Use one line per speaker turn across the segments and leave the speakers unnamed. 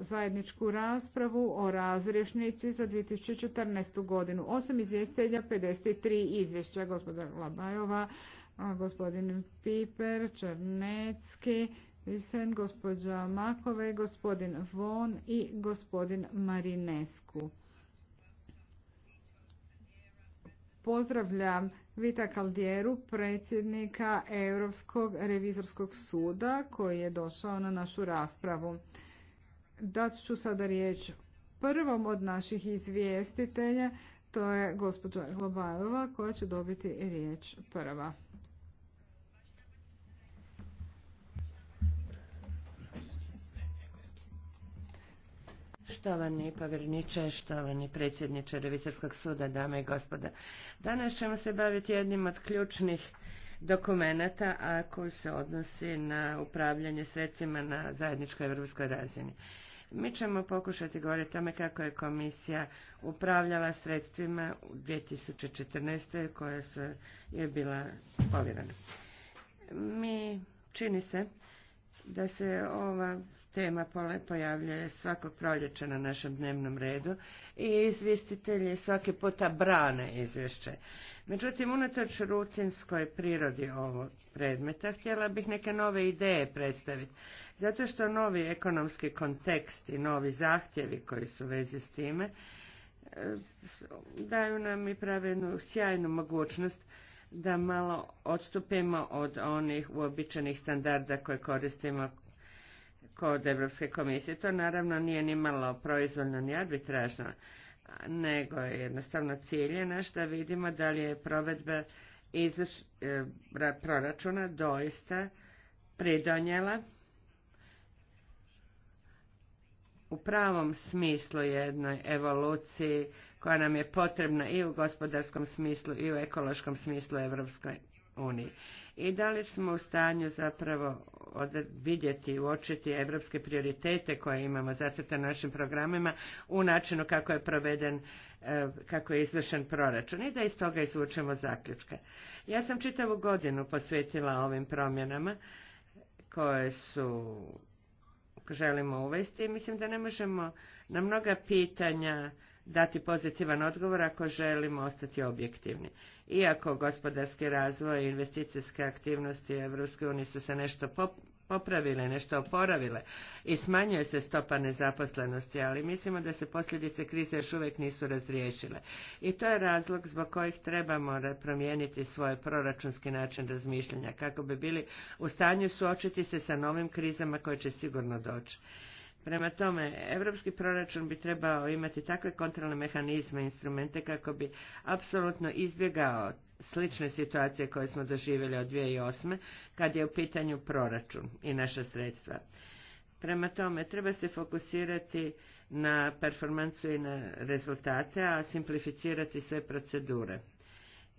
zajedničku raspravu o razrješnici za 2014. godinu. Osam izvjestitelja, 53 izvješća, gospoda Labajova, gospodin Piper, Černecki, Visen, gospođa Makove, gospodin Von i gospodin Marinesku. Pozdravljam Vita Kaldjeru, predsjednika Europskog revizorskog suda koji je došao na našu raspravu. Dat ću sada riječ prvom od naših izvjestitelja, to je gospođa Globajova koja će dobiti riječ prva.
Štovani povjerniče, štovani predsjedniče Revizorskog suda, dame i gospoda. Danas ćemo se baviti jednim od ključnih dokumenata, a koji se odnosi na upravljanje sredstvima na zajedničkoj europskoj razini. Mi ćemo pokušati govoriti o tome kako je komisija upravljala sredstvima u 2014. koja su, je bila polirana. Mi čini se da se ova tema pojavljuje svakog proljeća na našem dnevnom redu i izvjestitelji svake puta brane izvješće. Međutim, unatoč rutinskoj prirodi ovog predmeta, htjela bih neke nove ideje predstaviti. Zato što novi ekonomski kontekst i novi zahtjevi koji su vezi s time e, daju nam i prave jednu sjajnu mogućnost da malo odstupimo od onih uobičajenih standarda koje koristimo kod Europske komisije. To naravno nije ni malo proizvoljno ni arbitražno, nego je jednostavno cilj je naš da vidimo da li je provedba izvrš, e, proračuna doista pridonjela u pravom smislu jednoj evoluciji koja nam je potrebna i u gospodarskom smislu i u ekološkom smislu Evropskoj uniji. I da li smo u stanju zapravo vidjeti i uočiti evropske prioritete koje imamo na našim programima u načinu kako je proveden, e, kako je izvršen proračun i da iz toga izvučemo zaključke. Ja sam čitavu godinu posvetila ovim promjenama koje su želimo uvesti i mislim da ne možemo na mnoga pitanja dati pozitivan odgovor ako želimo ostati objektivni. Iako gospodarski razvoj i investicijske aktivnosti EU su se nešto popravile, nešto oporavile i smanjuje se stopa nezaposlenosti, ali mislimo da se posljedice krize još uvijek nisu razriješile. I to je razlog zbog kojih trebamo promijeniti svoj proračunski način razmišljanja, kako bi bili u stanju suočiti se sa novim krizama koje će sigurno doći. Prema tome, europski proračun bi trebao imati takve kontrolne mehanizme, i instrumente kako bi apsolutno izbjegao slične situacije koje smo doživjeli od 2008. kad je u pitanju proračun i naša sredstva. Prema tome, treba se fokusirati na performancu i na rezultate, a simplificirati sve procedure.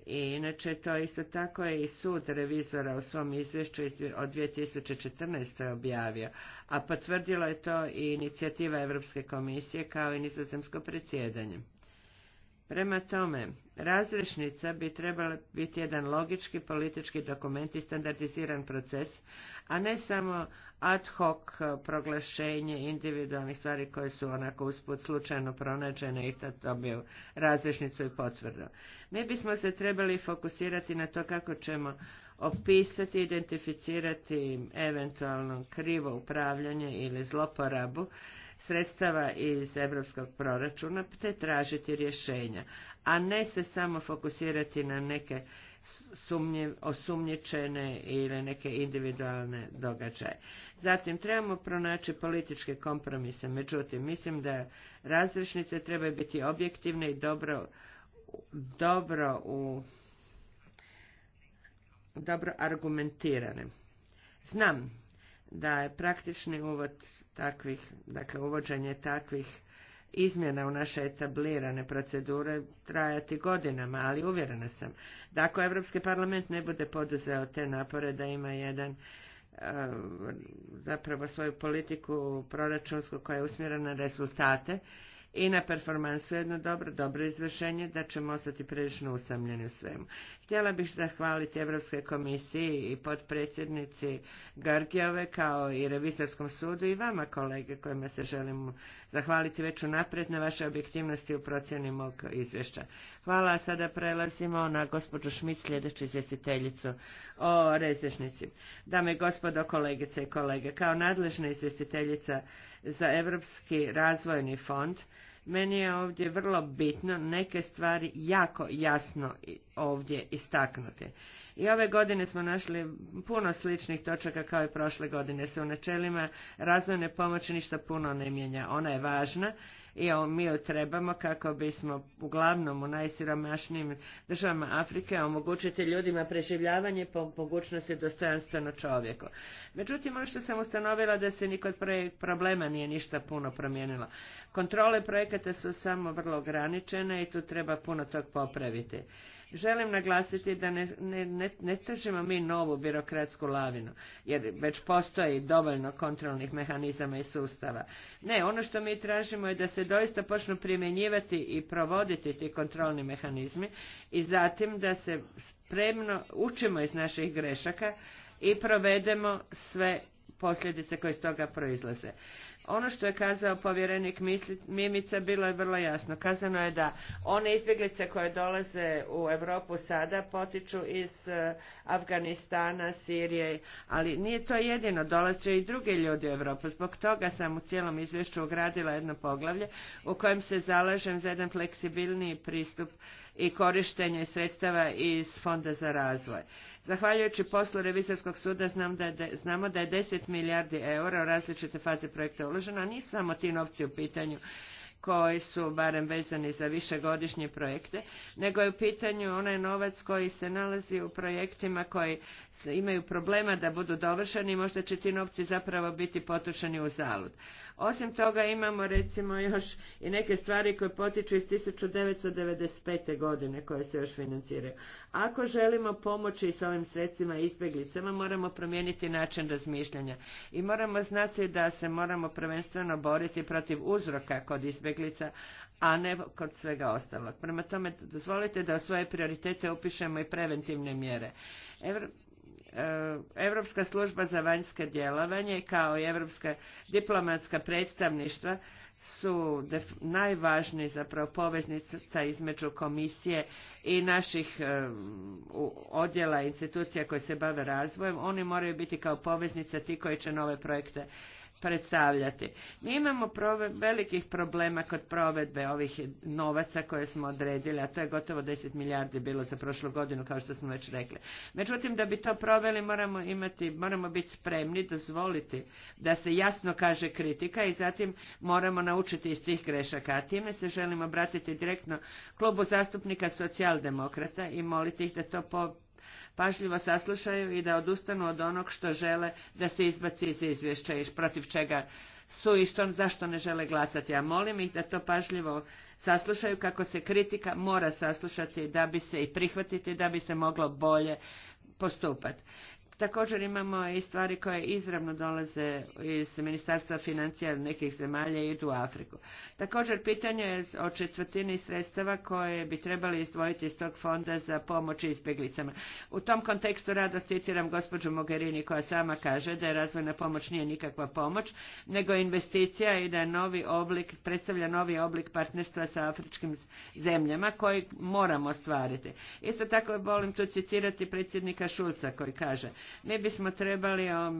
I inače to isto tako je i sud revizora u svom izvješću od 2014. objavio, a potvrdilo je to i inicijativa Europske komisije kao i nizozemsko predsjedanje. Prema tome, razrešnica bi trebala biti jedan logički politički dokument i standardiziran proces, a ne samo ad hoc proglašenje individualnih stvari koje su onako usput slučajno pronađene i to dobiju razrešnicu i potvrdu. Mi bismo se trebali fokusirati na to kako ćemo opisati, identificirati eventualno krivo upravljanje ili zloporabu sredstava iz europskog proračuna te tražiti rješenja, a ne se samo fokusirati na neke sumnje, osumnječene ili neke individualne događaje. Zatim trebamo pronaći političke kompromise, međutim mislim da razrešnice trebaju biti objektivne i dobro, dobro u dobro argumentirane. Znam da je praktični uvod takvih, dakle uvođenje takvih izmjena u naše etablirane procedure trajati godinama, ali uvjerena sam da ako Europski parlament ne bude poduzeo te napore da ima jedan eh, zapravo svoju politiku proračunsku koja je usmjerena na rezultate i na performansu jedno dobro, dobro izvršenje da ćemo ostati prilično usamljeni u svemu. Htjela bih zahvaliti Europskoj komisiji i potpredsjednici Gargijove kao i Revizorskom sudu i vama kolege kojima se želim zahvaliti već unaprijed na vaše objektivnosti u procjeni mog izvješća. Hvala, a sada prelazimo na gospođu Šmit, sljedeću izvjestiteljicu o rezdešnici. Dame i gospodo, kolegice i kolege, kao nadležna izvjestiteljica za Europski razvojni fond, meni je ovdje vrlo bitno neke stvari jako jasno ovdje istaknuti. I ove godine smo našli puno sličnih točaka kao i prošle godine. Se u načelima razvojne pomoći ništa puno ne mijenja. Ona je važna i mi ju trebamo kako bismo uglavnom u najsiromašnijim državama Afrike omogućiti ljudima preživljavanje po mogućnosti dostojanstveno čovjeku. Međutim, ono što sam ustanovila da se ni kod problema nije ništa puno promijenilo. Kontrole projekata su samo vrlo ograničene i tu treba puno tog popraviti. Želim naglasiti da ne, ne, ne, tržimo mi novu birokratsku lavinu, jer već postoji dovoljno kontrolnih mehanizama i sustava. Ne, ono što mi tražimo je da se doista počnu primjenjivati i provoditi ti kontrolni mehanizmi i zatim da se spremno učimo iz naših grešaka i provedemo sve posljedice koje iz toga proizlaze. Ono što je kazao povjerenik Mimica bilo je vrlo jasno. Kazano je da one izbjeglice koje dolaze u Europu sada potiču iz e, Afganistana, Sirije, ali nije to jedino, dolaze i drugi ljudi u Europu. Zbog toga sam u cijelom izvješću ugradila jedno poglavlje u kojem se zalažem za jedan fleksibilniji pristup i korištenje sredstava iz Fonda za razvoj. Zahvaljujući poslu Revizorskog suda znamo da je 10 milijardi eura u različite faze projekta uloženo, a nisu samo ti novci u pitanju koji su barem vezani za višegodišnje projekte, nego je u pitanju onaj novac koji se nalazi u projektima koji imaju problema da budu dovršeni i možda će ti novci zapravo biti potrošeni u zalud. Osim toga imamo recimo još i neke stvari koje potiču iz 1995. godine koje se još financiraju. Ako želimo pomoći s ovim sredstvima i izbjeglicama moramo promijeniti način razmišljanja i moramo znati da se moramo prvenstveno boriti protiv uzroka kod izbjeglica, a ne kod svega ostalog. Prema tome, dozvolite da u svoje prioritete upišemo i preventivne mjere. Europska služba za vanjske djelovanje kao i Europska diplomatska predstavništva su najvažniji zapravo poveznica između komisije i naših e, odjela odjela institucija koje se bave razvojem. Oni moraju biti kao poveznica ti koji će nove projekte predstavljati. Mi imamo velikih problema kod provedbe ovih novaca koje smo odredili, a to je gotovo 10 milijardi bilo za prošlu godinu, kao što smo već rekli. Međutim, da bi to proveli, moramo imati, moramo biti spremni, dozvoliti da se jasno kaže kritika i zatim moramo naučiti iz tih grešaka. A time se želimo obratiti direktno klubu zastupnika socijaldemokrata i moliti ih da to po pažljivo saslušaju i da odustanu od onog što žele da se izbaci iz izvješća i protiv čega su i zašto ne žele glasati. Ja molim ih da to pažljivo saslušaju kako se kritika mora saslušati da bi se i prihvatiti da bi se moglo bolje postupati. Također imamo i stvari koje izravno dolaze iz Ministarstva financija nekih zemalja i idu u Afriku. Također pitanje je o četvrtini sredstava koje bi trebali izdvojiti iz tog fonda za pomoć izbjeglicama. U tom kontekstu rado citiram gospođu Mogherini koja sama kaže da je razvojna pomoć nije nikakva pomoć, nego investicija i da je novi oblik, predstavlja novi oblik partnerstva sa afričkim zemljama koji moramo ostvariti. Isto tako volim tu citirati predsjednika Šulca koji kaže mi bismo trebali um,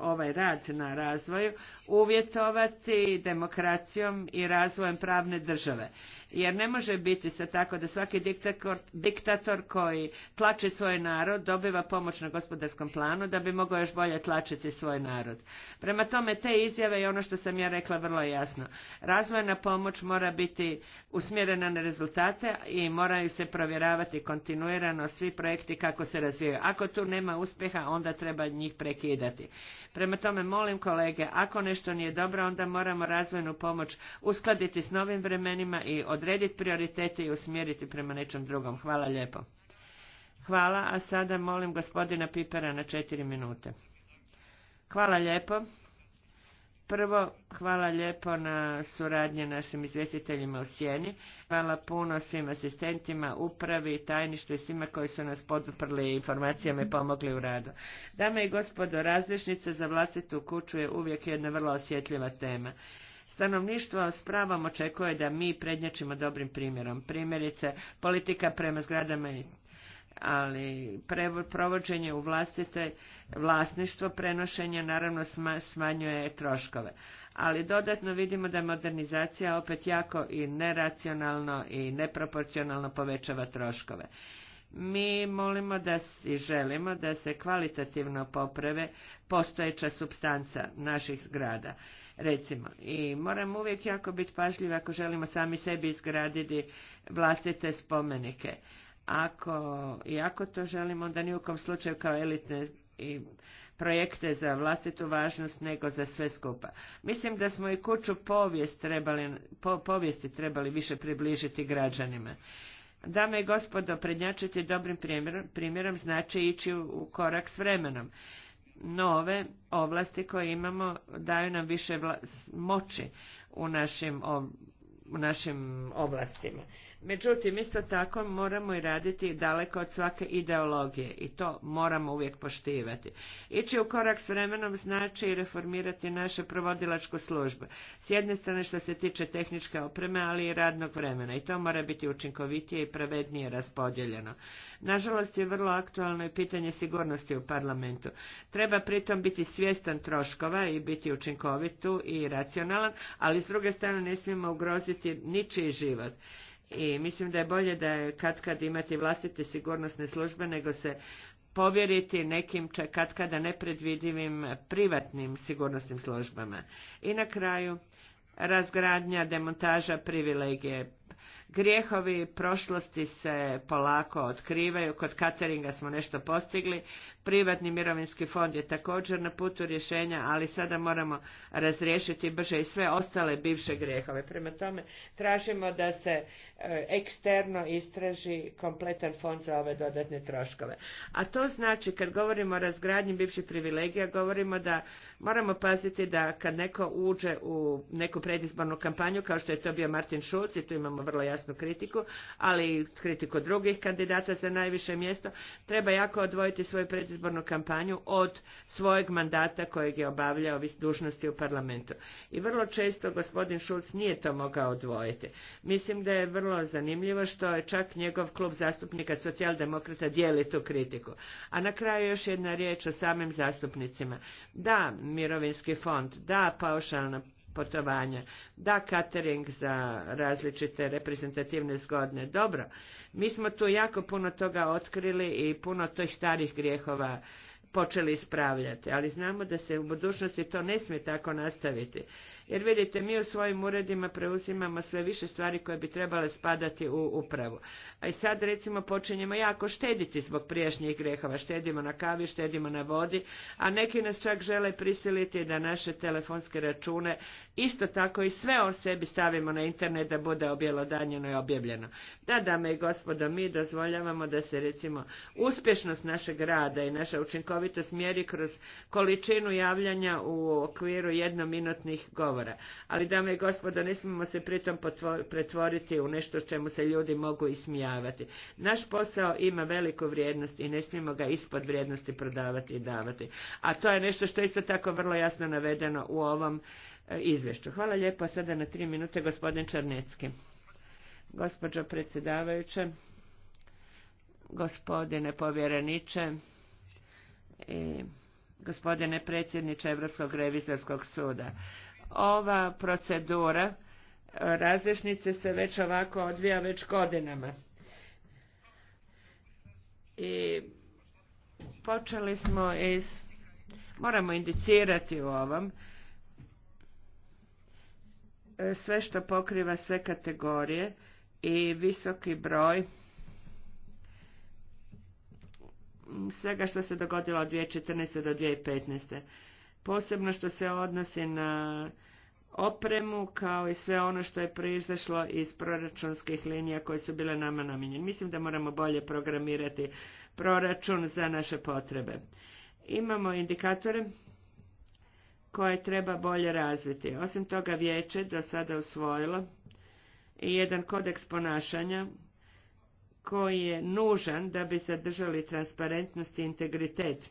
ovaj rad na razvoju uvjetovati demokracijom i razvojem pravne države. Jer ne može biti se tako da svaki diktator, diktator koji tlači svoj narod dobiva pomoć na gospodarskom planu da bi mogao još bolje tlačiti svoj narod. Prema tome te izjave i ono što sam ja rekla vrlo jasno. Razvojna pomoć mora biti usmjerena na rezultate i moraju se provjeravati kontinuirano svi projekti kako se razvijaju. Ako tu nema uspjeha onda treba njih prekidati. Prema tome molim kolege, ako nešto nije dobro onda moramo razvojnu pomoć uskladiti s novim vremenima i od odrediti prioritete i usmjeriti prema nečem drugom. Hvala lijepo. Hvala, a sada molim gospodina Pipera na četiri minute. Hvala lijepo. Prvo, hvala lijepo na suradnje našim izvjestiteljima u Sjeni. Hvala puno svim asistentima, upravi, tajništvu i svima koji su nas poduprli informacijama i pomogli u radu. Dame i gospodo, različnica za vlastitu kuću je uvijek jedna vrlo osjetljiva tema. Stanovništvo s pravom očekuje da mi prednjačimo dobrim primjerom. Primjerice, politika prema zgradama ali provođenje u vlastite vlasništvo prenošenja naravno smanjuje troškove. Ali dodatno vidimo da modernizacija opet jako i neracionalno i neproporcionalno povećava troškove. Mi molimo da i želimo da se kvalitativno poprave postojeća substanca naših zgrada recimo. I moramo uvijek jako biti pažljivi ako želimo sami sebi izgraditi vlastite spomenike. Ako, I ako to želimo, onda ni u kom slučaju kao elitne i projekte za vlastitu važnost nego za sve skupa. Mislim da smo i kuću povijest trebali, povijesti trebali više približiti građanima. Dame i gospodo, prednjačiti dobrim primjerom, primjerom znači ići u korak s vremenom nove ovlasti koje imamo daju nam više moći u našim, u našim ovlastima. Međutim, isto tako moramo i raditi daleko od svake ideologije i to moramo uvijek poštivati. Ići u korak s vremenom znači i reformirati naše provodilačku službu. S jedne strane što se tiče tehničke opreme, ali i radnog vremena i to mora biti učinkovitije i pravednije raspodjeljeno. Nažalost je vrlo aktualno i pitanje sigurnosti u parlamentu. Treba pritom biti svjestan troškova i biti učinkovit i racionalan, ali s druge strane ne smijemo ugroziti ničiji život. I mislim da je bolje da je kad kad imati vlastite sigurnosne službe nego se povjeriti nekim čak kad nepredvidivim privatnim sigurnosnim službama. I na kraju razgradnja, demontaža privilegije. Grijehovi prošlosti se polako otkrivaju, kod cateringa smo nešto postigli, Privatni mirovinski fond je također na putu rješenja, ali sada moramo razriješiti brže i sve ostale bivše grijehove. Prema tome, tražimo da se e, eksterno istraži kompletan fond za ove dodatne troškove. A to znači, kad govorimo o razgradnji bivših privilegija, govorimo da moramo paziti da kad neko uđe u neku predizbornu kampanju, kao što je to bio Martin Schulz, i tu imamo vrlo jasnu kritiku, ali i kritiku drugih kandidata za najviše mjesto, treba jako odvojiti svoju predizbornu Izbornu kampanju od svojeg mandata kojeg je obavljao dužnosti u parlamentu. I vrlo često gospodin Šulc nije to mogao odvojiti. Mislim da je vrlo zanimljivo što je čak njegov klub zastupnika socijaldemokrata dijeli tu kritiku. A na kraju još jedna riječ o samim zastupnicima. Da, mirovinski fond, da, paušalna putovanja. Da, catering za različite reprezentativne zgodne. Dobro, mi smo tu jako puno toga otkrili i puno tih starih grijehova počeli ispravljati, ali znamo da se u budućnosti to ne smije tako nastaviti. Jer vidite, mi u svojim uredima preuzimamo sve više stvari koje bi trebale spadati u upravu. A i sad recimo počinjemo jako štediti zbog prijašnjih grehova. Štedimo na kavi, štedimo na vodi, a neki nas čak žele prisiliti da naše telefonske račune isto tako i sve o sebi stavimo na internet da bude objelodanjeno i objavljeno. Da, dame i gospodo, mi dozvoljavamo da se recimo uspješnost našeg rada i naša učinkovitost mjeri kroz količinu javljanja u okviru jednominutnih govora govora. Ali, dame i gospodo, ne smijemo se pritom pretvoriti u nešto čemu se ljudi mogu ismijavati. Naš posao ima veliku vrijednost i ne smijemo ga ispod vrijednosti prodavati i davati. A to je nešto što je isto tako vrlo jasno navedeno u ovom e, izvješću. Hvala lijepo. Sada na tri minute gospodin Čarnecki. Gospođo predsjedavajuće, gospodine povjereniče i gospodine predsjedniče Europskog revizorskog suda ova procedura e, različnice se već ovako odvija već godinama. I počeli smo iz, moramo indicirati u ovom, e, sve što pokriva sve kategorije i visoki broj svega što se dogodilo od 2014. do 2015 posebno što se odnosi na opremu kao i sve ono što je proizašlo iz proračunskih linija koje su bile nama namijenjene. Mislim da moramo bolje programirati proračun za naše potrebe. Imamo indikatore koje treba bolje razviti. Osim toga vijeće do sada usvojilo i jedan kodeks ponašanja koji je nužan da bi zadržali transparentnost i integritet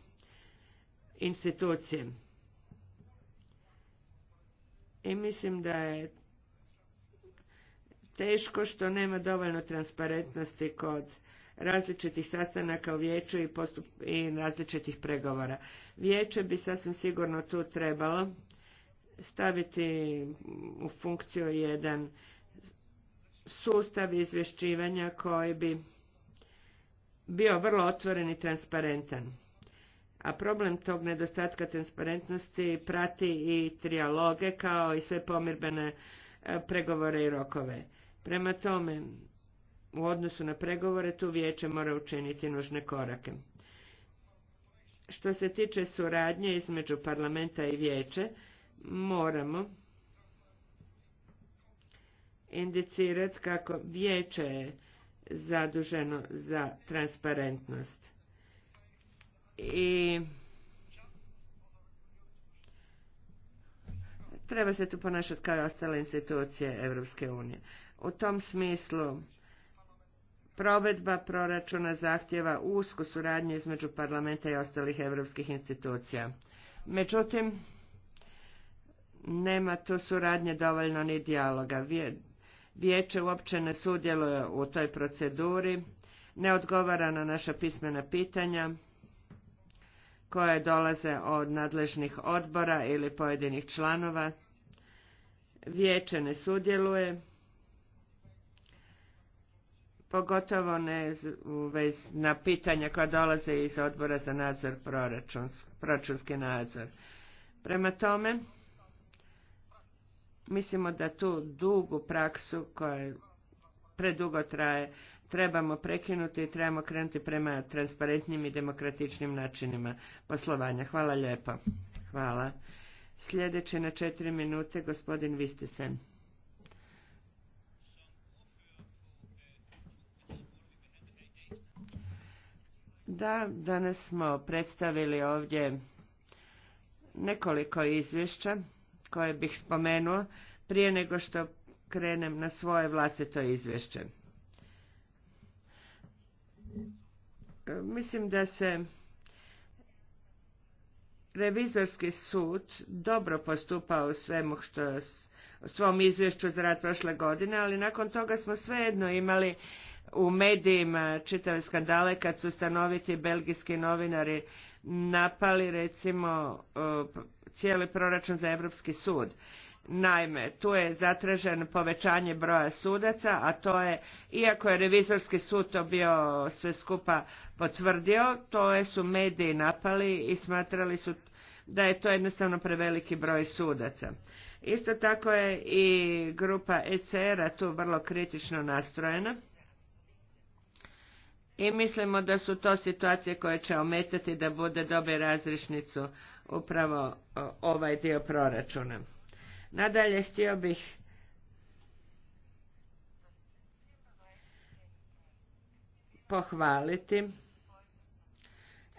institucije i mislim da je teško što nema dovoljno transparentnosti kod različitih sastanaka u vijeću i, postup, i različitih pregovora. Vijeće bi sasvim sigurno tu trebalo staviti u funkciju jedan sustav izvješćivanja koji bi bio vrlo otvoren i transparentan a problem tog nedostatka transparentnosti prati i trijaloge kao i sve pomirbene e, pregovore i rokove. Prema tome, u odnosu na pregovore tu vijeće mora učiniti nužne korake. Što se tiče suradnje između parlamenta i vijeće, moramo indicirati kako vijeće je zaduženo za transparentnost i treba se tu ponašati kao i ostale institucije Europske unije. U tom smislu provedba proračuna zahtjeva usku suradnju između parlamenta i ostalih europskih institucija. Međutim, nema tu suradnje dovoljno ni dijaloga. Vijeće uopće ne sudjeluje u toj proceduri, ne odgovara na naša pismena pitanja, koje dolaze od nadležnih odbora ili pojedinih članova. Vijeće ne sudjeluje, pogotovo ne na pitanja koja dolaze iz odbora za nadzor proračunski nadzor. Prema tome, mislimo da tu dugu praksu koja predugo traje trebamo prekinuti i trebamo krenuti prema transparentnim i demokratičnim načinima poslovanja. Hvala lijepo. Hvala. Sljedeće na četiri minute gospodin Vistisen. Da, danas smo predstavili ovdje nekoliko izvješća koje bih spomenuo prije nego što krenem na svoje vlastito izvješće. Mislim da se revizorski sud dobro postupao u svemu što u svom izvješću za rad prošle godine, ali nakon toga smo svejedno imali u medijima čitave skandale kad su stanoviti belgijski novinari napali recimo cijeli proračun za Europski sud Naime, tu je zatražen povećanje broja sudaca, a to je, iako je revizorski sud to bio sve skupa potvrdio, to je su mediji napali i smatrali su da je to jednostavno preveliki broj sudaca. Isto tako je i grupa ECR-a tu vrlo kritično nastrojena i mislimo da su to situacije koje će ometati da bude dobe razrišnicu upravo ovaj dio proračuna. Nadalje htio bih pohvaliti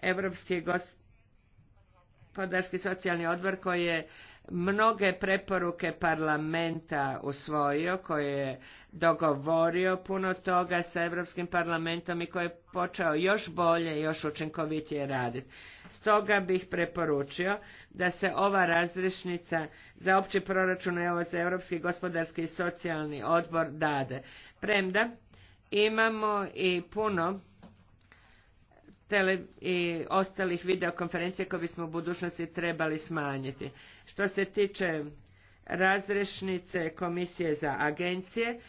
Europski gospodarski socijalni odbor koji je mnoge preporuke parlamenta usvojio, koji je dogovorio puno toga sa Europskim parlamentom i koji je počeo još bolje i još učinkovitije raditi. Stoga bih preporučio da se ova razrešnica za opći proračun i za Europski gospodarski i socijalni odbor dade. Premda imamo i puno tele i ostalih videokonferencija koje bismo u budućnosti trebali smanjiti. Što se tiče razrešnice Komisije za agencije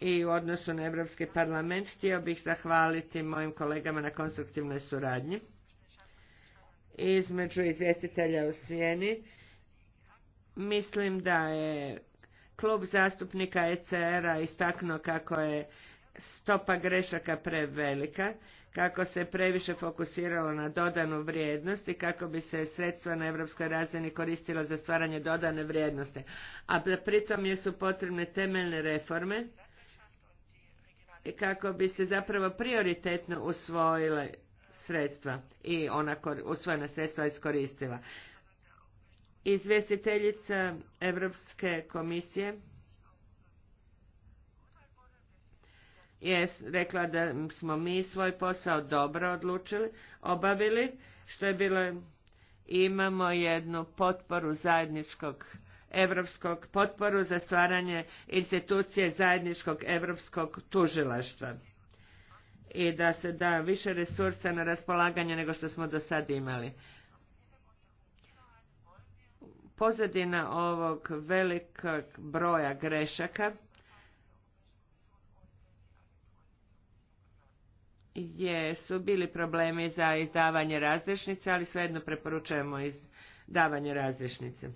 i u odnosu na Europski parlament htio bih zahvaliti mojim kolegama na konstruktivnoj suradnji između izvjestitelja u Svijeni. Mislim da je klub zastupnika ECR-a istaknuo kako je stopa grešaka prevelika kako se previše fokusiralo na dodanu vrijednost i kako bi se sredstva na europskoj razini koristila za stvaranje dodane vrijednosti, a pritom je su potrebne temeljne reforme i kako bi se zapravo prioritetno usvojile sredstva i ona usvojena sredstva iskoristila. Izvjestiteljica Europske komisije je rekla da smo mi svoj posao dobro odlučili, obavili, što je bilo imamo jednu potporu zajedničkog europskog potporu za stvaranje institucije zajedničkog europskog tužilaštva i da se da više resursa na raspolaganje nego što smo do sad imali. Pozadina ovog velikog broja grešaka je, su bili problemi za izdavanje razrešnice, ali svejedno preporučujemo izdavanje razrešnice.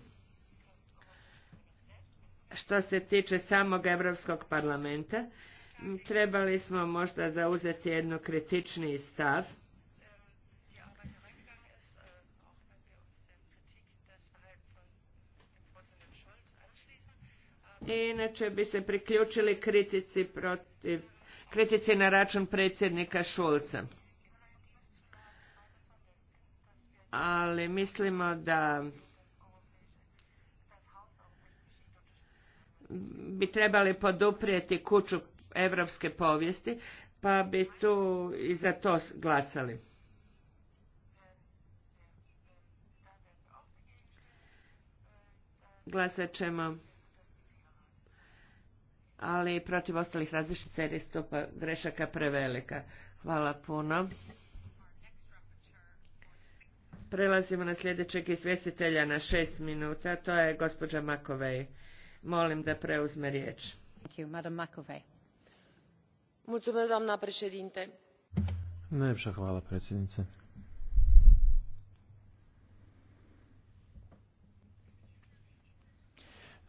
Što se tiče samog Europskog parlamenta, trebali smo možda zauzeti jedno kritični stav, I inače bi se priključili kritici protiv kritici na račun predsjednika Šulca. Ali mislimo da bi trebali poduprijeti kuću evropske povijesti, pa bi tu i za to glasali. Glasat ćemo ali protiv ostalih različica jer je stopa grešaka prevelika. Hvala puno. Prelazimo na sljedećeg izvjestitelja na šest minuta, to je gospođa Makovej. Molim da preuzme riječ. Thank you, Makovej. Mulțumesc,
hvala, predsjednice.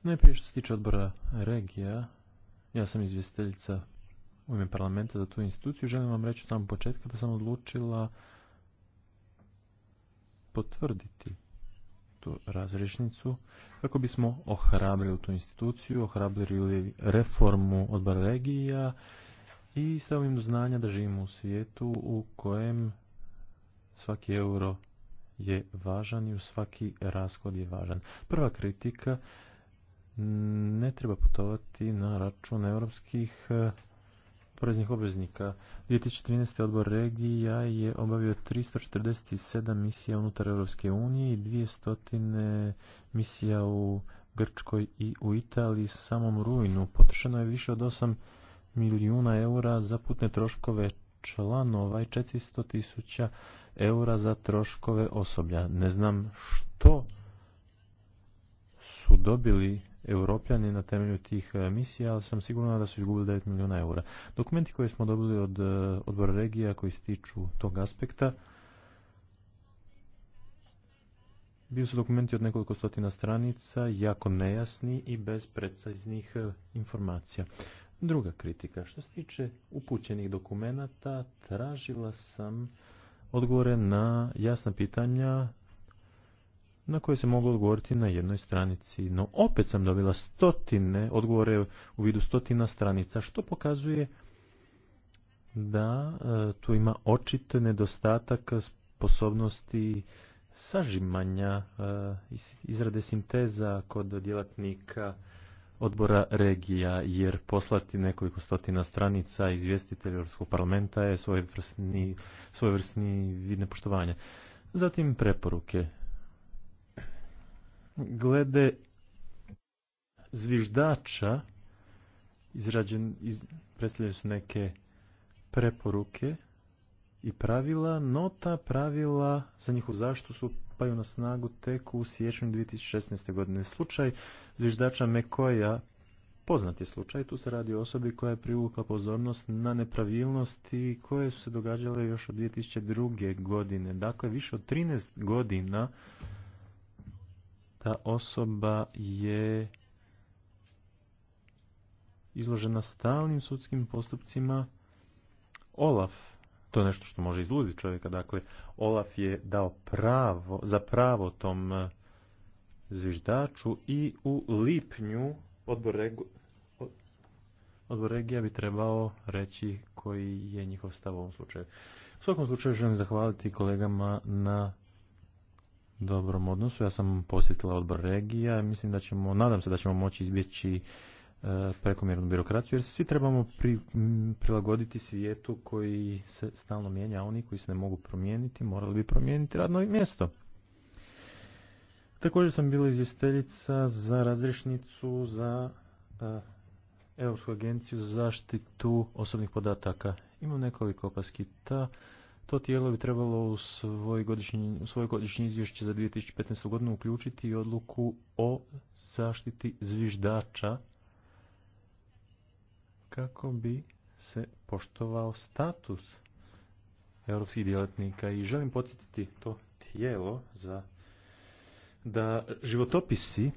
Najprije što se tiče odbora regija, ja sam izvjestiteljica u ime parlamenta za tu instituciju. Želim vam reći od samog početka da sam odlučila potvrditi tu razrešnicu kako bismo ohrabrili tu instituciju, ohrabrili reformu odbora regija i stavim do znanja da živimo u svijetu u kojem svaki euro je važan i u svaki rashod je važan. Prva kritika ne treba putovati na račun europskih e, poreznih obveznika. 2013. odbor regija je obavio 347 misija unutar Europske unije i 200 misija u Grčkoj i u Italiji s samom rujnu. Potrošeno je više od 8 milijuna eura za putne troškove članova i 400 tisuća eura za troškove osoblja. Ne znam što su dobili europljani na temelju tih e, misija, ali sam siguran da su izgubili 9 milijuna eura. Dokumenti koje smo dobili od e, odbora regija koji se tiču tog aspekta, bili su dokumenti od nekoliko stotina stranica, jako nejasni i bez preciznih e, informacija. Druga kritika, što se tiče upućenih dokumenata, tražila sam odgovore na jasna pitanja na koje se moglo odgovoriti na jednoj stranici. No opet sam dobila stotine odgovore u vidu stotina stranica, što pokazuje da e, tu ima očit nedostatak sposobnosti sažimanja e, izrade sinteza kod djelatnika odbora regija, jer poslati nekoliko stotina stranica izvjestitelja Europskog parlamenta je svoje svojevrsni vid nepoštovanja. Zatim preporuke glede zviždača izrađen, iz, predstavljaju su neke preporuke i pravila, Nota pravila za njihovu zaštitu paju na snagu tek u siječnju 2016. godine. Slučaj zviždača Mekoja poznat je slučaj, tu se radi o osobi koja je privukla pozornost na nepravilnosti koje su se događale još od 2002. godine. Dakle, više od 13 godina ta osoba je izložena stalnim sudskim postupcima. Olaf, to je nešto što može izluditi čovjeka, dakle, Olaf je dao pravo, za pravo tom e, zviždaču i u lipnju odbor, odbor regija bi trebao reći koji je njihov stav u ovom slučaju. U svakom slučaju želim zahvaliti kolegama na dobrom odnosu. Ja sam posjetila odbor regija i mislim da ćemo, nadam se da ćemo moći izbjeći e, prekomjernu birokraciju, jer svi trebamo prilagoditi svijetu koji se stalno mijenja, a oni koji se ne mogu promijeniti morali bi promijeniti radno mjesto. Također sam bila izvjestiteljica za razrešnicu za e, Europsku agenciju za zaštitu osobnih podataka. Imam nekoliko opaskita. To tijelo bi trebalo u svoj godišnji, u svoje godišnje izvješće za 2015. godinu uključiti odluku o zaštiti zviždača kako bi se poštovao status europskih djelatnika i želim podsjetiti to tijelo za da životopisi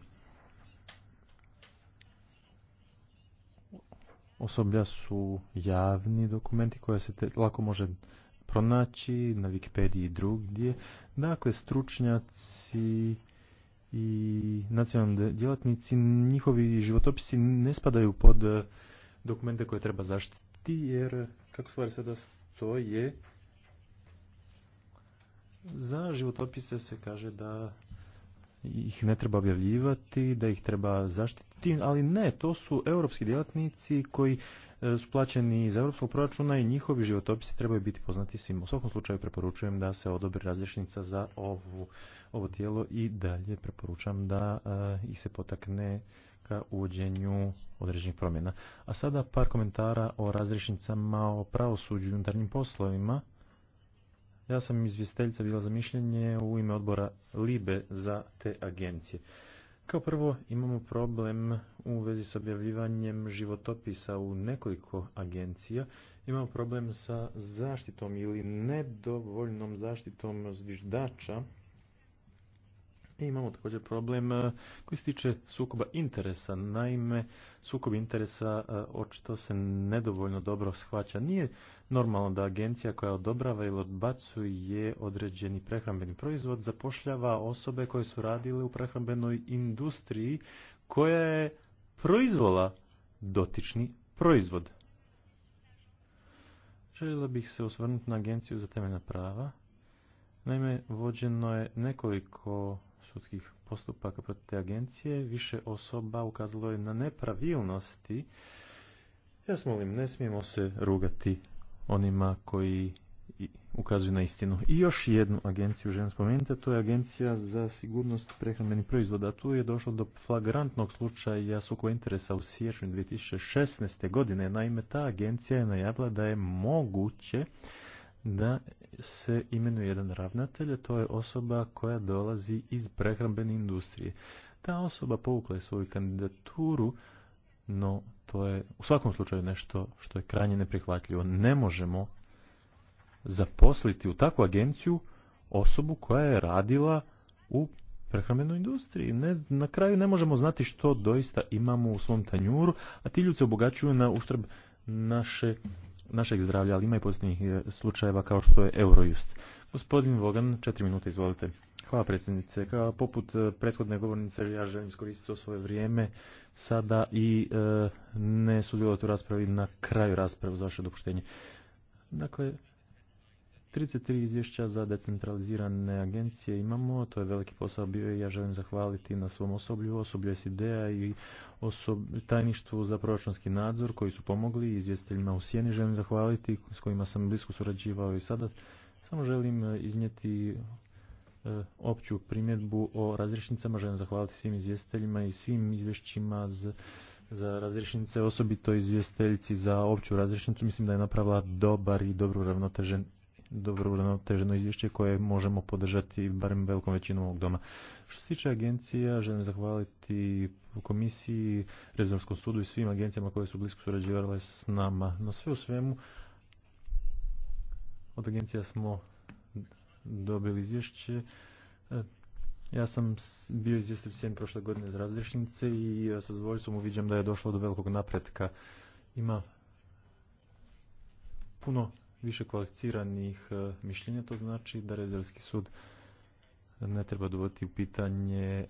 osoblja su javni dokumenti koje se te, lako može pronaći na Wikipediji i drugdje. Dakle, stručnjaci i nacionalni djelatnici, njihovi životopisi ne spadaju pod eh, dokumente koje treba zaštiti, jer kako stvari sada stoje, za životopise se kaže da ih ne treba objavljivati, da ih treba zaštititi, ali ne, to su europski djelatnici koji e, su plaćeni iz europskog proračuna i njihovi životopisi trebaju biti poznati svima. U svakom slučaju preporučujem da se odobri različnica za ovu, ovo tijelo i dalje preporučam da e, ih se potakne ka uvođenju određenih promjena. A sada par komentara o razrješnicama o pravosuđu i unutarnjim poslovima. Ja sam izvjestiteljica bila za mišljenje u ime odbora LIBE za te agencije. Kao prvo imamo problem u vezi s objavljivanjem životopisa u nekoliko agencija. Imamo problem sa zaštitom ili nedovoljnom zaštitom zviždača i e, imamo također problem e, koji se tiče sukoba interesa. Naime, sukob interesa e, očito se nedovoljno dobro shvaća. Nije normalno da agencija koja odobrava ili odbacuje određeni prehrambeni proizvod zapošljava osobe koje su radile u prehrambenoj industriji koja je proizvola dotični proizvod. Željela bih se osvrnuti na Agenciju za temeljna prava. Naime, vođeno je nekoliko sudskih postupaka protiv te agencije, više osoba ukazalo je na nepravilnosti. Ja vas molim, ne smijemo se rugati onima koji ukazuju na istinu. I još jednu agenciju želim spomenuti, to je Agencija za sigurnost prehrambenih proizvoda. Tu je došlo do flagrantnog slučaja sukoba interesa u siječnju 2016. godine. Naime, ta agencija je najavila da je moguće da se imenuje jedan ravnatelj, to je osoba koja dolazi iz prehrambene industrije. Ta osoba povukla je svoju kandidaturu, no to je u svakom slučaju nešto što je krajnje neprihvatljivo. Ne možemo zaposliti u takvu agenciju osobu koja je radila u prehrambenoj industriji. Ne, na kraju ne možemo znati što doista imamo u svom tanjuru, a ti ljudi se obogaćuju na uštrb naše našeg zdravlja, ali ima i pozitivnih e, slučajeva kao što je Eurojust. Gospodin Vogan, četiri minute, izvolite. Hvala predsjednice. Kao poput e, prethodne govornice, ja želim iskoristiti svoje vrijeme sada i e, ne sudjelovati u raspravi na kraju rasprave za vaše dopuštenje. Dakle, 33 izvješća za decentralizirane agencije imamo, to je veliki posao bio i ja želim zahvaliti na svom osoblju, osoblju SID-a i tajništvu za proračunski nadzor koji su pomogli, izvjestiteljima u Sjeni želim zahvaliti, s kojima sam blisko surađivao i sada. Samo želim e, iznijeti e, opću primjedbu o razrišnicama, želim zahvaliti svim izvjestiteljima i svim izvješćima za za razrješnice, osobito izvjestiteljici za opću razrješnicu, mislim da je napravila dobar i dobro ravnotežen dobro teženo izvješće koje možemo podržati barem velikom većinom ovog doma. Što se tiče agencija, želim zahvaliti komisiji, Rezorskom sudu i svim agencijama koje su blisko surađivale s nama. No sve u svemu, od agencija smo dobili izvješće. E, ja sam bio izvjestiv sjen prošle godine iz različnice i e, sa zvoljstvom uviđam da je došlo do velikog napretka. Ima puno više kvalificiranih e, mišljenja, to znači da Rezervski sud ne treba dovoditi u pitanje e,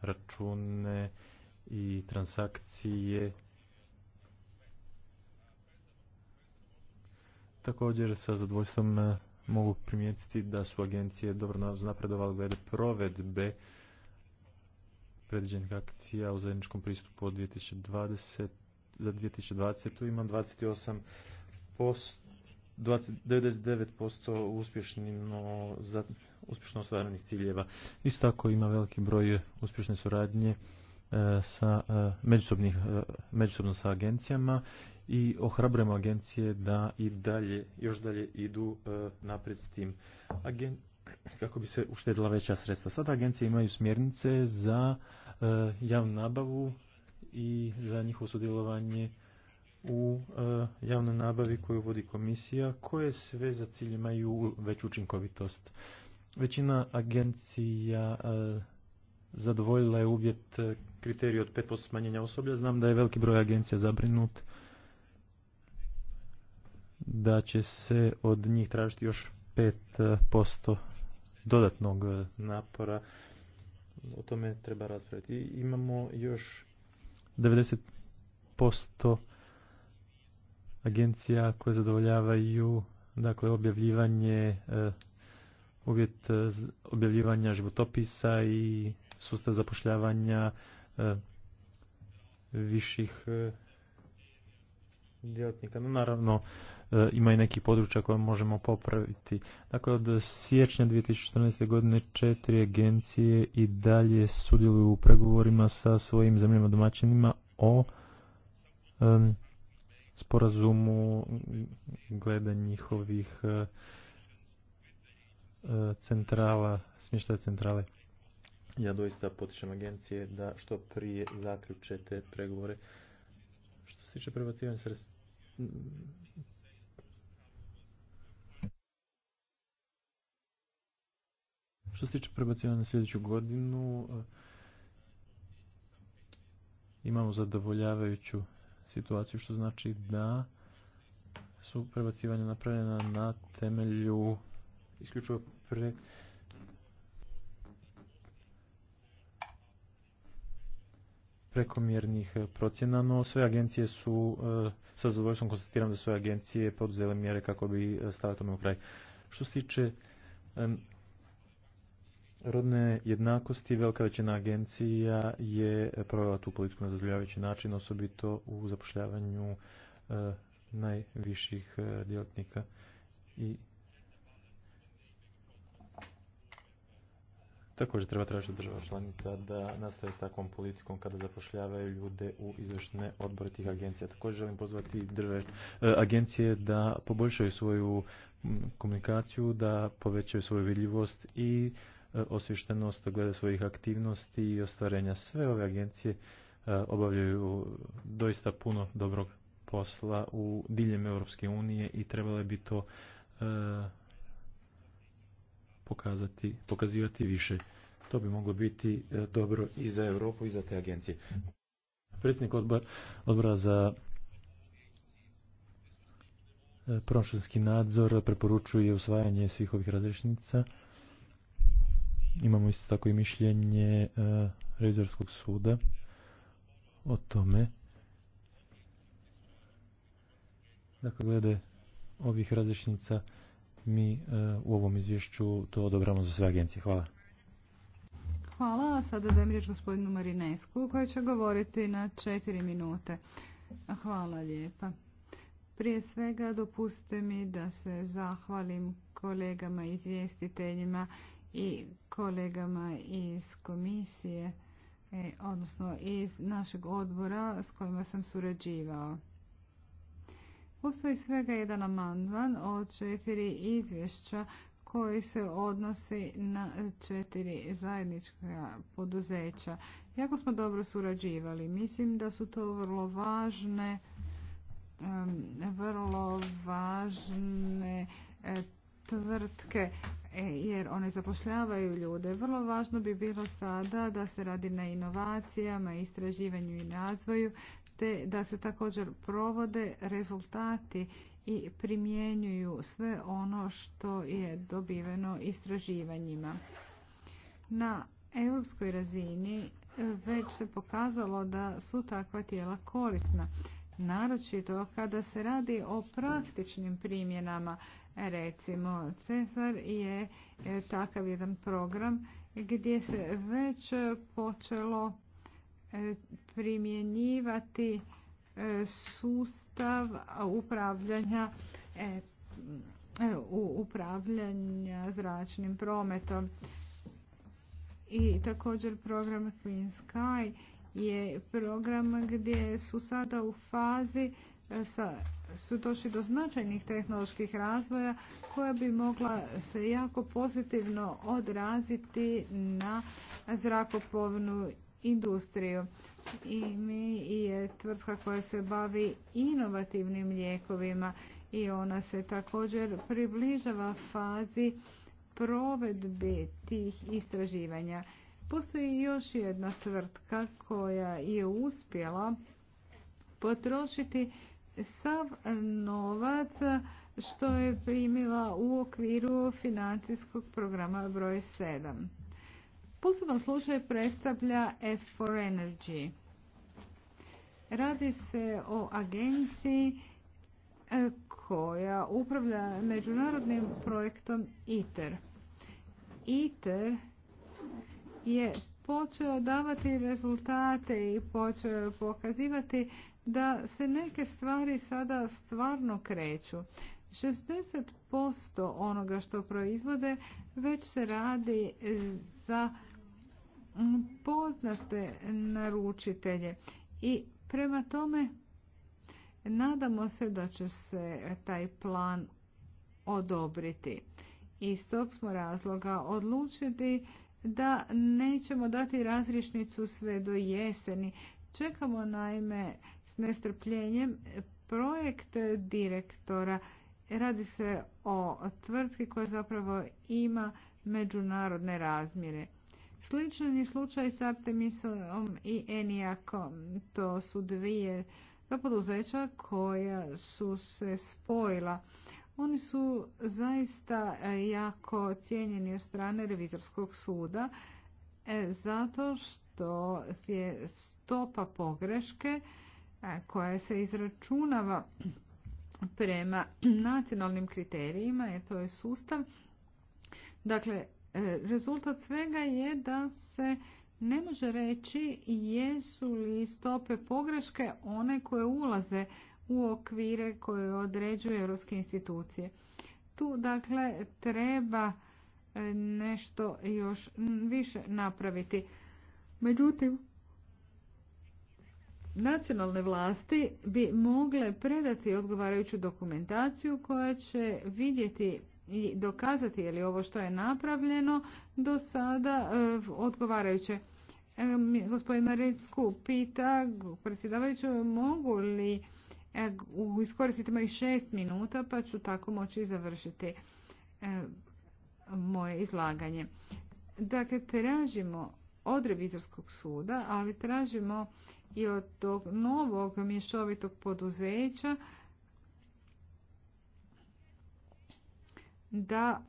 račune i transakcije. Također sa zadovoljstvom e, mogu primijetiti da su agencije dobro napredovali glede provedbe predviđenih akcija u zajedničkom pristupu od 2020. Za 2020. ima 28% 99% uspješno, uspješno ostvarenih ciljeva. Isto tako ima veliki broj uspješne suradnje e, sa e, međusobnih, e, međusobno sa agencijama i ohrabrujemo agencije da i dalje, još dalje idu naprijed s tim kako bi se uštedila veća sredstva. Sada agencije imaju smjernice za javnu nabavu i za njihovo sudjelovanje u e, javnoj nabavi koju vodi komisija, koje sve za cilj imaju već učinkovitost. Većina agencija e, zadovoljila je uvjet e, kriterij od 5% smanjenja osoblja. Znam da je veliki broj agencija zabrinut da će se od njih tražiti još 5% dodatnog napora. O tome treba raspraviti. imamo još 90% agencija koje zadovoljavaju dakle objavljivanje e, uvjet e, objavljivanja životopisa i sustav zapošljavanja e, viših djelatnika. No, naravno, ima i nekih područja koje možemo popraviti. Dakle, od siječnja 2014. godine četiri agencije i dalje sudjeluju u pregovorima sa svojim zemljama domaćinima o sporazumu glede njihovih e, e, centrala, smještaja centrale. Ja doista potičem agencije da što prije zaključete pregovore. Što se tiče prebacivanja sredstva, Što se tiče prebacivanja na sljedeću godinu, e, imamo zadovoljavajuću situaciju, što znači da su prebacivanja napravljena na temelju isključivo pre prekomjernih procjena, no sve agencije su, e, sa zadovoljstvom konstatiram da su agencije poduzele mjere kako bi e, stavile tome u kraj. Što se tiče rodne jednakosti velika većina agencija je provela tu politiku na zadovoljavajući način, osobito u zapošljavanju e, najviših e, djelatnika i Također treba tražiti država članica da nastave s takvom politikom kada zapošljavaju ljude u izvršne odbore tih agencija. Također želim pozvati države, e, agencije da poboljšaju svoju komunikaciju, da povećaju svoju vidljivost i osvištenost, glede svojih aktivnosti i ostvarenja. Sve ove agencije e, obavljaju doista puno dobrog posla u diljem Europske unije i trebale bi to e, pokazati, pokazivati više. To bi moglo biti e, dobro i za Europu i za te agencije. Predsjednik odbora, odbora za proračunski nadzor preporučuje usvajanje svih ovih razrešnica. Imamo isto tako i mišljenje e, revizorskog suda o tome. Dakle, glede ovih različnica mi e, u ovom izvješću to odobramo za sve agencije. Hvala.
Hvala. Sada dajem riječ gospodinu Marinesku koji će govoriti na četiri minute. Hvala lijepa. Prije svega dopuste mi da se zahvalim kolegama izvjestiteljima i kolegama iz komisije, e, odnosno iz našeg odbora s kojima sam surađivao. Postoji svega jedan amandman od četiri izvješća koji se odnosi na četiri zajednička poduzeća. Jako smo dobro surađivali. Mislim da su to vrlo važne vrlo važne e, tvrtke e, jer one zapošljavaju ljude. Vrlo važno bi bilo sada da se radi na inovacijama, istraživanju i razvoju, te da se također provode rezultati i primjenjuju sve ono što je dobiveno istraživanjima. Na europskoj razini e, već se pokazalo da su takva tijela korisna, naročito kada se radi o praktičnim primjenama Recimo, Cesar je e, takav jedan program gdje se već počelo e, primjenjivati e, sustav upravljanja upravljanja zračnim prometom. I također program Queen Sky je program gdje su sada u fazi sa su došli do značajnih tehnoloških razvoja koja bi mogla se jako pozitivno odraziti na zrakoplovnu industriju. I mi je tvrtka koja se bavi inovativnim lijekovima i ona se također približava fazi provedbe tih istraživanja. Postoji još jedna tvrtka koja je uspjela potrošiti sav novac što je primila u okviru financijskog programa broj 7. Poseban slučaj predstavlja F for Energy. Radi se o agenciji e, koja upravlja međunarodnim projektom ITER. ITER je počeo davati rezultate i počeo pokazivati da se neke stvari sada stvarno kreću. 60% onoga što proizvode već se radi za poznate naručitelje i prema tome nadamo se da će se taj plan odobriti. Iz tog smo razloga odlučiti da nećemo dati razrišnicu sve do jeseni. Čekamo naime nestrpljenjem projekt direktora. Radi se o tvrtki koja zapravo ima međunarodne razmjere. Sličan je slučaj s Artemisom i Eniakom. To su dvije poduzeća koja su se spojila. Oni su zaista jako cijenjeni od strane revizorskog suda e, zato što je stopa pogreške koja se izračunava prema nacionalnim kriterijima, jer to je sustav. Dakle, e, rezultat svega je da se ne može reći jesu li stope pogreške one koje ulaze u okvire koje određuju europske institucije. Tu dakle treba e, nešto još više napraviti. Međutim, nacionalne vlasti bi mogle predati odgovarajuću dokumentaciju koja će vidjeti i dokazati je li ovo što je napravljeno do sada e, odgovarajuće. E, gospodin Maricku pita predsjedavajuću mogu li e, iskoristiti moj šest minuta pa ću tako moći završiti moje izlaganje. Dakle, tražimo od revizorskog suda, ali tražimo i od tog novog mješovitog poduzeća da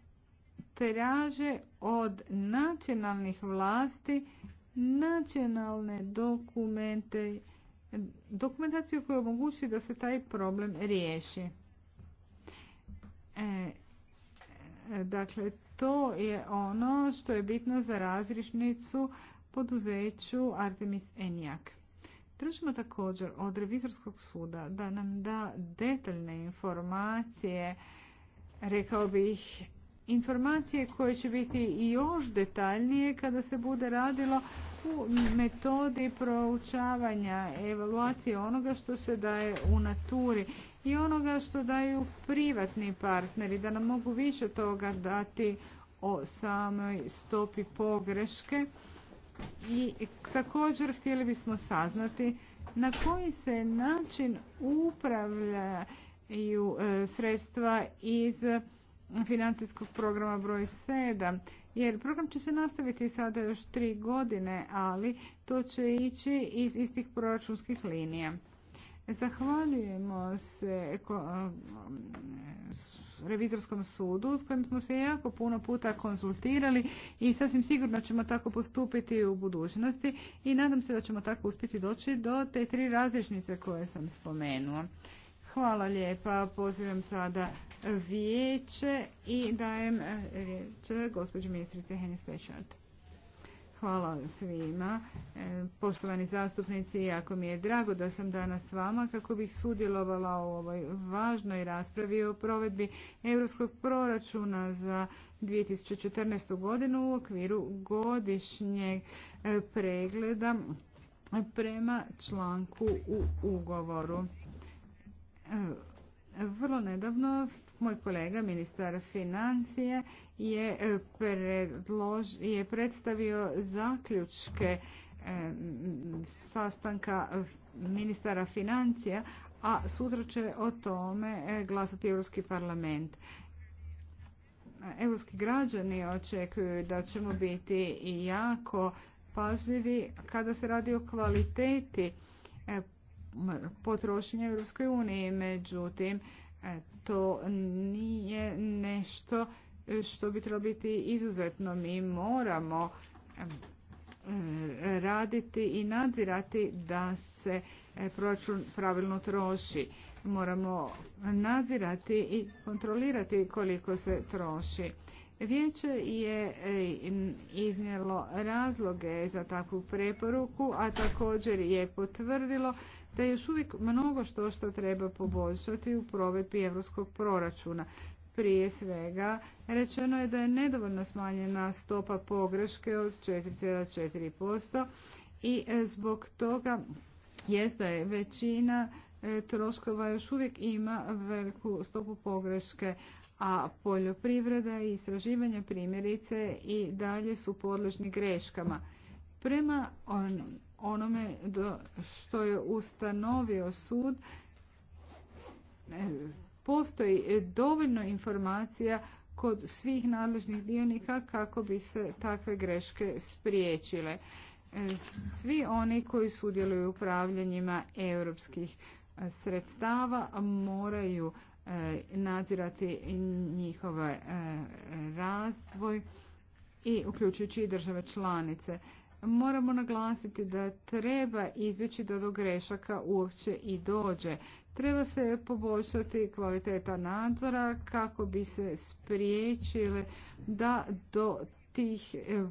traže od nacionalnih vlasti nacionalne dokumente, dokumentaciju koja omogući da se taj problem riješi. E, dakle, to je ono što je bitno za razrišnicu poduzeću Artemis Enjak. Tražimo također od revizorskog suda da nam da detaljne informacije, rekao bih, informacije koje će biti i još detaljnije kada se bude radilo u metodi proučavanja, evaluacije onoga što se daje u naturi i onoga što daju privatni partneri, da nam mogu više toga dati o samoj stopi pogreške i također htjeli bismo saznati na koji se način upravljaju e, sredstva iz financijskog programa broj 7. Jer program će se nastaviti sada još tri godine, ali to će ići iz istih proračunskih linija. Zahvaljujemo se revizorskom sudu s kojim smo se jako puno puta konzultirali i sasvim sigurno ćemo tako postupiti u budućnosti i nadam se da ćemo tako uspjeti doći do te tri različnice koje sam spomenuo. Hvala lijepa. Pozivam sada vijeće i dajem e, riječ gospođi ministrice Henis Hvala svima. E, poštovani zastupnici, jako mi je drago da sam danas s vama kako bih sudjelovala u ovoj važnoj raspravi o provedbi Europskog proračuna za 2014. godinu u okviru godišnjeg e, pregleda prema članku u ugovoru. E, vrlo nedavno moj kolega, ministar financije, je, e, je predstavio zaključke e, sastanka ministara financija, a sutra će o tome e, glasati Europski parlament. Europski građani očekuju da ćemo biti jako pažljivi kada se radi o kvaliteti potrošenja Europskoj uniji. Međutim, E, to nije nešto što bi trebalo biti izuzetno. Mi moramo e, raditi i nadzirati da se e, proračun pravilno troši. Moramo nadzirati i kontrolirati koliko se troši. Vijeće je iznijelo razloge za takvu preporuku, a također je potvrdilo da je još uvijek mnogo što što treba poboljšati u provedbi europskog proračuna. Prije svega, rečeno je da je nedovoljno smanjena stopa pogreške od 4,4% i e, zbog toga jest da je većina e, troškova još uvijek ima veliku stopu pogreške, a poljoprivreda i istraživanje primjerice i dalje su podložni greškama. Prema onom onome što je ustanovio sud e, postoji dovoljno informacija kod svih nadležnih dionika kako bi se takve greške spriječile. E, svi oni koji sudjeluju u upravljanjima europskih e, sredstava moraju nadzirati njihov razvoj i uključujući i države članice moramo naglasiti da treba izbjeći da do grešaka uopće i dođe. Treba se poboljšati kvaliteta nadzora kako bi se spriječile da do tih eh,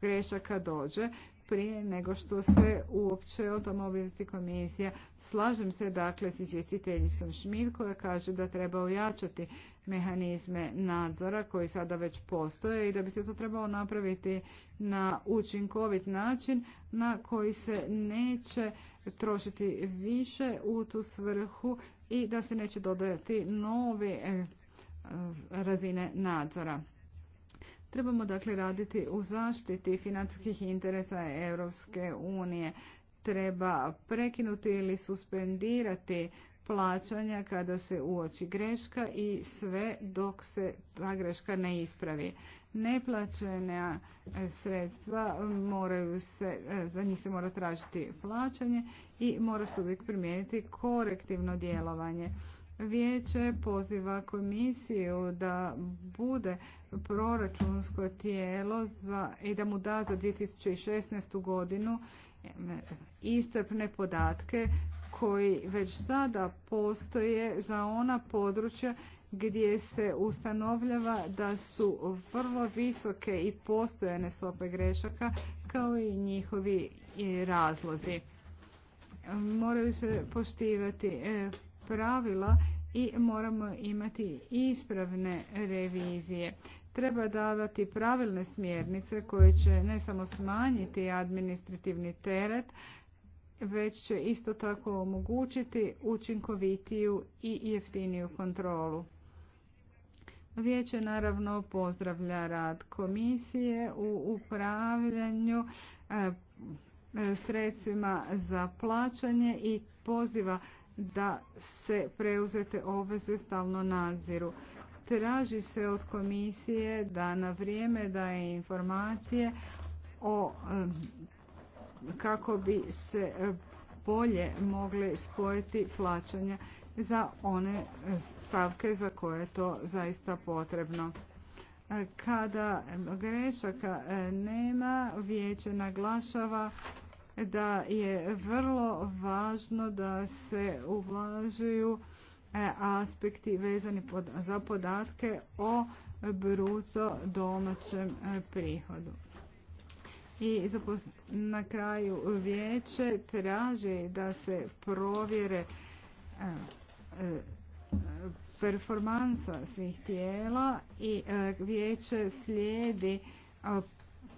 grešaka dođe prije nego što se uopće o tom obavijesti komisija. Slažem se dakle s izvjestiteljicom Šmid koja kaže da treba ojačati mehanizme nadzora koji sada već postoje i da bi se to trebalo napraviti na učinkovit način na koji se neće trošiti više u tu svrhu i da se neće dodati nove eh, razine nadzora. Trebamo dakle raditi u zaštiti financijskih interesa Europske unije. Treba prekinuti ili suspendirati plaćanja kada se uoči greška i sve dok se ta greška ne ispravi. Neplaćena sredstva moraju se, za njih se mora tražiti plaćanje i mora se uvijek primijeniti korektivno djelovanje. Vijeće poziva komisiju da bude proračunsko tijelo za, i da mu da za 2016. godinu istrpne podatke koji već sada postoje za ona područja gdje se ustanovljava da su vrlo visoke i postojene stope grešaka kao i njihovi razlozi. Moraju se poštivati e, pravila i moramo imati ispravne revizije. Treba davati pravilne smjernice koje će ne samo smanjiti administrativni teret, već će isto tako omogućiti učinkovitiju i jeftiniju kontrolu. Vijeće naravno pozdravlja rad komisije u upravljanju e, e, sredstvima za plaćanje i poziva da se preuzete obveze stalno nadziru. Traži se od komisije da na vrijeme daje informacije o kako bi se bolje mogle spojiti plaćanja za one stavke za koje je to zaista potrebno. Kada grešaka nema, vijeće naglašava da je vrlo važno da se uvažuju e, aspekti vezani za podatke o bruto domaćem e, prihodu. I na kraju vijeće traži da se provjere e, performansa svih tijela i vijeće slijedi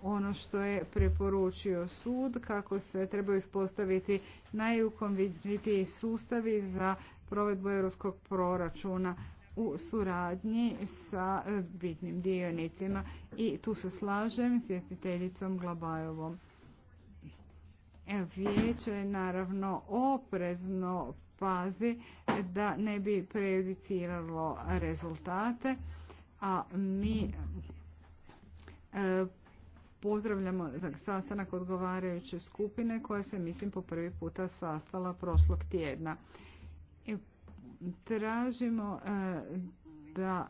ono što je preporučio sud, kako se trebaju ispostaviti najukonviditiji sustavi za provedbu europskog proračuna u suradnji sa bitnim dionicima i tu se slažem s jesiteljicom Glabajovom. E, vijeće je naravno oprezno pazi da ne bi prejudiciralo rezultate, a mi e, pozdravljamo sastanak odgovarajuće skupine koja se mislim po prvi puta sastala prošlog tjedna. Tražimo e, da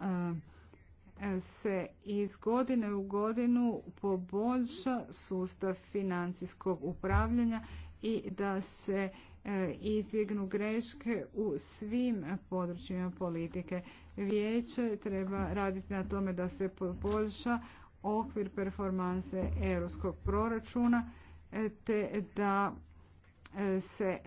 e, se iz godine u godinu poboljša sustav financijskog upravljanja i da se e, izbjegnu greške u svim područjima politike. Vijeće treba raditi na tome da se poboljša okvir performanse europskog proračuna e, te da e, se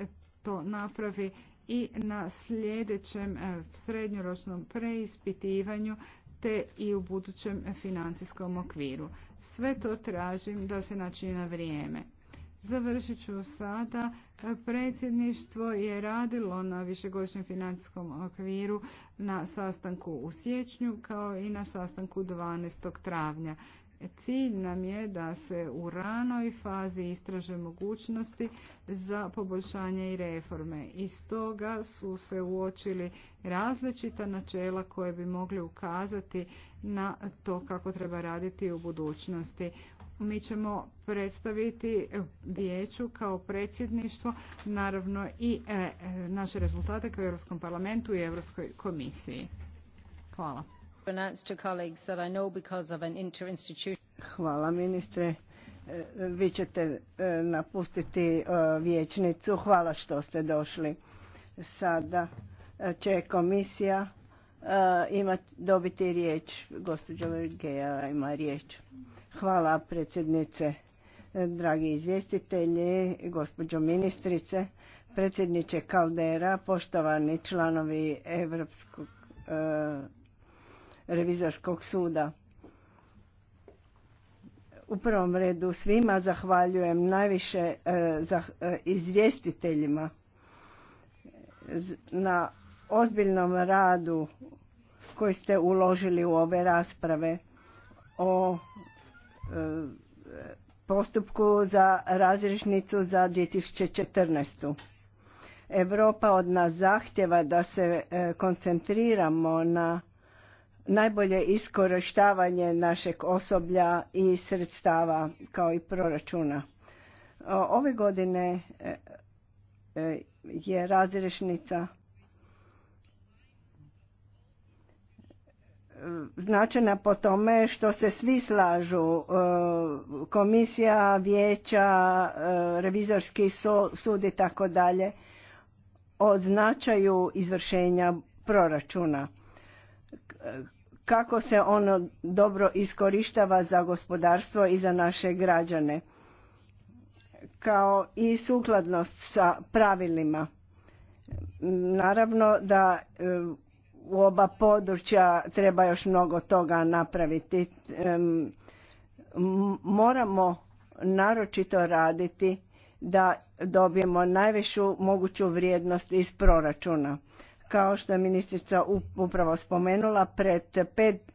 to napravi i na sljedećem e, srednjoročnom preispitivanju te i u budućem financijskom okviru. Sve to tražim da se načini na vrijeme. Završit ću sada. Predsjedništvo je radilo na višegodišnjem financijskom okviru na sastanku u siječnju kao i na sastanku 12. travnja. Cilj nam je da se u ranoj fazi istraže mogućnosti za poboljšanje i reforme. Iz toga su se uočili različita načela koje bi mogli ukazati na to kako treba raditi u budućnosti mi ćemo predstaviti vijeću kao predsjedništvo, naravno i e, e, naše rezultate kao Europskom parlamentu i Europskoj komisiji. Hvala.
Hvala ministre. E, vi ćete napustiti vijećnicu. Hvala što ste došli. Sada će komisija E, ima dobiti riječ. Gospođa Vergeja ima riječ. Hvala predsjednice, e, dragi izvjestitelji, gospođo ministrice, predsjedniče Kaldera, poštovani članovi Europskog e, revizorskog suda. U prvom redu svima zahvaljujem najviše izvjestiteljima na ozbiljnom radu koji ste uložili u ove rasprave o e, postupku za razrišnicu za 2014. Europa od nas zahtjeva da se e, koncentriramo na najbolje iskorištavanje našeg osoblja i sredstava kao i proračuna. Ove godine e, je razrešnica značena po tome što se svi slažu e, komisija, vijeća, e, revizorski sud i tako dalje o značaju izvršenja proračuna. Kako se ono dobro iskorištava za gospodarstvo i za naše građane kao i sukladnost sa pravilima. Naravno da e, u oba područja treba još mnogo toga napraviti. Moramo naročito raditi da dobijemo najvišu moguću vrijednost iz proračuna. Kao što je ministrica upravo spomenula, pred, pet,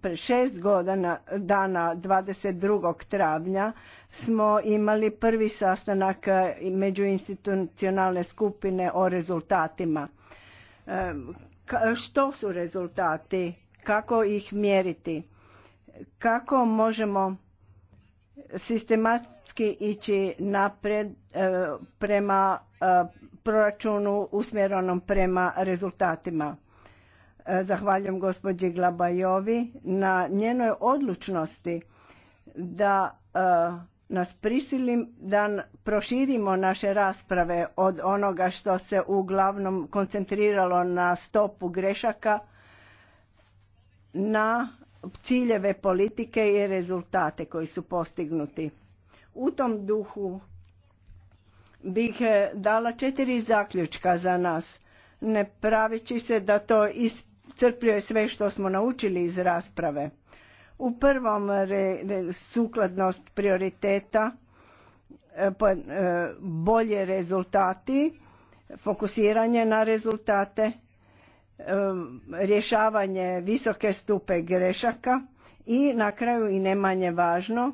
pred šest godina, dana 22. travnja, smo imali prvi sastanak e, međuinstitucionalne skupine o rezultatima što su rezultati, kako ih mjeriti, kako možemo sistematski ići napred e, prema e, proračunu usmjerenom prema rezultatima. E, zahvaljujem gospođi Glabajovi na njenoj odlučnosti da nas prisilim da proširimo naše rasprave od onoga što se uglavnom koncentriralo na stopu grešaka na ciljeve politike i rezultate koji su postignuti. U tom duhu bih e, dala četiri zaključka za nas, ne pravići se da to iscrpljuje sve što smo naučili iz rasprave. U prvom sukladnost prioriteta, e, e, bolje rezultati, fokusiranje na rezultate, e, rješavanje visoke stupe grešaka i na kraju i ne manje važno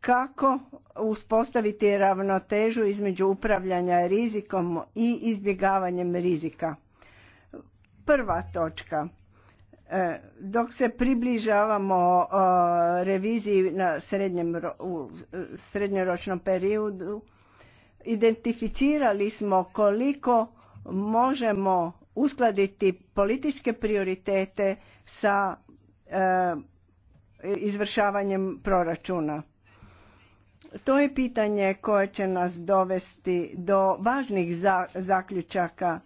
kako uspostaviti ravnotežu između upravljanja rizikom i izbjegavanjem rizika. Prva točka E, dok se približavamo e, reviziji na srednjem, u e, srednjoročnom periodu, identificirali smo koliko možemo uskladiti političke prioritete sa izvršavanjem proračuna. To je pitanje koje će nas dovesti do važnih zaključaka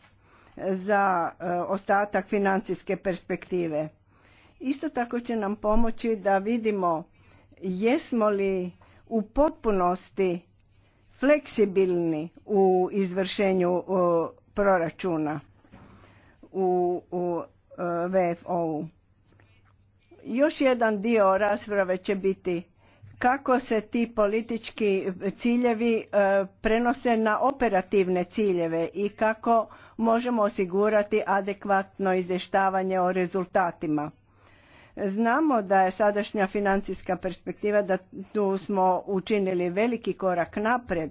za e, ostatak financijske perspektive. Isto tako će nam pomoći da vidimo jesmo li u potpunosti fleksibilni u izvršenju e, proračuna u, e, VFO-u. Još jedan dio rasprave će biti kako se ti politički ciljevi e, prenose na operativne ciljeve i kako možemo osigurati adekvatno izvještavanje o rezultatima. Znamo da je sadašnja financijska perspektiva da tu smo učinili veliki korak napred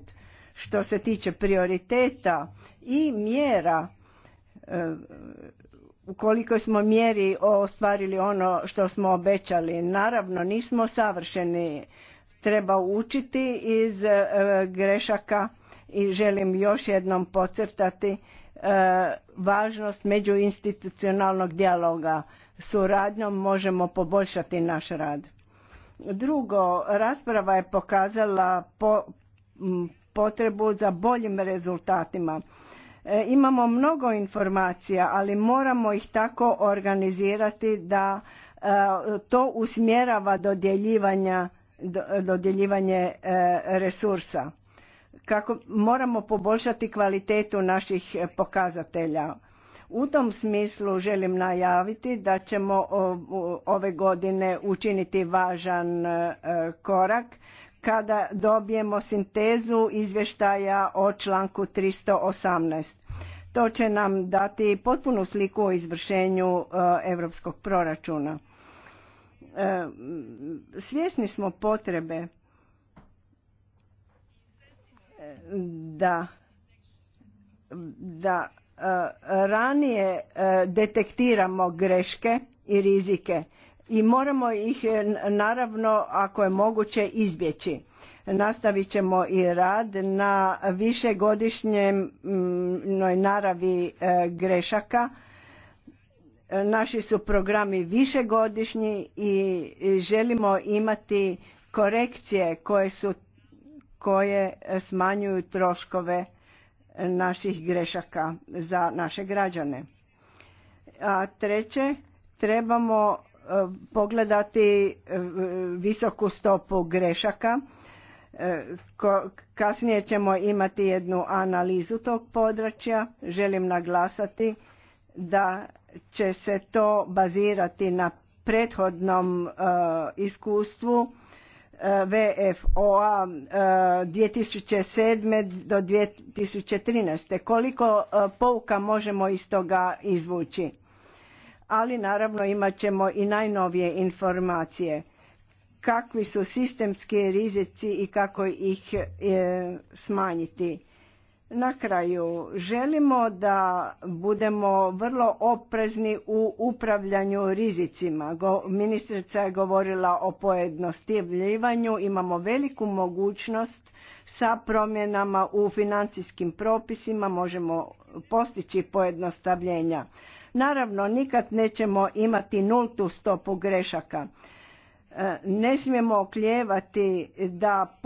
što se tiče prioriteta i mjera e, koliko smo mjeri ostvarili ono što smo obećali. Naravno, nismo savršeni. Treba učiti iz e, grešaka i želim još jednom podcrtati e, važnost međuinstitucionalnog dijaloga. Suradnjom možemo poboljšati naš rad. Drugo, rasprava je pokazala potrebu za boljim rezultatima E, imamo mnogo informacija, ali moramo ih tako organizirati da e, to usmjerava dodjeljivanje e, resursa. Kako moramo poboljšati kvalitetu naših pokazatelja. U tom smislu želim najaviti da ćemo ove godine učiniti važan korak kada dobijemo sintezu izvještaja o članku 318. To će nam dati potpunu sliku o izvršenju europskog proračuna. E, svjesni smo potrebe e, da da e, ranije detektiramo greške i rizike i moramo ih e, naravno ako je moguće izbjeći. Nastavit ćemo i rad na višegodišnjem naravi e, grešaka. Naši su programi višegodišnji i želimo imati korekcije koje, su, koje smanjuju troškove naših grešaka za naše građane. A treće, trebamo pogledati e, visoku stopu grešaka. E, kasnije ćemo imati jednu analizu tog područja. Želim naglasati da će se to bazirati na prethodnom e, iskustvu VFOA a 2007. do 2013. Koliko pouka možemo iz toga izvući? ali naravno imat ćemo i najnovije informacije kakvi su sistemski rizici i kako ih e, smanjiti. Na kraju, želimo da budemo vrlo oprezni u upravljanju rizicima. ministrica je govorila o pojednostavljivanju, imamo veliku mogućnost sa promjenama u financijskim propisima možemo postići pojednostavljenja. Naravno, nikad nećemo imati nultu stopu grešaka. E, ne smijemo okljevati da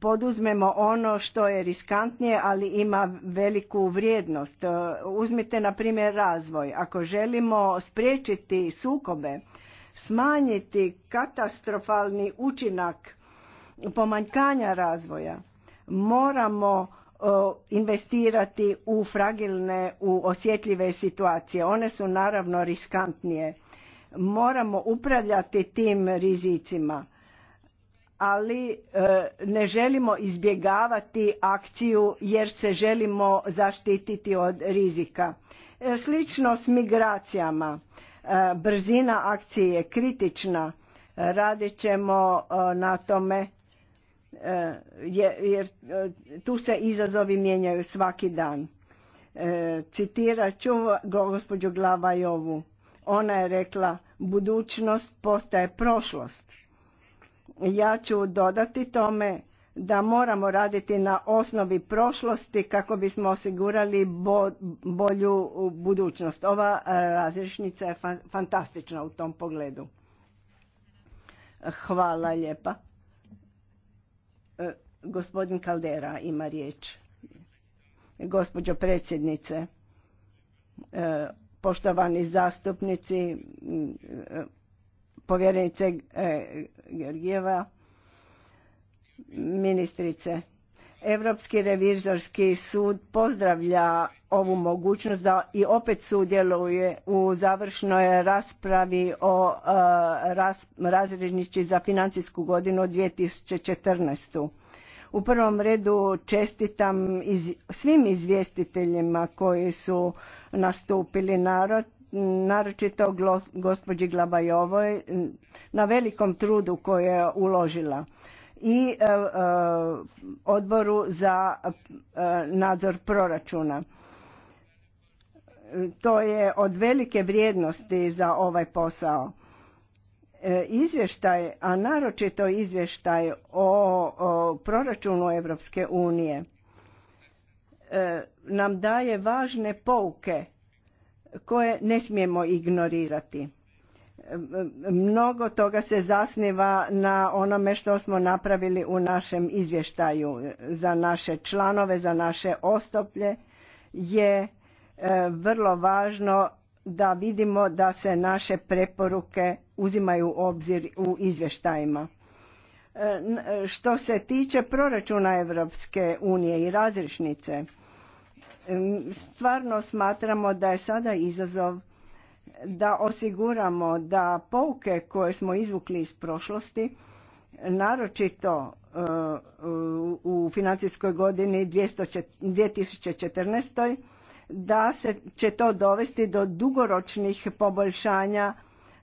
poduzmemo ono što je riskantnije, ali ima veliku vrijednost. E, uzmite, na primjer, razvoj. Ako želimo spriječiti sukobe, smanjiti katastrofalni učinak pomanjkanja razvoja, moramo investirati u fragilne, u osjetljive situacije. One su naravno riskantnije. Moramo upravljati tim rizicima, ali e, ne želimo izbjegavati akciju jer se želimo zaštititi od rizika. E, slično s migracijama. E, brzina akcije je kritična. Radit ćemo na tome Eh, jer eh, tu se izazovi mijenjaju svaki dan. Eh, citirat ću gospođu Glavajovu. Ona je rekla, budućnost postaje prošlost. Ja ću dodati tome da moramo raditi na osnovi prošlosti kako bismo osigurali bolju budućnost. Ova razrišnica je fantastična u tom pogledu. Hvala lijepa. Gospodin Kaldera ima riječ. Gospođo predsjednice, e, poštovani zastupnici, e, povjerenice e, Georgijeva, ministrice, Europski revizorski sud pozdravlja ovu mogućnost da i opet sudjeluje u završnoj raspravi o razrednici za financijsku godinu 2014. U prvom redu čestitam svim izvjestiteljima koji su nastupili narod, naročito gospođi Glabajovoj na velikom trudu koje je uložila i e, e, odboru za e, nadzor proračuna. To je od velike vrijednosti za ovaj posao. E, izvještaj, a naročito izvještaj o, proračunu Europske unije e, nam daje važne pouke koje ne smijemo ignorirati. E, mnogo toga se zasniva na onome što smo napravili u našem izvještaju za naše članove, za naše ostoplje je vrlo važno da vidimo da se naše preporuke uzimaju obzir u izvještajima. E, što se tiče proračuna Europske unije i razrišnice, stvarno smatramo da je sada izazov da osiguramo da pouke koje smo izvukli iz prošlosti, naročito e, u financijskoj godini 2014. da se će to dovesti do dugoročnih poboljšanja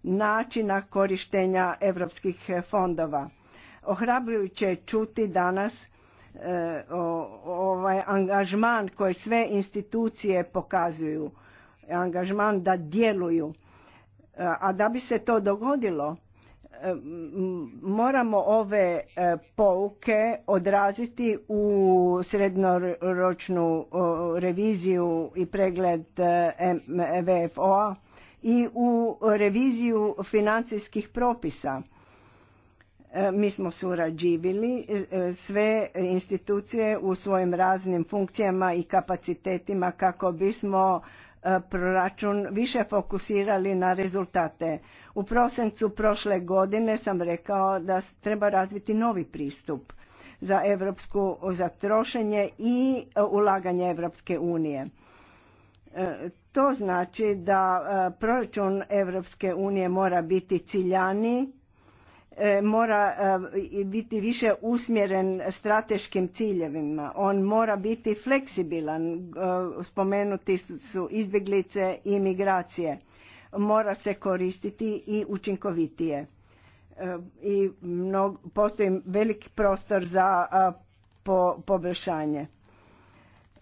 načina korištenja europskih e, fondova. Ohrabrujuće je čuti danas e, ovaj angažman koji sve institucije pokazuju, angažman da djeluju. E, a da bi se to dogodilo, moramo ove pouke odraziti u srednoročnu reviziju i pregled VFO-a i u reviziju financijskih propisa. E, mi smo surađivili, e, sve institucije u svojim raznim funkcijama i kapacitetima kako bismo e, proračun više fokusirali na rezultate. U prosincu prošle godine sam rekao da treba razviti novi pristup za evropsku za trošenje i ulaganje Evropske unije. To znači da e, proračun Europske unije mora biti ciljani, e, mora e, biti više usmjeren strateškim ciljevima. On mora biti fleksibilan, spomenuti su izbjeglice i migracije. Mora se koristiti i učinkovitije. I postoji veliki prostor za poboljšanje.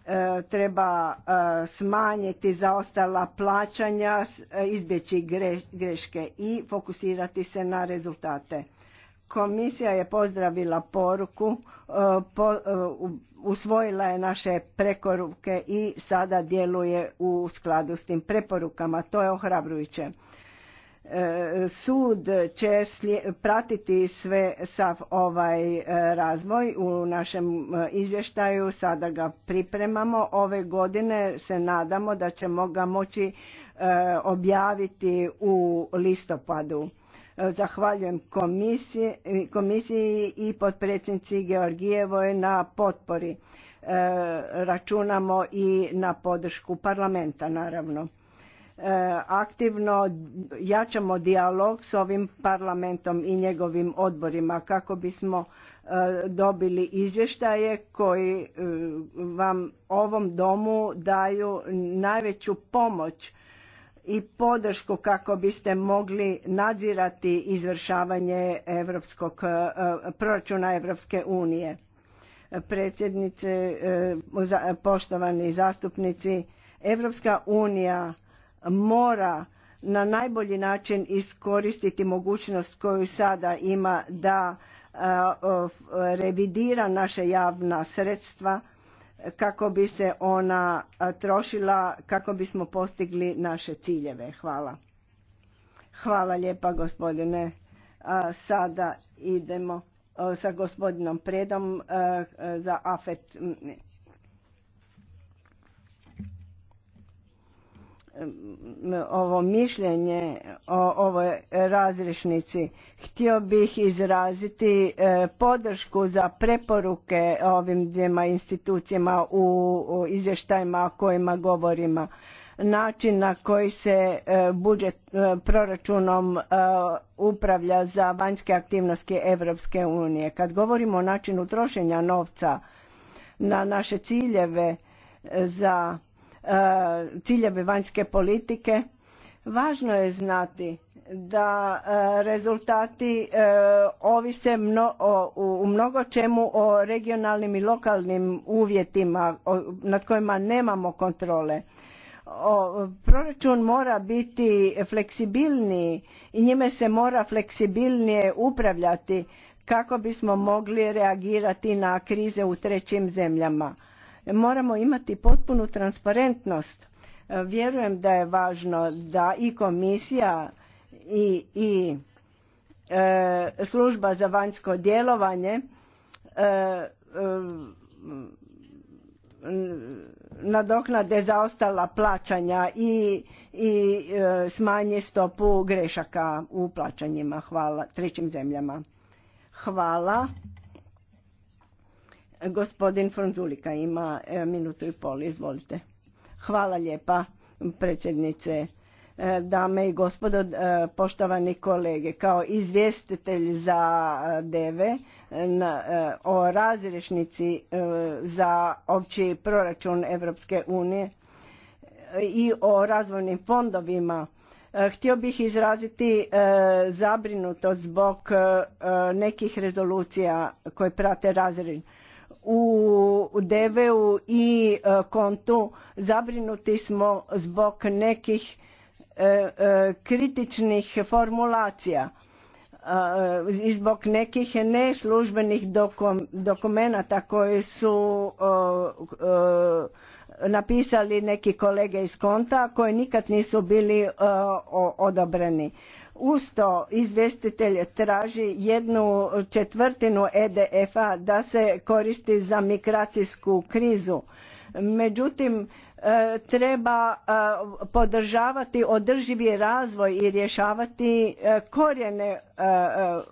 E, treba e, smanjiti zaostala plaćanja, e, izbjeći greške i fokusirati se na rezultate. Komisija je pozdravila poruku, usvojila je naše preporuke i sada djeluje u skladu s tim preporukama. To je ohrabrujuće. E, sud će pratiti sve sav ovaj e, razvoj u našem e, izvještaju sada ga pripremamo ove godine se nadamo da ćemo ga moći objaviti u listopadu zahvaljujem komisiji, komisiji i potpredsjednici Georgijevoj na potpori računamo i na podršku parlamenta naravno E, aktivno jačamo dijalog s ovim parlamentom i njegovim odborima kako bismo e, dobili izvještaje koji e, vam ovom domu daju najveću pomoć i podršku kako biste mogli nadzirati izvršavanje evropskog, proračuna Evropske unije. Predsjednice, poštovani zastupnici, Evropska unija mora na najbolji način iskoristiti mogućnost koju sada ima da revidira naše javna sredstva kako bi se ona trošila kako bismo postigli naše ciljeve. Hvala. Hvala lijepa gospodine. Sada idemo sa gospodinom Predom za AFET ovo mišljenje o ovoj razrišnici. Htio bih izraziti e, podršku za preporuke ovim dvijema institucijama u izvještajima o kojima govorimo. Način na koji se e, budžet e, proračunom upravlja za vanjske aktivnosti Europske unije. Kad govorimo o načinu trošenja novca na naše ciljeve za E, ciljeve vanjske politike. Važno je znati da e, rezultati e, ovise u mnogo čemu o regionalnim i lokalnim uvjetima nad kojima nemamo kontrole. proračun mora biti fleksibilniji i njime se mora fleksibilnije upravljati kako bismo mogli reagirati na krize u trećim zemljama Moramo imati potpunu transparentnost. E, vjerujem da je važno da i komisija i, i e, služba za vanjsko djelovanje e, e, nadoknade zaostala plaćanja i, i e, smanje stopu grešaka u plaćanjima. Hvala trećim zemljama. Hvala. Gospodin Fronzulika ima e, minutu i pol, izvolite. Hvala lijepa predsjednice, e, dame i gospodo, e, poštovani kolege. Kao izvjestitelj za DEVE o razrešnici za opći proračun Europske unije i o razvojnim fondovima Htio bih izraziti zabrinutost zbog nekih rezolucija koje prate razred u dv i e, kontu zabrinuti smo zbog nekih e, e, kritičnih formulacija i zbog nekih neslužbenih dokumenata koje su napisali neki kolege iz konta koji nikad nisu bili odobreni. Usto izvjestitelj traži jednu četvrtinu EDF-a da se koristi za migracijsku krizu. Međutim, e, treba e, podržavati održivi razvoj i rješavati e, korijene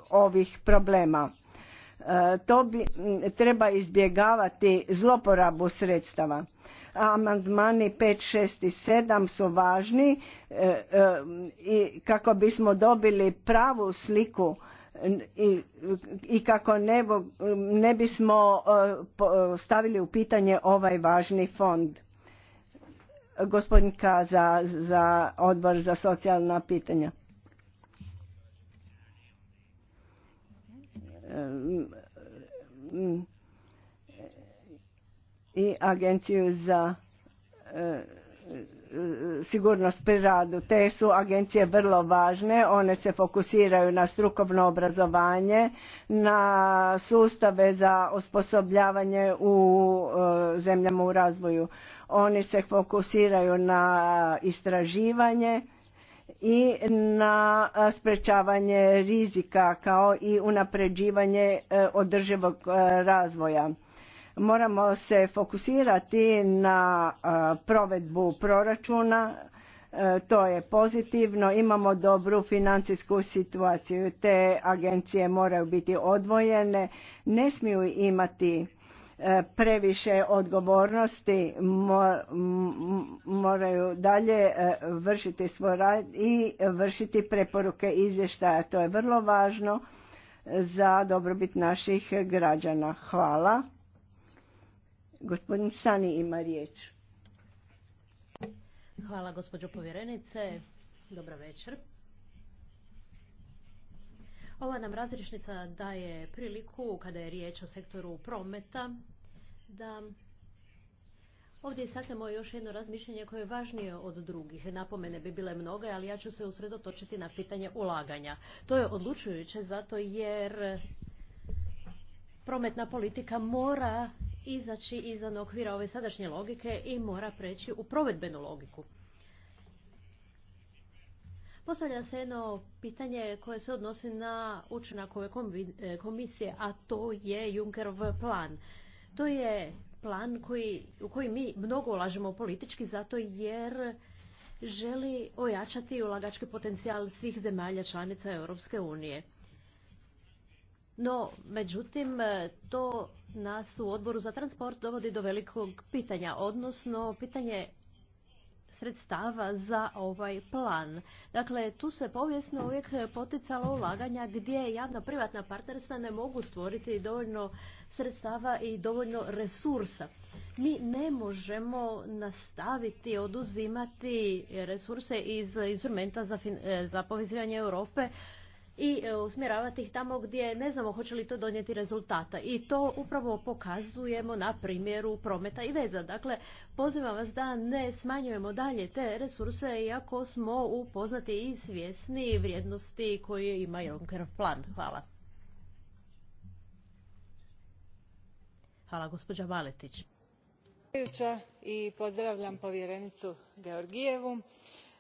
ovih problema. To bi, treba izbjegavati zloporabu sredstava. Amandmani 5, 6 i 7 su važni e, e, i kako bismo dobili pravu sliku e, i, i kako ne, ne bismo stavili u pitanje ovaj važni fond. Gospodin Kaza za, odbor za socijalna pitanja. E, i Agenciju za e, e, sigurnost pri radu. Te su agencije vrlo važne, one se fokusiraju na strukovno obrazovanje, na sustave za osposobljavanje u e, zemljama u razvoju. Oni se fokusiraju na istraživanje i na sprečavanje rizika kao i unapređivanje održivog razvoja Moramo se fokusirati na provedbu proračuna, e, to je pozitivno, imamo dobru financijsku situaciju. Te agencije moraju biti odvojene, ne smiju imati e, previše odgovornosti, moraju dalje e, vršiti svoj rad i vršiti preporuke izvještaja. To je vrlo važno za dobrobit naših građana. Hvala. Gospodin Sani ima riječ.
Hvala gospođo povjerenice. Dobar večer. Ova nam razrišnica daje priliku, kada je riječ o sektoru prometa, da ovdje istaknemo još jedno razmišljanje koje je važnije od drugih. Napomene bi bile mnoge, ali ja ću se usredotočiti na pitanje ulaganja. To je odlučujuće zato jer prometna politika mora izaći izvan okvira ove sadašnje logike i mora preći u provedbenu logiku. Postavlja se jedno pitanje koje se odnosi na učinak ove e, komisije, a to je Junckerov plan. To je plan koji, u koji mi mnogo ulažemo politički zato jer želi ojačati ulagački potencijal svih zemalja članica Europske unije. No, međutim, e, to nas u odboru za transport dovodi do velikog pitanja, odnosno pitanje sredstava za ovaj plan. Dakle, tu se povijesno uvijek poticalo ulaganja gdje javno-privatna partnerstva ne mogu stvoriti dovoljno sredstava i dovoljno resursa. Mi ne možemo nastaviti oduzimati resurse iz instrumenta za, e, za povezivanje Europe i e, usmjeravati ih tamo gdje ne znamo hoće li to donijeti rezultata. I to upravo pokazujemo na primjeru prometa i veza. Dakle, pozivam vas da ne smanjujemo dalje te resurse iako smo upoznati i svjesni vrijednosti koje ima Juncker plan. Hvala. Hvala, gospođa
I pozdravljam povjerenicu Georgijevu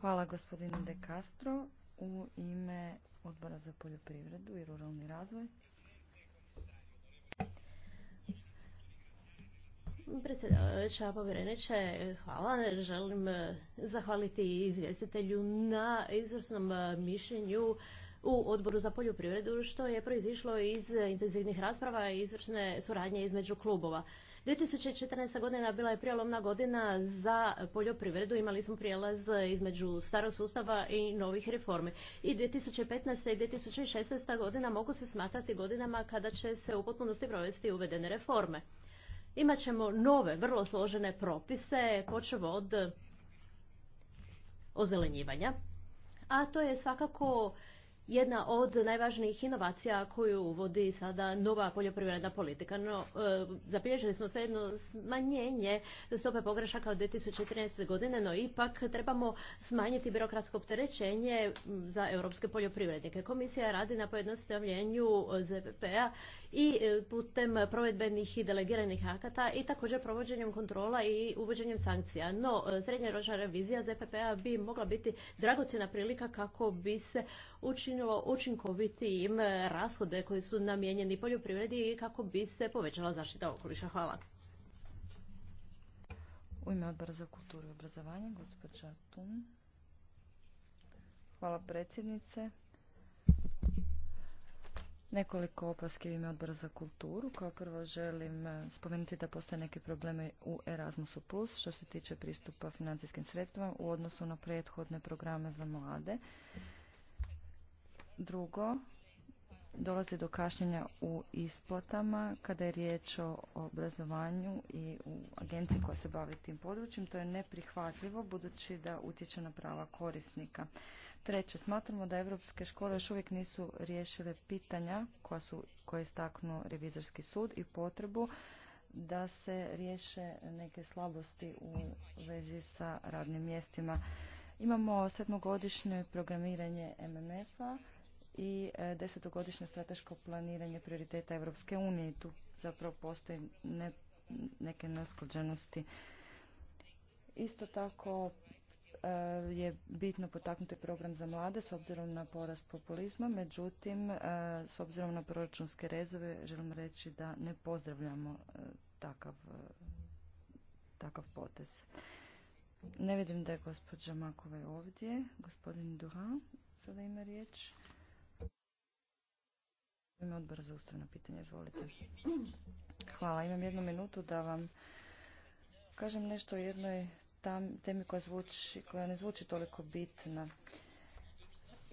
Hvala gospodinu De Castro u ime Odbora za poljoprivredu
i ruralni razvoj. Predsjedavajuća povjereniče, hvala. Želim eh, zahvaliti izvjestitelju na izvrsnom eh, mišljenju u odboru za poljoprivredu, što je proizišlo iz intenzivnih rasprava i izvršne suradnje između klubova. 2014. godina bila je prijelomna godina za poljoprivredu. Imali smo prijelaz između starog sustava i novih reformi. I 2015. i 2016. godina mogu se smatrati godinama kada će se u potpunosti provesti uvedene reforme. Imaćemo nove, vrlo složene propise, počevo od ozelenjivanja. A to je svakako jedna od najvažnijih inovacija koju uvodi sada nova poljoprivredna politika. No, e, zabilježili smo jedno smanjenje stope pogrešaka od 2013. godine, no ipak trebamo smanjiti birokratsko opterećenje za europske poljoprivrednike. Komisija radi na pojednostavljenju ZPP-a i e, putem provedbenih i delegiranih akata i također provođenjem kontrola i uvođenjem sankcija. No, e, ročna revizija ZPPA bi mogla biti dragocjena prilika kako bi se učinilo učinkovitijim rashode koji su namijenjeni poljoprivredi i kako bi se povećala zaštita okoliša. Hvala.
U ime odbora za kulturu i obrazovanje, gospođa Hvala predsjednice. Nekoliko opaske u ime odbora za kulturu. Kao prvo želim e, spomenuti da postoje neke probleme u Erasmusu Plus što se tiče pristupa financijskim sredstvima u odnosu na prethodne programe za mlade. Drugo, dolazi do kašnjenja u isplatama kada je riječ o obrazovanju i u agenciji koja se bavi tim područjem. To je neprihvatljivo budući da utječe na prava korisnika. Treće, smatramo da evropske škole još uvijek nisu riješile pitanja koja su, koje je staknuo revizorski sud i potrebu da se riješe neke slabosti u vezi sa radnim mjestima. Imamo sedmogodišnje programiranje MMF-a i e, desetogodišnje strateško planiranje prioriteta Europske unije. Tu zapravo postoji neke neusklađenosti. Isto tako Eh, je bitno potaknuti program za mlade s obzirom na porast populizma, međutim eh, s obzirom na proračunske rezove želim reći da ne pozdravljamo eh, takav, takav potez. Ne vidim da je gospođa Makova ovdje. Gospodin Duhan sada ima riječ. ime odbora za ustavno pitanje, izvolite. Hvala, imam jednu minutu da vam kažem nešto o jednoj temi koja, zvuči, koja ne zvuči toliko bitna.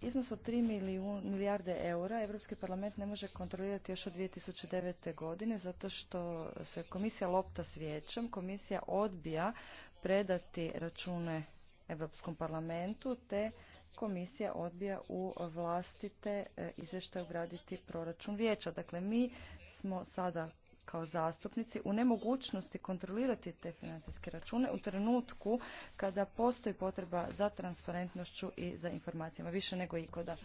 Iznos od 3 milijun, milijarde eura Europski parlament ne može kontrolirati još od 2009. godine zato što se komisija lopta s vijećem, komisija odbija predati račune Europskom parlamentu te komisija odbija u vlastite e, izvještaje ugraditi proračun vijeća. Dakle, mi smo sada kao zastupnici u nemogućnosti kontrolirati te financijske račune u trenutku kada postoji potreba za transparentnošću i za informacijama više nego ikoda.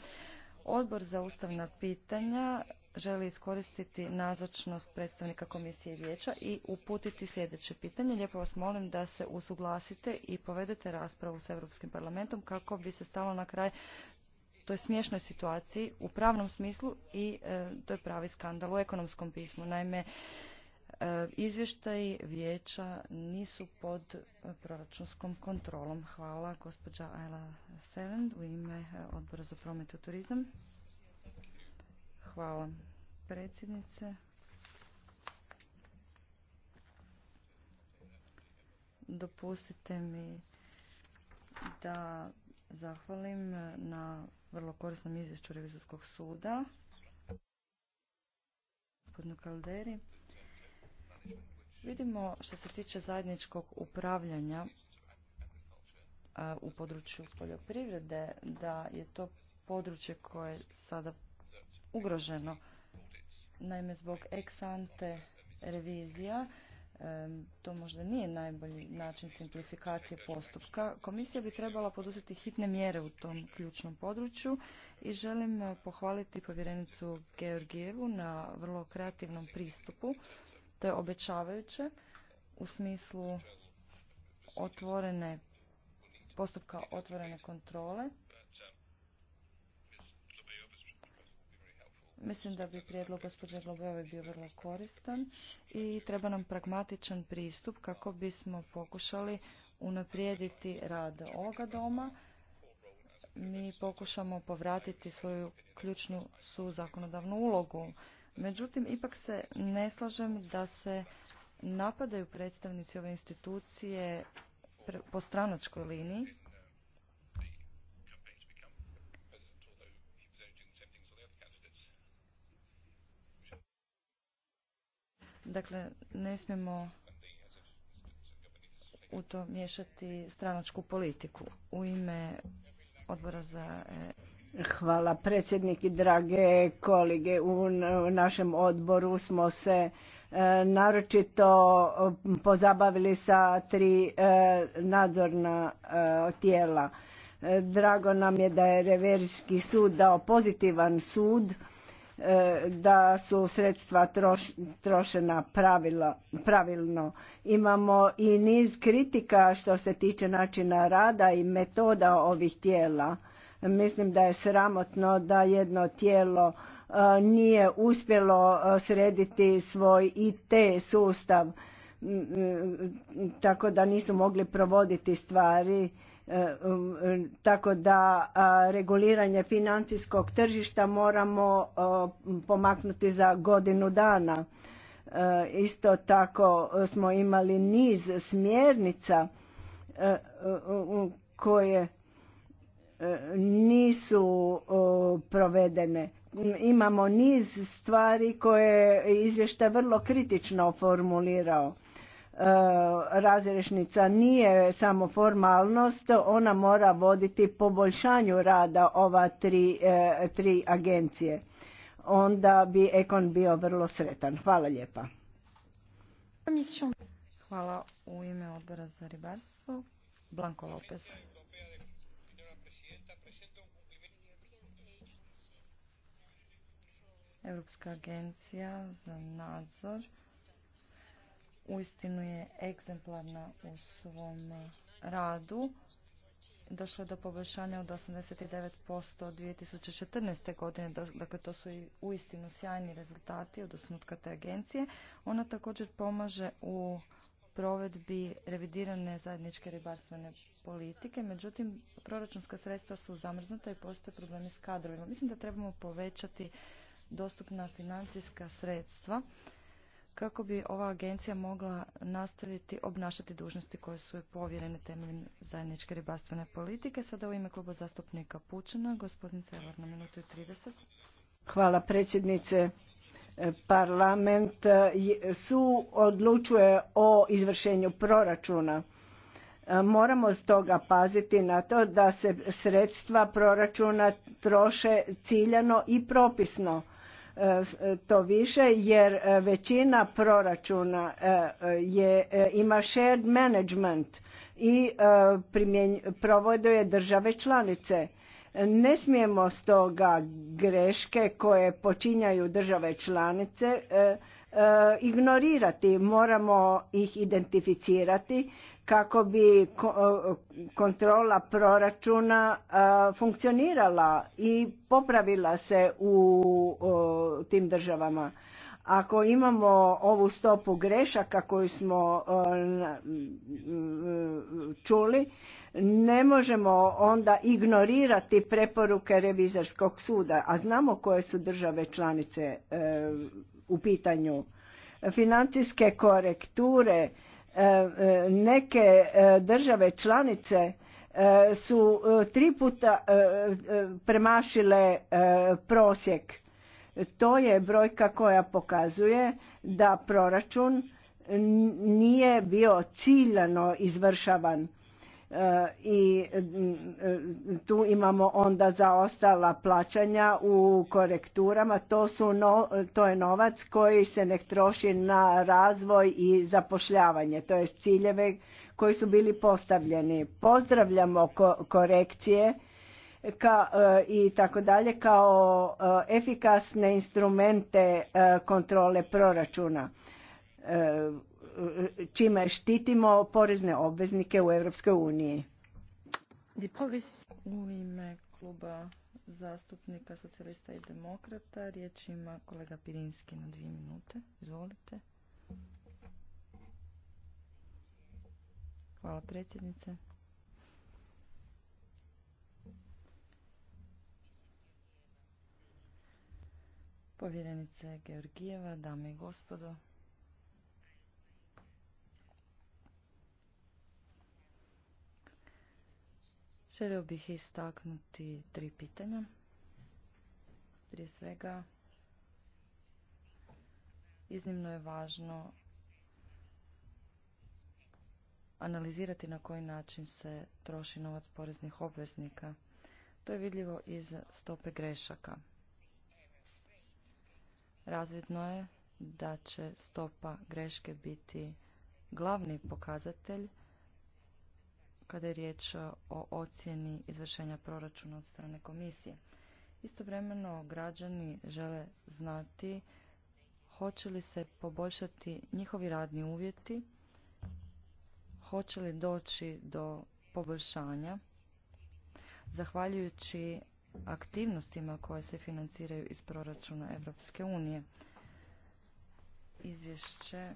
Odbor za ustavna pitanja želi iskoristiti nazočnost predstavnika komisije vijeća i uputiti sljedeće pitanje. Lijepo vas molim da se usuglasite i povedete raspravu s Europskim parlamentom kako bi se stalo na kraj toj smiješnoj situaciji u pravnom smislu i e, to je pravi skandal u ekonomskom pismu. Naime, e, izvještaji vijeća nisu pod proračunskom kontrolom. Hvala gospođa Ayla Selend u ime e, odbora za promet i turizam. Hvala predsjednice. Dopustite mi da zahvalim e, na vrlo korisnom izvješću Revizorskog suda. Gospodinu Kalderi. Vidimo što se tiče zajedničkog upravljanja e, u području poljoprivrede da je to područje koje je sada ugroženo. Naime, zbog ex ante revizija to možda nije najbolji način simplifikacije postupka. Komisija bi trebala poduzeti hitne mjere u tom ključnom području i želim eh, pohvaliti povjerenicu Georgijevu na vrlo kreativnom pristupu. To je obećavajuće u smislu otvorene postupka otvorene kontrole Mislim da bi prijedlog gospođe Globove bio vrlo koristan i treba nam pragmatičan pristup kako bismo pokušali unaprijediti rad ovoga doma. Mi pokušamo povratiti svoju ključnu su zakonodavnu ulogu. Međutim, ipak se ne slažem da se napadaju predstavnici ove institucije po stranačkoj liniji Dakle, ne smijemo u to miješati stranačku politiku. U ime odbora za... E,
Hvala predsjednik i drage kolege. U našem odboru smo se e, naročito pozabavili sa tri e, nadzorna tijela. Drago nam je da je reverijski sud dao pozitivan sud E, da su sredstva trošena pravilno. Imamo i niz kritika što se tiče načina rada i metoda ovih tijela. Mislim da je sramotno da jedno tijelo e, nije uspjelo e, srediti svoj IT sustav tako da nisu mogli provoditi stvari E, um, e, tako da reguliranje financijskog tržišta moramo pomaknuti za godinu dana. E, isto tako smo imali niz smjernica koje nisu provedene. Imamo niz stvari koje je izvještaj vrlo kritično formulirao E, razrešnica nije samo formalnost, ona mora voditi poboljšanju rada ova tri, e, tri agencije. Onda bi Ekon bio vrlo sretan. Hvala lijepa.
Hvala u ime odbora za ribarstvo. Blanko Lopez. Europska agencija za nadzor uistinu je egzemplarna u svom radu. Došlo je do poboljšanja od 89% od 2014. godine, dakle to su i uistinu sjajni rezultati od osnutka te agencije. Ona također pomaže u provedbi revidirane zajedničke ribarstvene politike, međutim proračunska sredstva su zamrznuta i postoje problemi s kadrovima. Mislim da trebamo povećati dostupna financijska sredstva kako bi ova agencija mogla nastaviti obnašati dužnosti koje su joj povjerene temeljem zajedničke ribarstvene politike. Sada
u ime kluba zastupnika Pučana, gospodin
Celar na minutu 30.
Hvala predsjednice. Parlament e, su odlučuje o izvršenju proračuna. E, moramo stoga paziti na to da se sredstva proračuna troše ciljano i propisno to više jer e, većina proračuna e, je, e, ima shared management i je države članice. Ne smijemo stoga greške koje počinjaju države članice ignorirati, moramo ih identificirati kako bi kontrola proračuna funkcionirala i popravila se u tim državama. Ako imamo ovu stopu grešaka koju smo čuli, ne možemo onda ignorirati preporuke revizorskog suda, a znamo koje su države članice e, u pitanju. Financijske korekture Neke e, države članice e, su e, tri puta premašile prosjek. To je brojka koja pokazuje da proračun nije bio ciljano izvršavan i mm, tu imamo onda zaostala plaćanja u korekturama. To, su to je novac koji se ne troši na razvoj i zapošljavanje, to je ciljeve koji su bili postavljeni. Pozdravljamo korekcije ka, e, i tako dalje kao e, efikasne instrumente e, kontrole proračuna čime štitimo porezne obveznike u Europskoj uniji.
U ime kluba zastupnika socijalista i demokrata riječ ima kolega Pirinski na dvije minute. Izvolite. Hvala predsjednice. Povjerenice Georgijeva, dame i gospodo. Želio bih istaknuti tri pitanja. Prije svega, iznimno je važno analizirati na koji način se troši novac poreznih obveznika. To je vidljivo iz stope grešaka. Razvidno je da će stopa greške biti glavni pokazatelj kada je riječ o ocjeni izvršenja proračuna od strane komisije. Istovremeno građani žele znati hoće li se poboljšati njihovi radni uvjeti, hoće li doći do poboljšanja, zahvaljujući aktivnostima koje se financiraju iz proračuna Europske unije. Izvješće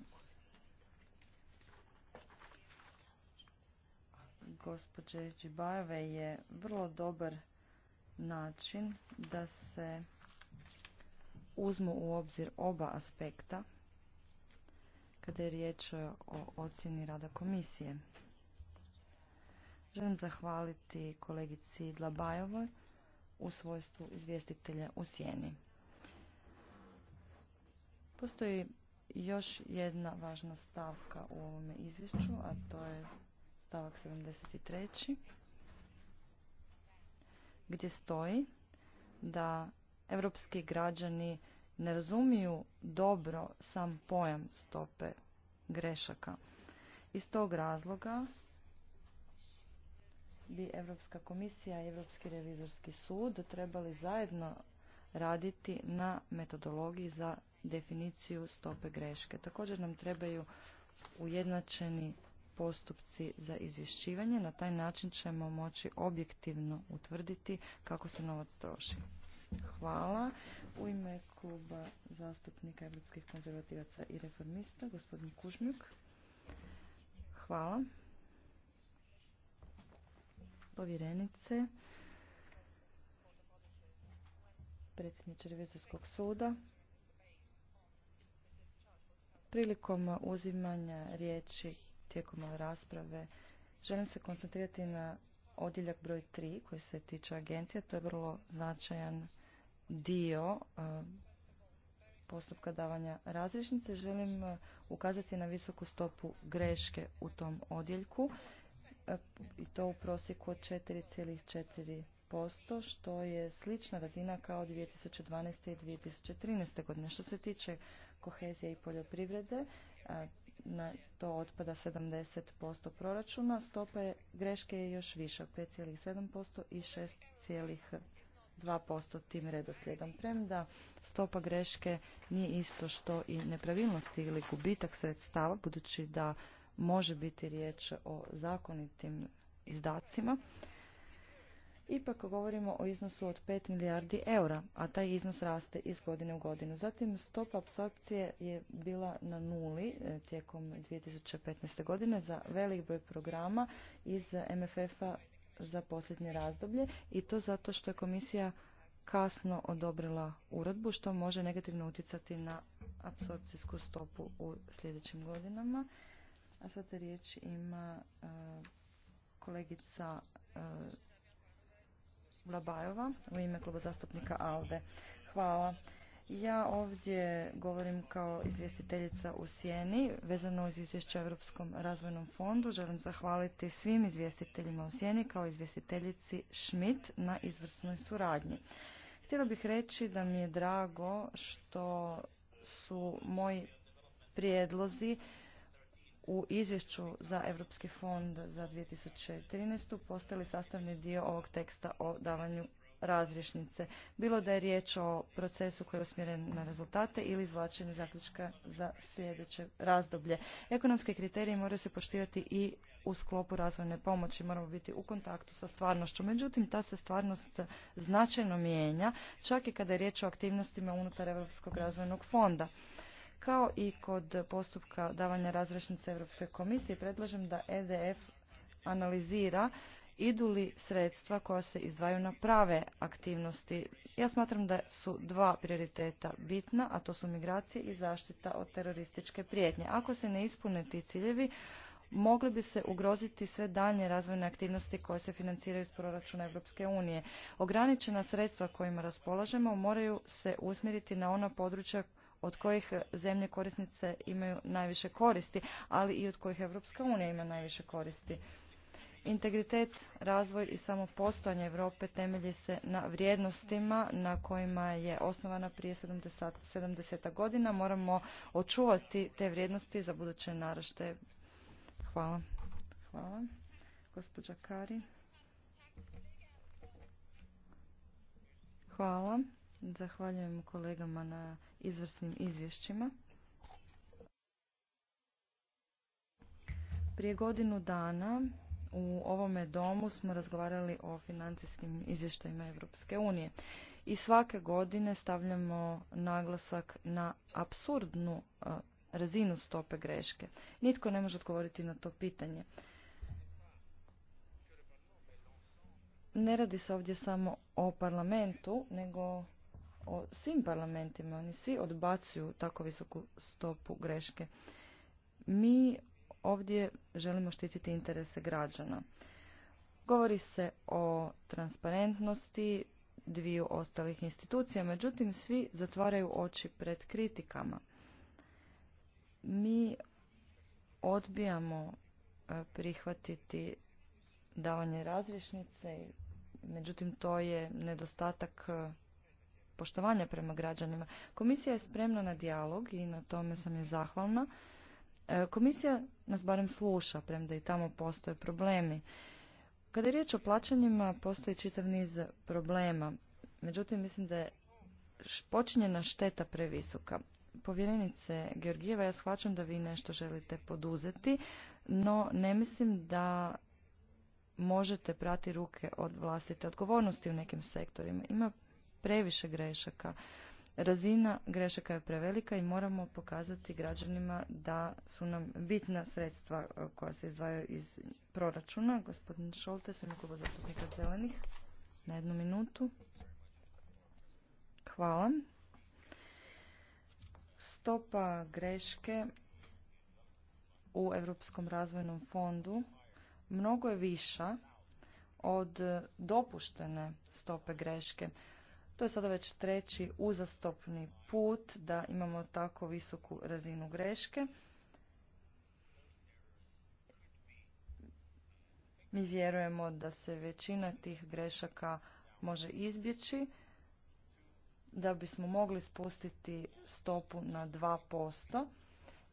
gospođe Čibajove je vrlo dobar način da se uzmu u obzir oba aspekta kada je riječ o ocjeni rada komisije. Želim zahvaliti kolegici Dlabajovoj u svojstvu izvjestitelja u Sjeni. Postoji još jedna važna stavka u ovome izvješću, a to je stavak 73. gdje stoji da evropski građani ne razumiju dobro sam pojam stope grešaka. Iz tog razloga bi Europska komisija i Europski revizorski sud trebali zajedno raditi na metodologiji za definiciju stope greške. Također nam trebaju ujednačeni postupci za izvješćivanje. Na taj način ćemo moći objektivno utvrditi kako se novac troši. Hvala. U ime kluba zastupnika Evropskih konzervativaca i reformista, gospodin Kužmjuk. Hvala. Povjerenice, predsjedniče Revizorskog suda, prilikom uzimanja riječi tijekom ove rasprave. Želim se koncentrirati na odjeljak broj 3 koji se tiče agencija. To je vrlo značajan dio e, postupka davanja razrišnice. Želim e, ukazati na visoku stopu greške u tom odjeljku e, i to u prosjeku od 4,4% što je slična razina kao 2012. i 2013. godine. Što se tiče kohezije i poljoprivrede, na to otpada 70% proračuna, stopa greške je još viša, 5,7% i 6,2% tim redoslijedom. Premda stopa greške nije isto što i nepravilnosti ili gubitak sredstava, budući da može biti riječ o zakonitim izdacima, ipak govorimo o iznosu od 5 milijardi eura, a taj iznos raste iz godine u godinu. Zatim stopa apsorpcije je bila na nuli e, tijekom 2015. godine za velik broj programa iz MFF-a za posljednje razdoblje i to zato što je komisija kasno odobrila uredbu što može negativno utjecati na apsorpcijsku stopu u sljedećim godinama. A sada riječ ima e, kolegica e, Blabajova u ime kluba zastupnika ALDE. Hvala. Ja ovdje govorim kao izvjestiteljica u Sjeni vezano uz izvješće Europskom razvojnom fondu. Želim zahvaliti svim izvjestiteljima u Sjeni kao izvjestiteljici Schmidt na izvrsnoj suradnji. Htjela bih reći da mi je drago što su moji prijedlozi u izvješću za Europski fond za 2013. postali sastavni dio ovog teksta o davanju razrješnice. Bilo da je riječ o procesu koji je usmjeren na rezultate ili izvlačenju zaključka za sljedeće razdoblje. Ekonomske kriterije moraju se poštivati i u sklopu razvojne pomoći. Moramo biti u kontaktu sa stvarnošću. Međutim, ta se stvarnost značajno mijenja, čak i kada je riječ o aktivnostima unutar Europskog razvojnog fonda. Kao i kod postupka davanja razrešnice Europskoj komisije, predlažem da EDF analizira idu li sredstva koja se izdvaju na prave aktivnosti. Ja smatram da su dva prioriteta bitna, a to su migracije i zaštita od terorističke prijetnje. Ako se ne ispune ti ciljevi, mogli bi se ugroziti sve dalje razvojne aktivnosti koje se financiraju iz proračuna Europske unije. Ograničena sredstva kojima raspolažemo moraju se usmjeriti na ona područja od kojih zemlje korisnice imaju najviše koristi, ali i od kojih Europska unija ima najviše koristi. Integritet, razvoj i samopostojanje Europe temelji se na vrijednostima na kojima je osnovana prije 70, godina. Moramo očuvati te vrijednosti za buduće narašte. Hvala. Hvala. Hvala. Zahvaljujem kolegama na izvrsnim izvješćima. Prije godinu dana u ovome domu smo razgovarali o financijskim izvještajima Europske unije i svake godine stavljamo naglasak na apsurdnu e, razinu stope greške. Nitko ne može odgovoriti na to pitanje. Ne radi se ovdje samo o parlamentu, nego o svim parlamentima. Oni svi odbacuju tako visoku stopu greške. Mi ovdje želimo štititi interese građana. Govori se o transparentnosti dviju ostalih institucija, međutim svi zatvaraju oči pred kritikama. Mi odbijamo e, prihvatiti davanje razrišnice, međutim to je nedostatak e, poštovanja prema građanima. Komisija je spremna na dijalog i na tome sam je zahvalna. E, komisija nas barem sluša, premda i tamo postoje problemi. Kada je riječ o plaćanjima, postoji čitav niz problema. Međutim, mislim da je počinjena šteta previsoka. Povjerenice Georgijeva, ja shvaćam da vi nešto želite poduzeti, no ne mislim da možete prati ruke od vlastite odgovornosti u nekim sektorima. Ima previše grešaka. Razina grešaka je prevelika i moramo pokazati građanima da su nam bitna sredstva e, koja se izdvajaju iz proračuna. Gospodin Šolte, su kluba zastupnika zelenih, na jednu minutu. Hvala. Stopa greške u Europskom razvojnom fondu mnogo je viša od dopuštene stope greške. To je sada već treći uzastopni put da imamo tako visoku razinu greške. Mi vjerujemo da se većina tih grešaka može izbjeći da bismo mogli spustiti stopu na 2%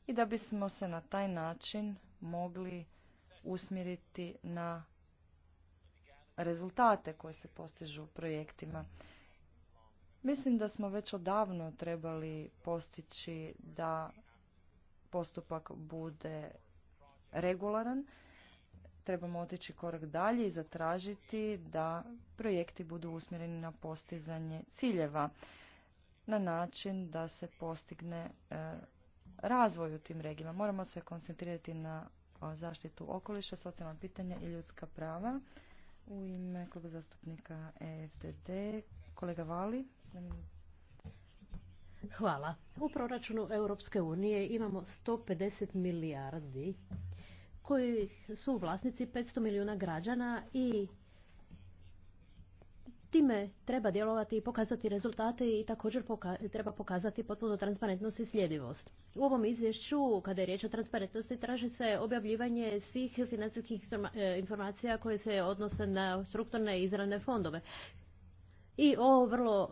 i da bismo se na taj način mogli usmjeriti na rezultate koje se postižu projektima. Mislim da smo već odavno trebali postići da postupak bude regularan. Trebamo otići korak dalje i zatražiti da projekti budu usmjereni na postizanje ciljeva na način da se postigne e, razvoj u tim regijama. Moramo se koncentrirati na e, zaštitu okoliša, socijalna pitanja i ljudska prava. U ime kluba
zastupnika EFDD, kolega Vali. Hvala. U proračunu Europske unije imamo 150 milijardi koji su vlasnici 500 milijuna građana i time treba djelovati i pokazati rezultate i također treba pokazati potpuno transparentnost i sljedivost. U ovom izvješću, kada je riječ o transparentnosti, traži se objavljivanje svih financijskih e, informacija koje se odnose na strukturne izravne fondove i o vrlo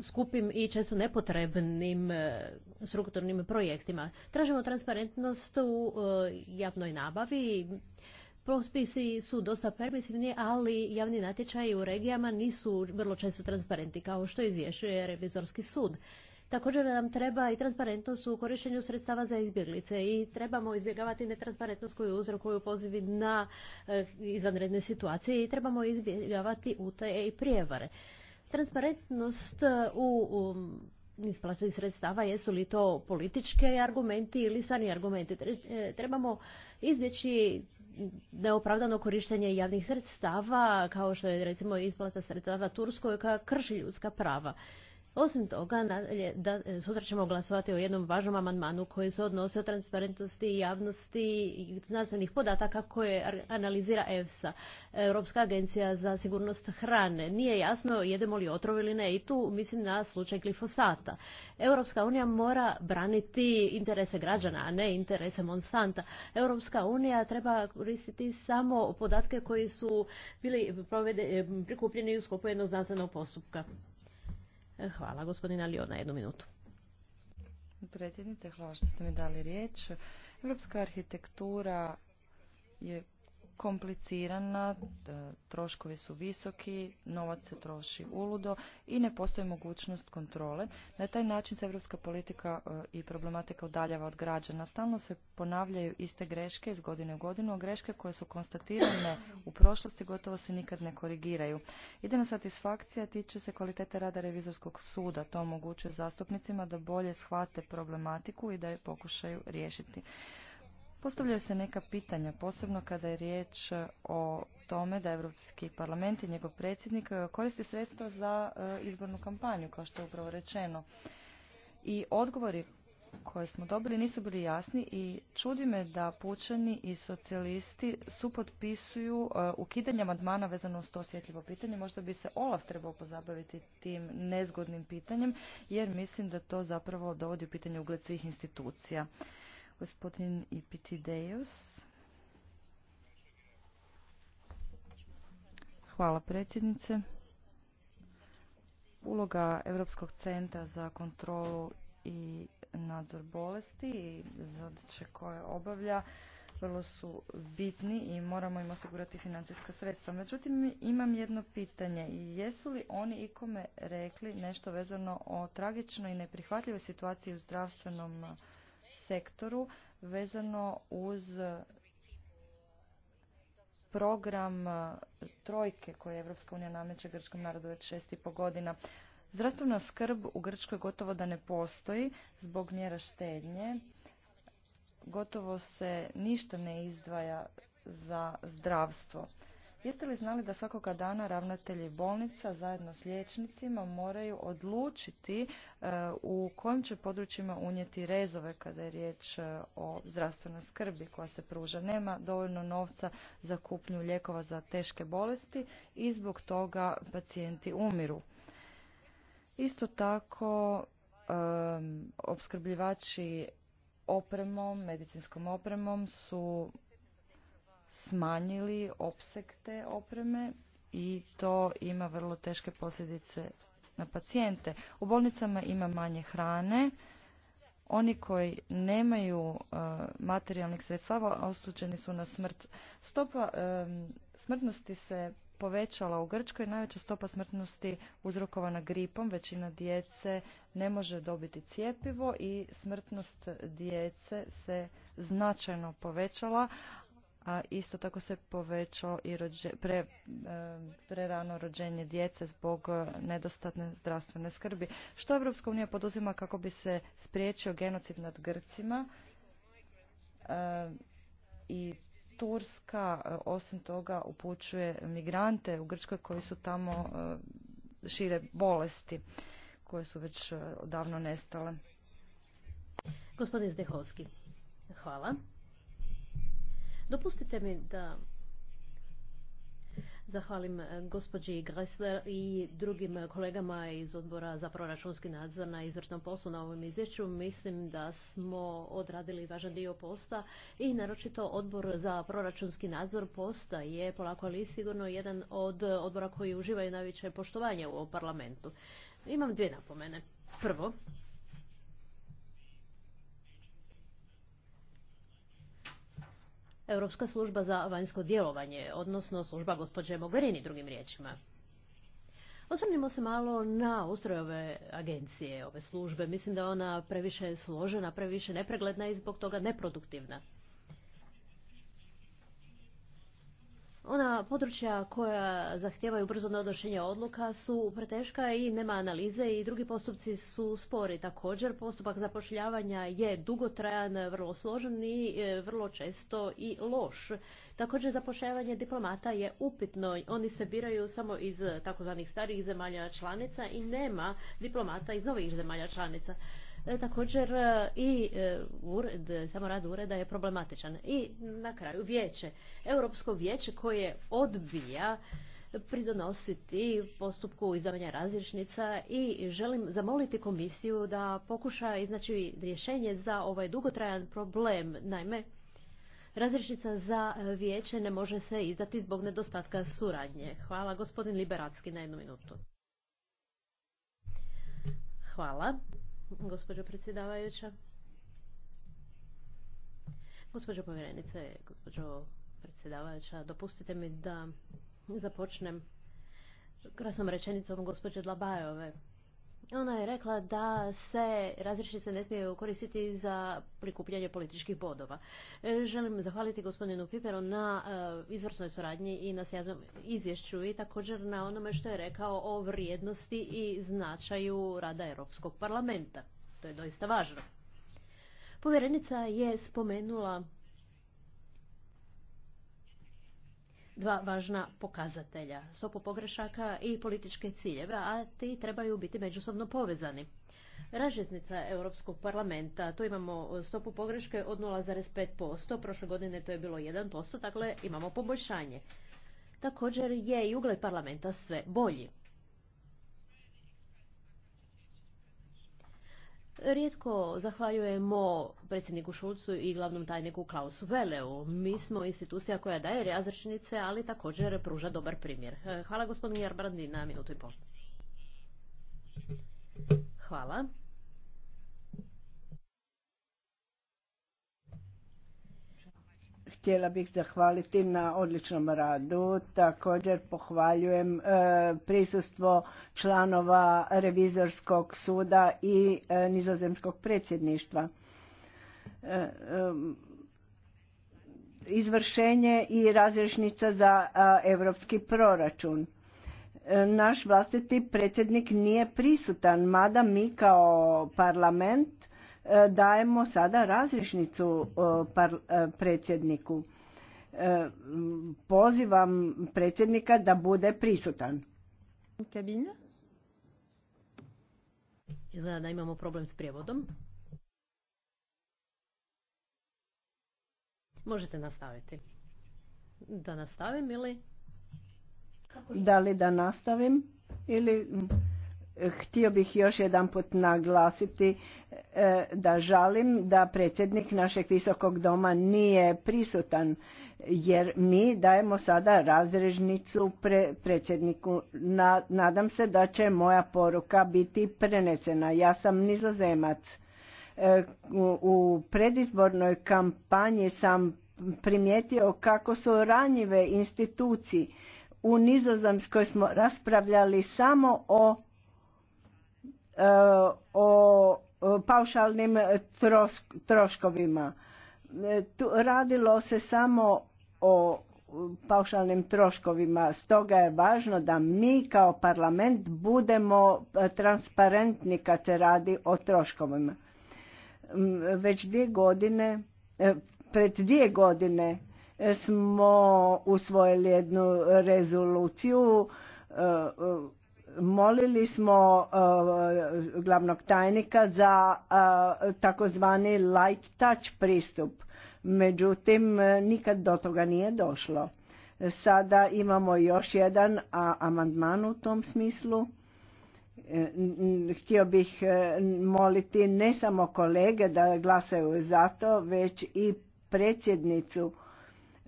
skupim i često nepotrebnim e, strukturnim projektima. Tražimo transparentnost u e, javnoj nabavi. Prospisi su dosta permisivni, ali javni natječaji u regijama nisu vrlo često transparentni, kao što izvješuje Revizorski sud. Također nam treba i transparentnost u korištenju sredstava za izbjeglice i trebamo izbjegavati netransparentnost koju uzrokuju pozivi na e, izvanredne situacije i trebamo izbjegavati utaje i prijevare. Transparentnost e, u isplati sredstava, jesu li to političke argumenti ili stvarni argumenti. E, trebamo izbjeći neopravdano korištenje javnih sredstava, kao što je recimo isplata sredstava Turskoj koja krši ljudska prava. Osim toga, da, e, sutra ćemo glasovati o jednom važnom amandmanu koji se odnosi o transparentnosti i javnosti znanstvenih podataka koje analizira EFSA, Europska agencija za sigurnost hrane. Nije jasno jedemo li otrov ili ne i tu mislim na slučaj glifosata. Europska unija mora braniti interese građana, a ne interese Monsanta. Europska unija treba koristiti samo podatke koji su bili e, prikupljeni u sklopu jednog znanstvenog postupka. Hvala gospodina Liona, jednu minutu. Predsjednice, hvala što ste mi dali riječ. Europska arhitektura
je komplicirana, troškovi su visoki, novac se troši uludo i ne postoji mogućnost kontrole. Na taj način se evropska politika e, i problematika udaljava od građana. Stalno se ponavljaju iste greške iz godine u godinu, a greške koje su konstatirane u prošlosti gotovo se nikad ne korigiraju. Idena satisfakcija tiče se kvalitete rada revizorskog suda. To omogućuje zastupnicima da bolje shvate problematiku i da je pokušaju riješiti. Postavljaju se neka pitanja, posebno kada je riječ o tome da Europski parlament i njegov predsjednik e, koristi sredstva za e, izbornu kampanju, kao što je upravo rečeno. I odgovori koje smo dobili nisu bili jasni i čudi me da pučani i socijalisti supotpisuju e, ukidanje amandmana vezano uz to osjetljivo pitanje. Možda bi se Olaf trebao pozabaviti tim nezgodnim pitanjem jer mislim da to zapravo dovodi u pitanje ugled svih institucija. Gospodin Ipitideus. Hvala predsjednice. Uloga Europskog centra za kontrolu i nadzor bolesti i zadaće koje obavlja vrlo su bitni i moramo im osigurati financijska sredstva. Međutim, imam jedno pitanje. Jesu li oni ikome rekli nešto vezano o tragičnoj i neprihvatljivoj situaciji u zdravstvenom sektoru vezano uz program e, trojke koje Evropska unija nameće grčkom narodu već šest i po godina. Zdravstvena skrb u Grčkoj gotovo da ne postoji zbog mjera štednje. Gotovo se ništa ne izdvaja za zdravstvo. Jeste li znali da svakoga dana ravnatelji bolnica zajedno s liječnicima moraju odlučiti e, u kojim će područjima unijeti rezove kada je riječ e, o zdravstvenoj skrbi koja se pruža. Nema dovoljno novca za kupnju lijekova za teške bolesti i zbog toga pacijenti umiru. Isto tako e, opskrbljivači opremom, medicinskom opremom su smanjili opseg te opreme i to ima vrlo teške posljedice na pacijente. U bolnicama ima manje hrane, oni koji nemaju e, materijalnih sredstava osuđeni su na smrt. Stopa e, smrtnosti se povećala u Grčkoj, najveća stopa smrtnosti uzrokovana gripom, većina djece ne može dobiti cijepivo i smrtnost djece se značajno povećala, a isto tako se povećao i pre, e, prerano rođenje djece zbog e, nedostatne zdravstvene skrbi. Što Evropska unija poduzima kako bi se spriječio genocid nad Grcima e, i Turska osim toga upućuje migrante u Grčkoj koji su tamo šire bolesti koje su već odavno nestale.
Gospodin Zdehovski, hvala. Dopustite mi da zahvalim e, gospođi Gressler i drugim kolegama iz odbora za proračunski nadzor na izvrtnom poslu na ovom izvješću. Mislim da smo odradili važan dio posta i naročito odbor za proračunski nadzor posta je polako ali sigurno jedan od odbora koji uživaju najveće poštovanje u ovom parlamentu. Imam dvije napomene. Prvo, Europska služba za vanjsko djelovanje, odnosno služba gospođe Mogherini, drugim riječima. Osvrnimo se malo na ustroj ove agencije, ove službe. Mislim da je ona previše složena, previše nepregledna i zbog toga neproduktivna. Ona područja koja zahtijevaju brzo donošenje odluka su preteška i nema analize i drugi postupci su spori. Također, postupak zapošljavanja je dugotrajan, vrlo složen i e, vrlo često i loš. Također, zapošljavanje diplomata je upitno. Oni se biraju samo iz takozvanih starih zemalja članica i nema diplomata iz ovih zemalja članica. E, također e, i e, ured, samo rad ureda je problematičan. I na kraju vijeće. Europsko vijeće koje odbija pridonositi postupku izdavanja različnica i želim zamoliti komisiju da pokuša iznaći rješenje za ovaj dugotrajan problem. Naime, različnica za vijeće ne može se izdati zbog nedostatka suradnje. Hvala gospodin Liberacki na jednu minutu. Hvala gospođo predsjedavajuća. Gospođo povjerenice, gospođo predsjedavajuća, dopustite mi da započnem krasnom rečenicom gospođe Dlabajove ona je rekla da se različnice ne smije koristiti za prikupljanje političkih bodova. E, želim zahvaliti gospodinu Piperu na e, izvrsnoj suradnji i na sjaznom izvješću i također na onome što je rekao o vrijednosti i značaju rada Europskog parlamenta. To je doista važno. Povjerenica je spomenula dva važna pokazatelja, stopu pogrešaka i političke ciljeve, a ti trebaju biti međusobno povezani. Ražnjica Europskog parlamenta, tu imamo stopu pogreške od 0,5%, prošle godine to je bilo 1%, dakle imamo poboljšanje. Također je i ugled parlamenta sve bolji. Rijetko zahvaljujemo predsjedniku Šulcu i glavnom tajniku Klausu Veleu. Mi smo institucija koja daje razrečnice, ali također pruža dobar primjer. Hvala gospodin Jarbrandi na minutu i pol. Hvala.
Htjela bih zahvaliti na odličnom radu. Također pohvaljujem e, prisustvo članova Revizorskog suda i e, Nizozemskog predsjedništva. E, izvršenje i razrešnica za europski proračun. Naš vlastiti predsjednik nije prisutan, mada mi kao parlament E, dajemo sada različnicu e, e, predsjedniku. Pozivam predsjednika da bude prisutan. kabinu?
Izgleda da imamo problem s prijevodom. Možete nastaviti. Da nastavim ili...
Da li da nastavim ili... Htio bih još jedanput naglasiti e, da žalim da predsjednik našeg visokog doma nije prisutan jer mi dajemo sada razrežnicu predsjedniku. Na, nadam se da će moja poruka biti prenesena. Ja sam nizozemac. E, u, u predizbornoj kampanji sam primijetio kako su ranjive institucije. U Nizozemskoj smo raspravljali samo o Eh, o paušalnim troškovima. Eh, radilo se samo o paušalnim troškovima. Stoga je važno da mi kao parlament budemo eh, transparentni kad se radi o troškovima. Mm, već dvije godine, pred dvije godine smo usvojili jednu rezoluciju molili smo e, glavnog tajnika za e, takozvani light touch pristup. Međutim, nikad do toga nije došlo. Sada imamo još jedan amandman u tom smislu. E, htio bih moliti ne samo kolege da glasaju za to, već i predsjednicu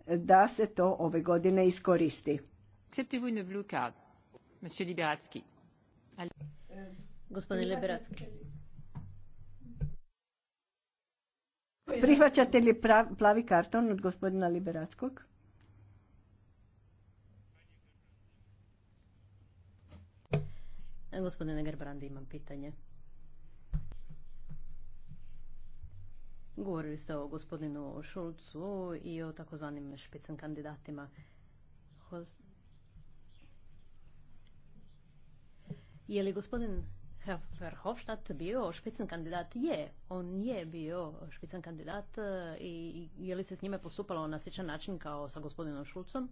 da se to ove godine iskoristi. Acceptez-vous une
Monsieur ali
gospodine Prihvaćate
li plavi karton od gospodina Liberackog?
Gospodine Gerbrandi, imam pitanje. Govorili ste o gospodinu Šulcu i o takozvanim špicen kandidatima. Je li gospodin Verhofstadt bio špicen kandidat? Je, on je bio špicen kandidat e, i je li se s njime postupalo na sličan način kao sa gospodinom Šulcom?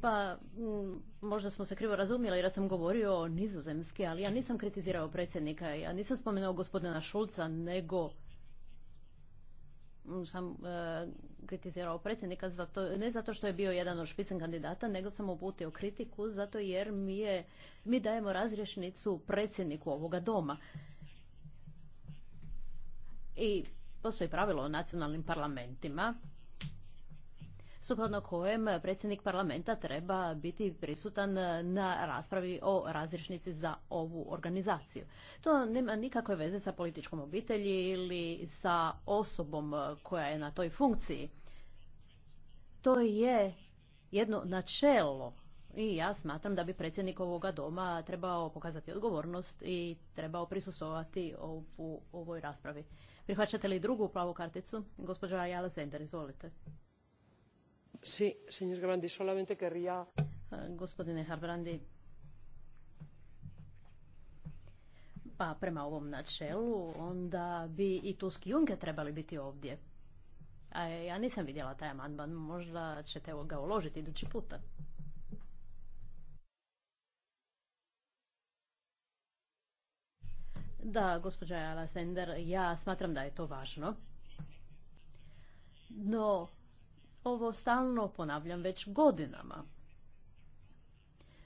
Pa, možda smo se krivo razumjeli jer sam govorio o nizozemski, ali ja nisam kritizirao predsjednika, ja nisam spomenuo gospodina Šulca, nego sam e, kritizirao predsjednika zato, ne zato što je bio jedan od špicen kandidata, nego sam uputio kritiku zato jer mi, je, mi dajemo razrješnicu predsjedniku ovoga doma. I postoji pravilo o nacionalnim parlamentima sukladno kojem predsjednik parlamenta treba biti prisutan na raspravi o razrišnici za ovu organizaciju. To nema nikakve veze sa političkom obitelji ili sa osobom koja je na toj funkciji. To je jedno načelo i ja smatram da bi predsjednik ovoga doma trebao pokazati odgovornost i trebao prisustovati u ovoj raspravi. Prihvaćate li drugu plavu karticu? Gospođa Jala Sender, izvolite. Eh, gospodine Harbrandi, pa prema ovom načelu, onda bi i Tusk i Juncker trebali biti ovdje. A ja nisam vidjela taj amandman, možda ćete ga uložiti idući puta. Da, gospođa Alasender, ja smatram da je to važno. No, ovo stalno ponavljam već godinama.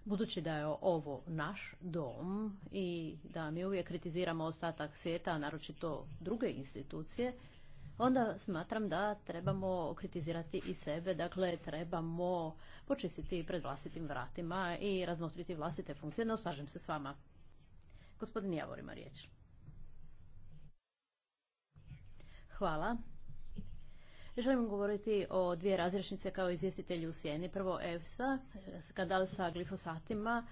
Budući da je ovo naš dom i da mi uvijek kritiziramo ostatak svijeta, naročito druge institucije, onda smatram da trebamo kritizirati i sebe, dakle trebamo počistiti pred vlastitim vratima i razmotriti vlastite funkcije, no slažem se s vama. Gospodin Javor ima riječ. Hvala. Želim govoriti o dvije razrešnice kao izvjestitelji u Sjeni. Prvo EFSA, skandal sa glifosatima,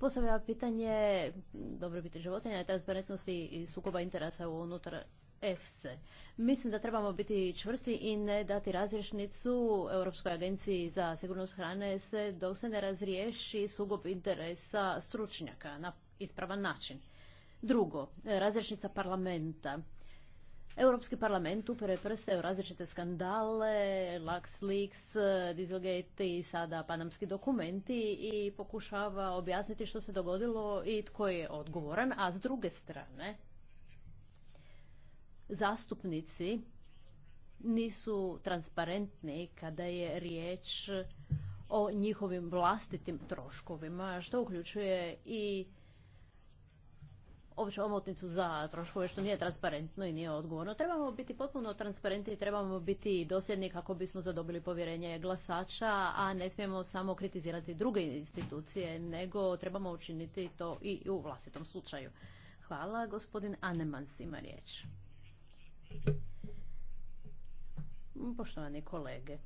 postavlja pitanje dobrobiti životinja i transparentnosti i sukoba interesa unutar EFSA. Mislim da trebamo biti čvrsti i ne dati razrješnicu Europskoj agenciji za sigurnost hrane se dok se ne razriješi sukob interesa stručnjaka na ispravan način. Drugo, razrješnica parlamenta. Europski parlament upere u različite skandale, Leaks, Dieselgate i sada panamski dokumenti i pokušava objasniti što se dogodilo i tko je odgovoran, a s druge strane zastupnici nisu transparentni kada je riječ o njihovim vlastitim troškovima, što uključuje i uopće omotnicu za troškove što nije transparentno i nije odgovorno. Trebamo biti potpuno transparentni i trebamo biti dosljedni kako bismo zadobili povjerenje glasača, a ne smijemo samo kritizirati druge institucije, nego trebamo učiniti to i u vlastitom slučaju. Hvala. Gospodin Anemans ima riječ. Poštovani kolege,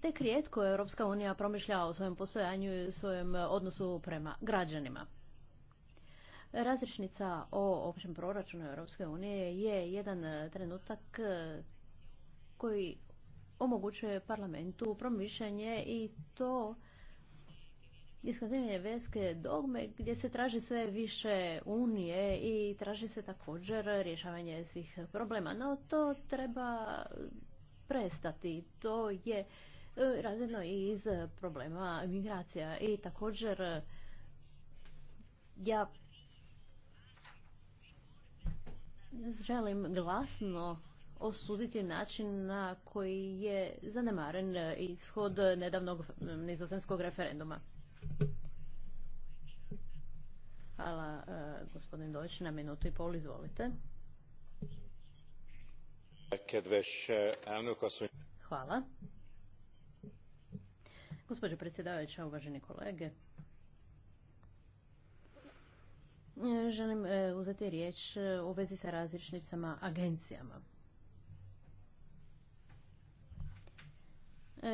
Tek rijetko Europska unija promišlja o svojem postojanju i svojem e, odnosu prema građanima. Različnica o općem proračunu Europske unije je jedan e, trenutak e, koji omogućuje parlamentu promišljanje i to iskazivanje veske dogme gdje se traži sve više unije i traži se također rješavanje svih problema. No to treba prestati. To je e, razredno i iz problema migracija i također e, ja želim glasno osuditi način na koji je zanemaren ishod nedavnog nizozemskog referenduma. Hvala e, gospodin Dojić na minutu i pol, izvolite. Eh, Hvala. Gospođo predsjedavajuća, uvaženi kolege, želim eh, uzeti riječ eh, u vezi sa različnicama agencijama.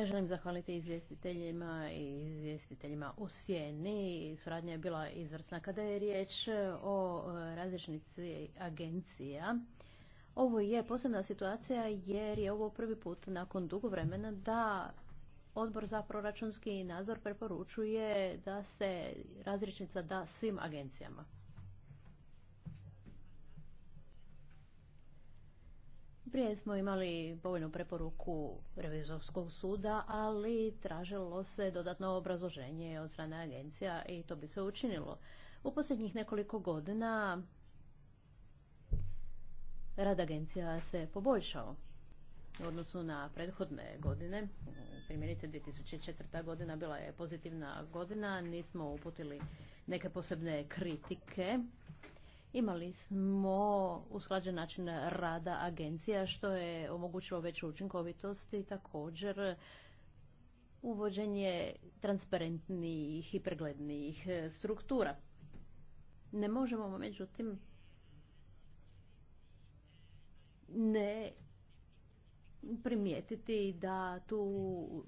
Želim zahvaliti izvjestiteljima i izvjestiteljima u Sjeni. Suradnja je bila izvrsna kada je riječ o različnici agencija. Ovo je posebna situacija jer je ovo prvi put nakon dugo vremena da Odbor za proračunski nadzor preporučuje da se razričnica da svim agencijama. Prije smo imali povoljnu preporuku revizorskog suda, ali tražilo se dodatno obrazloženje od strane agencija i to bi se učinilo. U posljednjih nekoliko godina rad agencija se poboljšao u odnosu na prethodne godine. Primjerice 2004. godina bila je pozitivna godina, nismo uputili neke posebne kritike. Imali smo usklađen način rada agencija što je omogućilo veću učinkovitost i također uvođenje transparentnih i preglednih struktura. Ne možemo međutim ne primijetiti da tu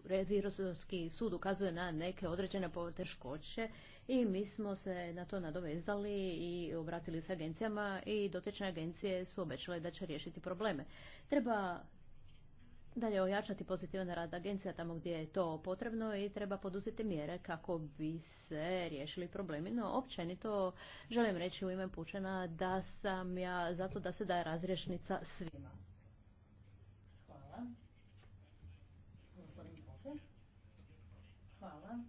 revizorski sud ukazuje na neke određene poteškoće i mi smo se na to nadovezali i obratili se agencijama i dotične agencije su obećale da će riješiti probleme. Treba dalje ojačati pozitivan rad agencija tamo gdje je to potrebno i treba poduzeti mjere kako bi se riješili problemi. No, općenito želim reći u ime Pučena da sam ja zato da se daje razrješnica svima. Hvala. Gospodin Poker. Hvala.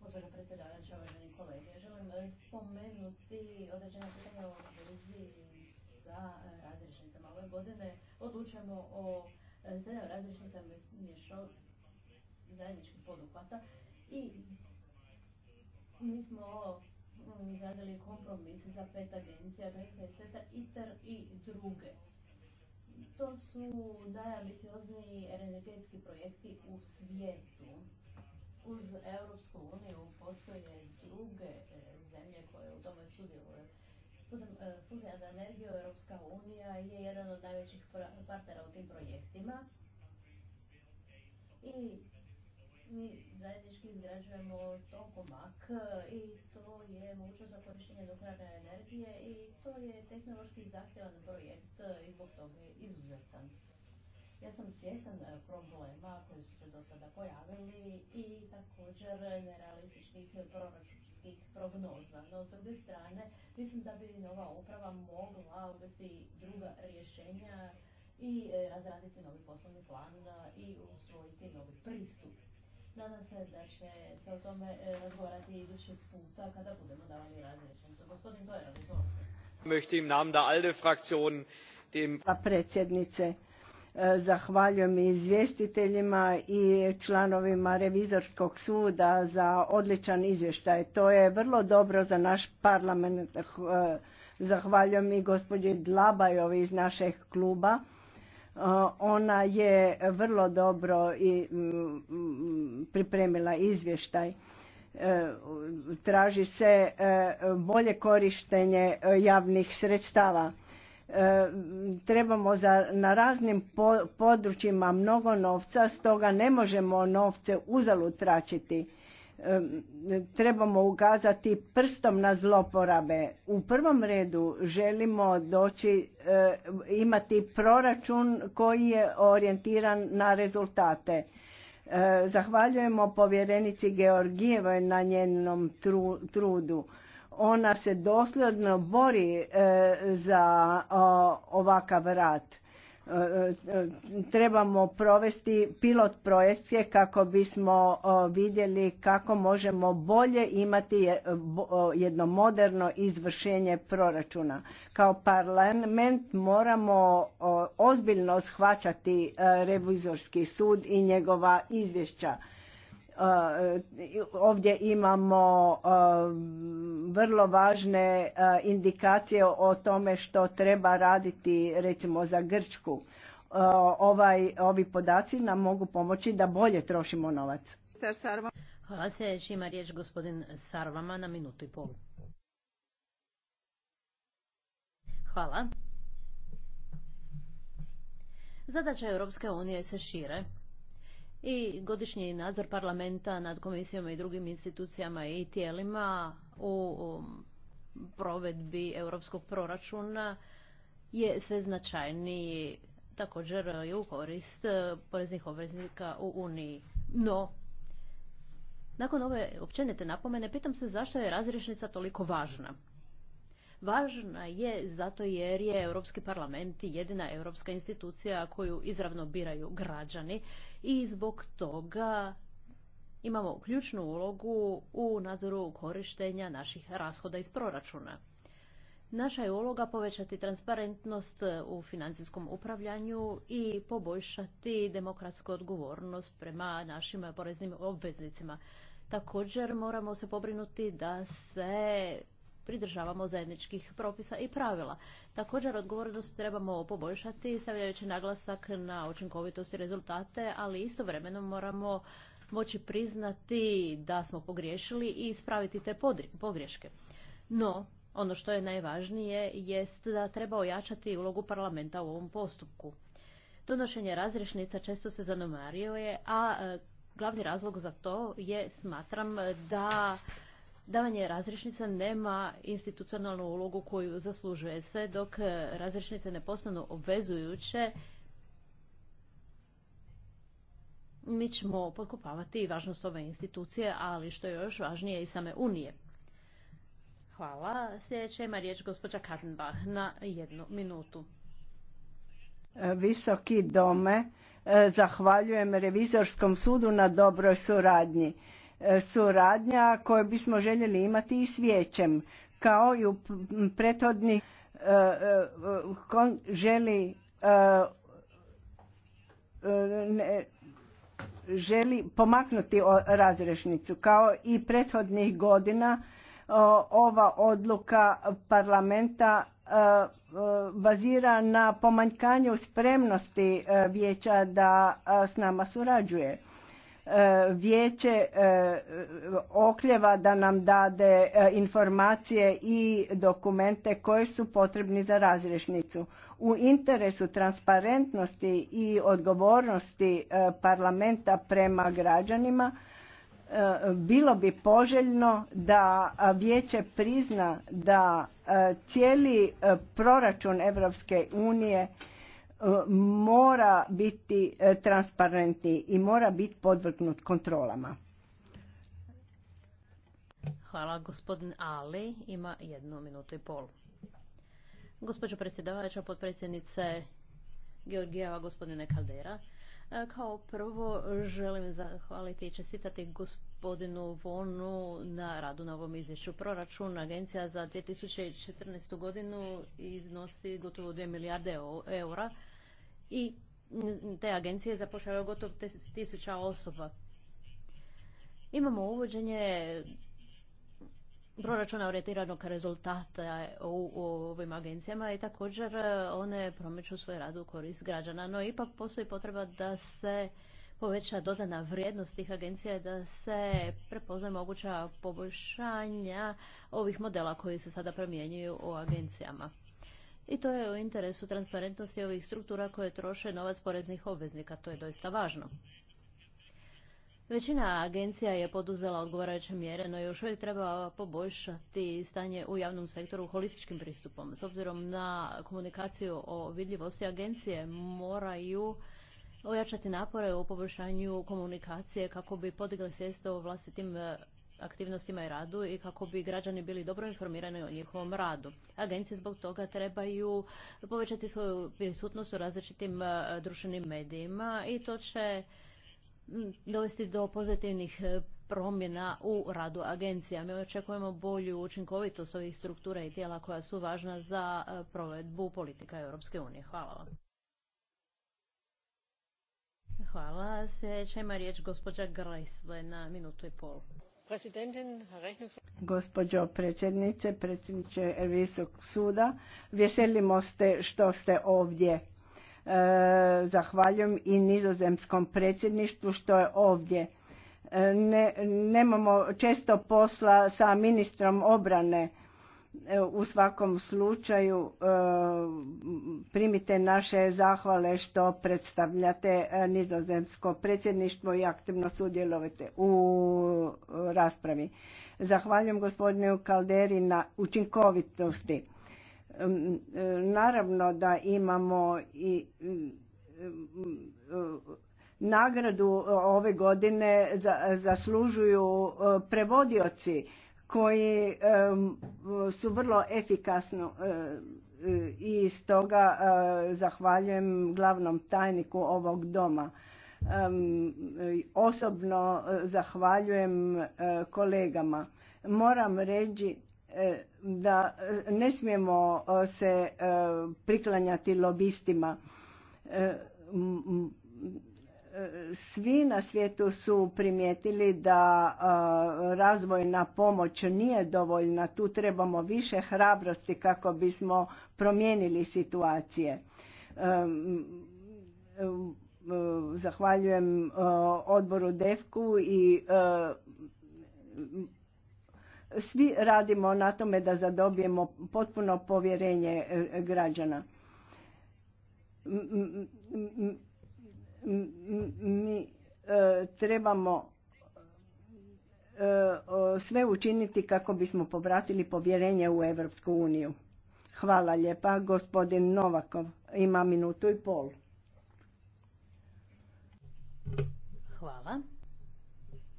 Gospodin predsjedavajuća, uvaženi kolege, želim spomenuti određena pitanja o vezi Ove godine odlučujemo o E, sedam zajedničkih poduhvata i mi smo mm, zadali kompromis za pet agencija, agencija, ITER i druge. To su najambiciozniji energetski projekti u svijetu. Uz Europsku postoje druge e, zemlje koje u tome sudjeluju E, Fuzija za energiju Europska unija je jedan od najvećih partnera u tim projektima i mi zajednički izgrađujemo tokomak i to je mogućnost za korištenje nuklearne energije i to je tehnološki zahtjevan projekt i zbog toga je izuzetan. Ja sam svjestan problema koji su se do sada pojavili i također nerealističnih proračuna financijskih prognoza. No, s druge strane, mislim da bi nova uprava mogla uvesti druga rješenja i e, razraditi novi poslovni plan e, i ustrojiti novi pristup. Nadam se da će se o tome e, razgovarati idući puta kada budemo davali
razrešnicu. Gospodin Tojer, izvolite.
Möchte im Namen der ALDE-Fraktion
dem...
Pa predsjednice, E, zahvaljujem izvjestiteljima i članovima revizorskog suda za odličan izvještaj. To je vrlo dobro za naš parlament. E, zahvaljujem i gospođi Dlabajovi iz našeg kluba. E, ona je vrlo dobro i pripremila izvještaj. Traži se bolje korištenje javnih sredstava E, trebamo za, na raznim područjima mnogo novca, stoga ne možemo novce uzalu tračiti. E, trebamo ukazati prstom na zloporabe. U prvom redu želimo doći, e, imati proračun koji je orijentiran na rezultate. zahvaljujemo povjerenici Georgijevoj na njenom trudu ona se dosljedno bori e, za ovakav rat. E, e, trebamo provesti pilot projekcije kako bismo vidjeli kako možemo bolje imati jedno moderno izvršenje proračuna. Kao parlament moramo ozbiljno shvaćati revizorski sud i njegova izvješća Ovdje imamo e, vrlo važne e, indikacije o tome što treba raditi recimo za Grčku. E, ovaj, ovi podaci nam mogu pomoći da bolje trošimo novac.
Hvala se, ima riječ gospodin Sarvama na minutu i pol. Hvala. Zadaća Europske unije se šire i godišnji nadzor parlamenta nad komisijama i drugim institucijama i tijelima u provedbi europskog proračuna je sve značajniji također i u korist e, poreznih obveznika u Uniji. No, nakon ove općenite napomene, pitam se zašto je razrješnica toliko važna. Važna je zato jer je Europski parlament jedina europska institucija koju izravno biraju građani i zbog toga imamo ključnu ulogu u nadzoru korištenja naših rashoda iz proračuna. Naša je uloga povećati transparentnost u financijskom upravljanju i poboljšati demokratsku odgovornost prema našim poreznim obveznicima. Također moramo se pobrinuti da se pridržavamo zajedničkih propisa i pravila. Također odgovornost trebamo poboljšati stavljajući naglasak na učinkovitost i rezultate, ali istovremeno moramo moći priznati da smo pogriješili i ispraviti te pogreške. No, ono što je najvažnije jest da treba ojačati ulogu parlamenta u ovom postupku. Donošenje razrješnica često se zanomario a e, glavni razlog za to je, smatram, da davanje razrješnica nema institucionalnu ulogu koju zaslužuje. Sve dok e, razrišnice ne postanu obvezujuće, mi ćemo potkupavati važnost ove institucije, ali što je još važnije i same Unije. Hvala. Sljedeća ima riječ gospođa Kadenbach na jednu minutu.
Visoki dome, e, zahvaljujem revizorskom sudu na dobroj suradnji suradnja koju bismo željeli imati i s vijećem kao i u prethodni e, e, želi e, želi pomaknuti razrešnicu kao i prethodnih godina ova odluka parlamenta bazira na pomanjkanju spremnosti vijeća da s nama surađuje vijeće e, okljeva da nam dade e, informacije i dokumente koji su potrebni za razrešnicu. U interesu transparentnosti i odgovornosti e, parlamenta prema građanima bilo bi poželjno da vijeće prizna da cijeli proračun Europske unije E, mora biti e, transparentni i mora biti podvrgnut kontrolama.
Hvala, gospodin Ali ima jednu minutu i pol. Gospođo predsjedavajuća, potpredsjednice Georgijeva, gospodine Kaldera, e, kao prvo želim zahvaliti i čestitati gospodinu Vonu na radu na ovom izvješću. Proračun agencija za 2014. godinu iznosi gotovo 2 milijarde eura, i te agencije zapošljavaju gotovo tisuća osoba. Imamo uvođenje proračuna orijentiranog rezultata u, ovim agencijama i također e, one promiču svoj rad u korist građana. No ipak postoji potreba da se poveća dodana vrijednost tih agencija da se prepoznaje moguća poboljšanja ovih modela koji se sada promjenjuju u agencijama i to je u interesu transparentnosti ovih struktura koje troše novac poreznih obveznika. To je doista važno. Većina agencija je poduzela odgovarajuće mjere, no još uvijek treba poboljšati stanje u javnom sektoru holističkim pristupom. S obzirom na komunikaciju o vidljivosti agencije moraju ojačati napore u poboljšanju komunikacije kako bi podigli svijest o vlastitim aktivnostima i radu i kako bi građani bili dobro informirani o njihovom radu. Agencije zbog toga trebaju povećati svoju prisutnost u različitim e, društvenim medijima i to će dovesti do pozitivnih e, promjena u radu agencija. Mi očekujemo bolju učinkovitost ovih struktura i tijela koja su važna za e, provedbu politika Europske unije. Hvala vam. Hvala. Sljedeća ima riječ gospođa Grajsle na minutu i pol.
Gospođo predsjednice, predsjedniče visog suda, veselimo ste što ste ovdje. E, zahvaljujem i nizozemskom predsjedništvu što je ovdje. E, nemamo često posla sa ministrom obrane u svakom slučaju e, primite naše zahvale što predstavljate e, nizozemsko predsjedništvo i aktivno sudjelujete u e, raspravi. Zahvaljujem gospodinu Kalderi na učinkovitosti. Naravno da imamo i nagradu ove godine zaslužuju prevodioci koji su vrlo efikasno eh, i stoga eh, zahvaljujem glavnom tajniku ovog doma. Osobno eh, zahvaljujem kolegama. Moram reći da ne smijemo se priklanjati lobistima svi na svijetu su primijetili da razvojna pomoć nije dovoljna, tu trebamo više hrabrosti kako bismo promijenili situacije. Zahvaljujem odboru devku i svi radimo na tome da zadobijemo potpuno povjerenje e, građana mi e, trebamo e, sve učiniti kako bismo povratili povjerenje u Europsku uniju. Hvala lijepa. Gospodin Novakov ima minutu i pol.
Hvala.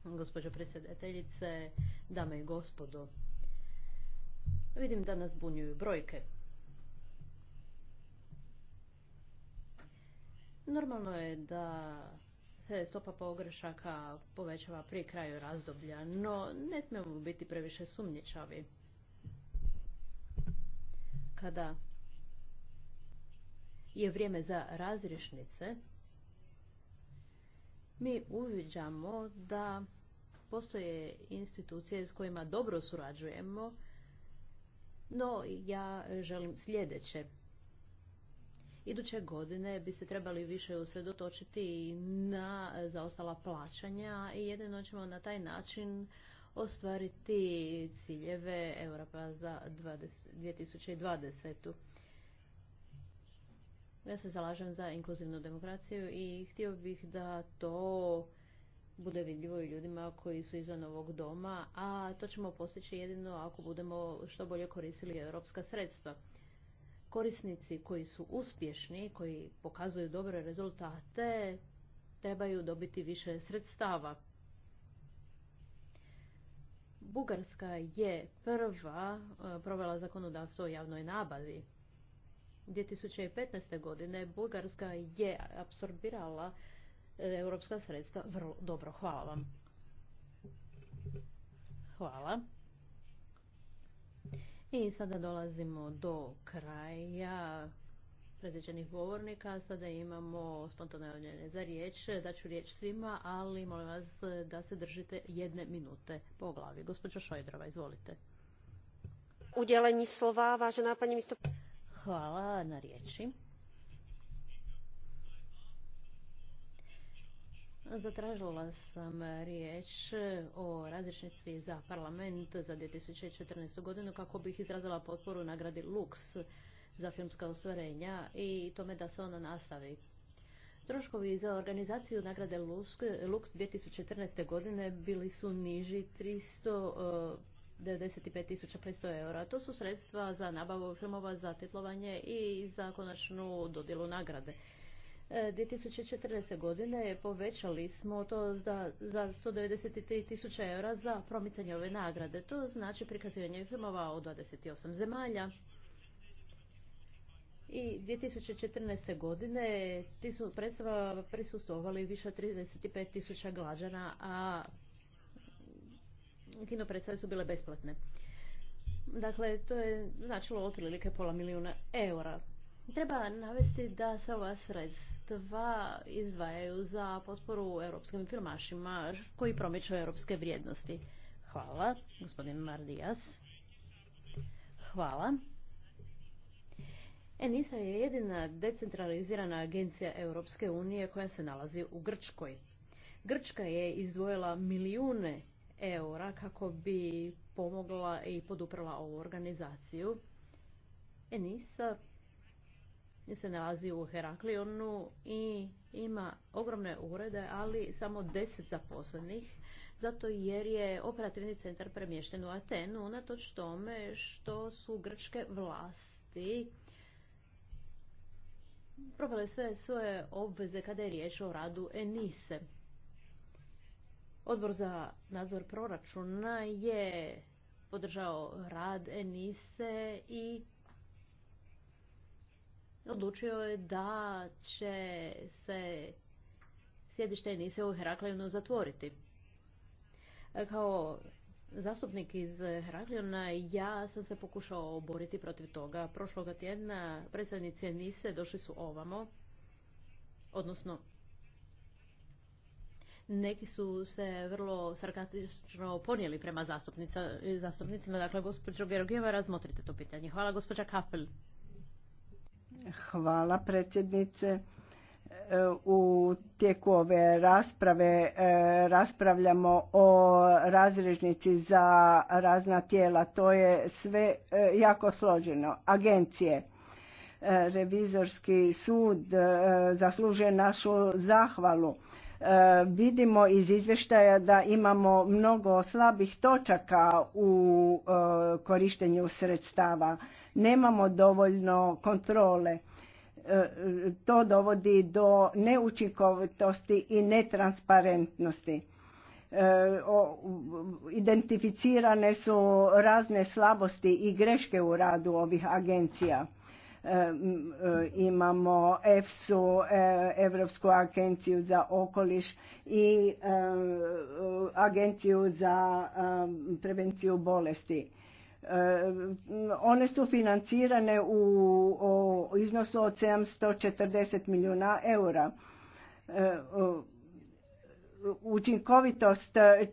Gospođo predsjedateljice, dame i gospodo, vidim da nas bunjuju brojke. Normalno je da se stopa pogrešaka povećava pri kraju razdoblja, no ne smijemo biti previše sumnjičavi. Kada je vrijeme za razrišnice, mi uviđamo da postoje institucije s kojima dobro surađujemo, no ja želim sljedeće. Iduće godine bi se trebali više usredotočiti na zaostala plaćanja i jedino ćemo na taj način ostvariti ciljeve Europa za 2020. Ja se zalažem za inkluzivnu demokraciju i htio bih da to bude vidljivo i ljudima koji su iza ovog doma, a to ćemo postići jedino ako budemo što bolje koristili europska sredstva korisnici koji su uspješni, koji pokazuju dobre rezultate, trebaju dobiti više sredstava. Bugarska je prva e, provela zakonodavstvo o javnoj nabavi. 2015. godine Bugarska je apsorbirala e, europska sredstva. Vrlo dobro, hvala vam. Hvala. I sada dolazimo do kraja predviđenih govornika. Sada imamo spontano javljanje za riječ. Daću riječ svima, ali molim vas da se držite jedne minute po glavi. Gospođo Šojdrova, izvolite.
Udjeleni slova, važena pani misto...
Hvala na riječi. Zatražila sam riječ o različnici za parlament za 2014. godinu kako bih izrazila potporu nagradi Lux za filmska ostvarenja i tome da se ona nastavi. Troškovi za organizaciju nagrade Lux, 2014. godine bili su niži 395.500 eura. To su sredstva za nabavu filmova, za titlovanje i za konačnu dodjelu nagrade. 2014. E, godine povećali smo to za, za 193 tisuća eura za promicanje ove nagrade. To znači prikazivanje filmova od 28 zemalja. I 2014. godine predstava prisustovali više od 35 tisuća glađana, a kino predstave su bile besplatne. Dakle, to je značilo otprilike pola milijuna eura. Treba navesti da se ova sredstva izdvajaju za potporu europskim firmašima koji promiču europske vrijednosti. Hvala, gospodin Mardijas. Hvala. ENISA je jedina decentralizirana agencija Europske unije koja se nalazi u Grčkoj. Grčka je izdvojila milijune eura kako bi pomogla i poduprla ovu organizaciju. ENISA se nalazi u Heraklionu i ima ogromne urede, ali samo deset zaposlenih, zato jer je operativni centar premješten u Atenu, unatoč tome što su grčke vlasti probale sve svoje obveze kada je riječ o radu Enise. Odbor za nadzor proračuna je podržao rad Enise i odlučio je da će se sjedište Enise u Heraklionu zatvoriti. E, kao zastupnik iz Herakliona ja sam se pokušao boriti protiv toga. Prošloga tjedna predstavnici Enise došli su ovamo, odnosno neki su se vrlo sarkastično ponijeli prema zastupnicima. Dakle, gospođo Gerogijeva, razmotrite to pitanje. Hvala, gospođa Kapel.
Hvala predsjednice. E, u tijeku ove rasprave e, raspravljamo o razrežnici za razna tijela. To je sve e, jako složeno. Agencije, revizorski sud zaslužuje našu zahvalu. Vidimo iz izvještaja da imamo mnogo slabih točaka u korištenju sredstava nemamo dovoljno kontrole. E, to dovodi do neučinkovitosti i netransparentnosti. E, identificirane su razne slabosti i greške u radu ovih agencija. E, imamo EFSU, Europsku agenciju za okoliš i Agenciju za prevenciju bolesti E, one su financirane u iznosu od 740 milijuna eura. E, učinkovitost e,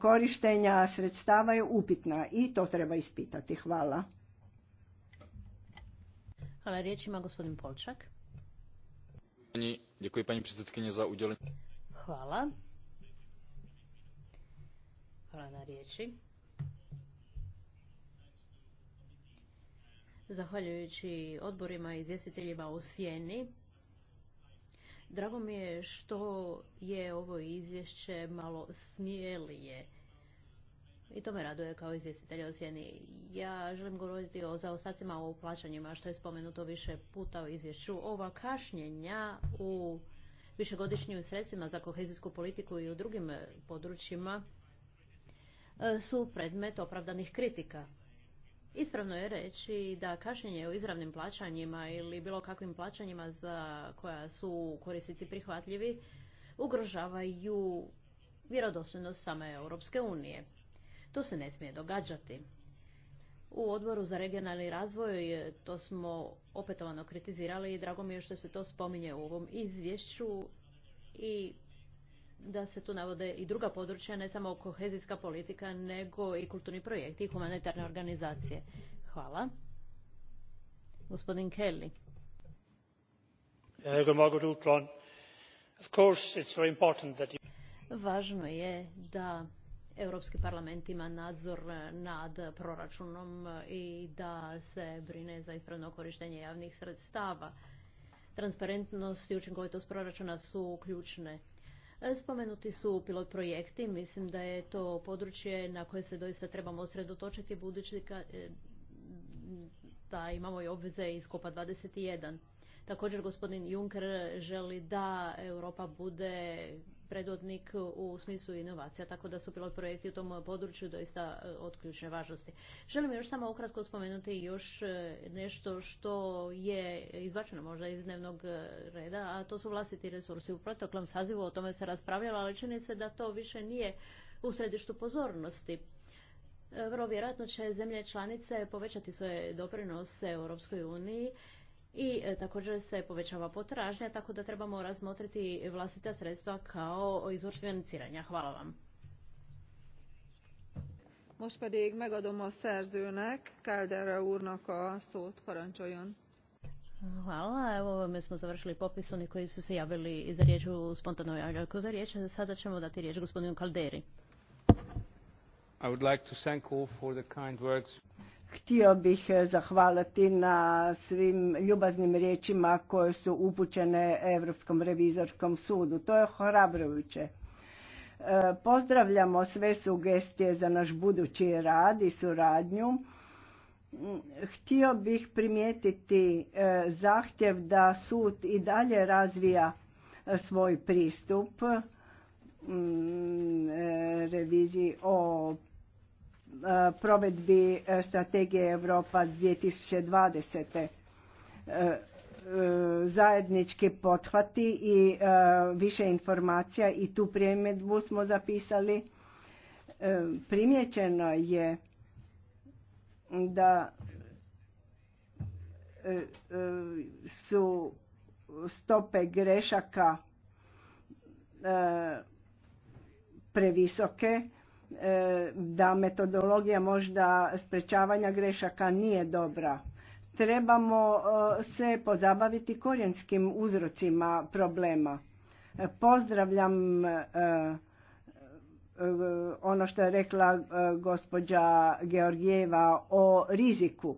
korištenja sredstava je upitna i to treba ispitati. Hvala.
Hvala, riječ gospodin Polčak.
Dziękuję za udzielenie.
Hvala. Hvala na riječi. zahvaljujući odborima i izvjestiteljima u Sjeni. Drago mi je što je ovo izvješće malo smijelije i to me raduje kao izvjestitelj u sjeni. Ja želim govoriti o zaostacima o plaćanjima što je spomenuto više puta u izvješću. Ova kašnjenja u višegodišnjim sredstvima za kohezijsku politiku i u drugim područjima e, su predmet opravdanih kritika. Ispravno je reći da kašnjenje u izravnim plaćanjima ili bilo kakvim plaćanjima za koja su korisnici prihvatljivi ugrožavaju vjerodostojnost same Europske unije. To se ne smije događati. U odboru za regionalni razvoj to smo opetovano kritizirali i drago mi je što se to spominje u ovom izvješću i da se tu navode i druga područja, ne samo kohezijska politika, nego i kulturni projekti i humanitarne organizacije. Hvala. Gospodin Kelly. Važno je da Europski parlament ima nadzor nad proračunom i da se brine za ispravno korištenje javnih sredstava. Transparentnost i učinkovitost proračuna su ključne E, spomenuti su pilot projekti, mislim da je to područje na koje se doista trebamo usredotočiti budući e, da imamo i obveze iz Kopa 21. Također gospodin Juncker želi da Europa bude predvodnik u smislu inovacija, tako da su pilot projekti u tom području doista e, od ključne važnosti. Želim još samo ukratko spomenuti još e, nešto što je izbačeno možda iz dnevnog e, reda, a to su vlastiti resursi. U protoklom sazivu o tome se raspravljalo, ali čini se da to više nije u središtu pozornosti. Vrlo vjerojatno će zemlje članice povećati svoje doprinose Europskoj uniji i e, također se povećava potražnja, tako da trebamo razmotriti vlastita sredstva kao izvor financiranja. Hvala vam.
Most pedig megadom a szerzőnek, Kaldera úrnak a szót, parancsoljon.
Hvala, evo mi smo završili popis oni koji su se javili za riječ u spontanoj agarku za riječ. Sada ćemo dati riječ gospodinu
Kalderi.
I would like to thank all for the kind words.
Htio bih e, zahvaliti na svim ljubaznim riječima koje su upućene Europskom revizorskom sudu. To je hrabrujuće. E, pozdravljamo sve sugestije za naš budući rad i suradnju. Mm, htio bih primijetiti e, zahtjev da sud i dalje razvija svoj pristup mm, reviziji o E, provedbi e, strategije Europa 2020. E, zajednički pothvati i više informacija i tu primjedbu smo zapisali. Primjećeno je da su stope grešaka previsoke E, da metodologija možda sprečavanja grešaka nije dobra. Trebamo e, se pozabaviti korijenskim uzrocima problema. E, pozdravljam ono što je rekla gospođa Georgijeva o riziku.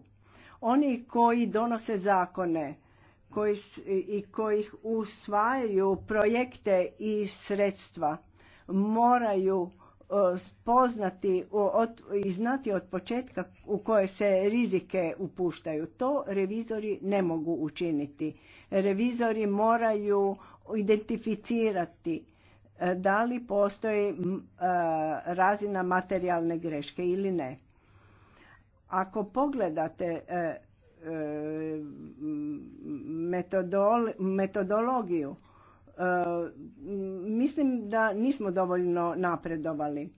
Oni koji donose zakone i koji usvajaju projekte i sredstva moraju E, spoznati i znati od početka u koje se rizike upuštaju. To revizori ne mogu učiniti. Revizori moraju identificirati e, da li postoji e, razina materijalne greške ili ne. Ako pogledate metodologiju Eh, mislim da nismo dovoljno napredovali.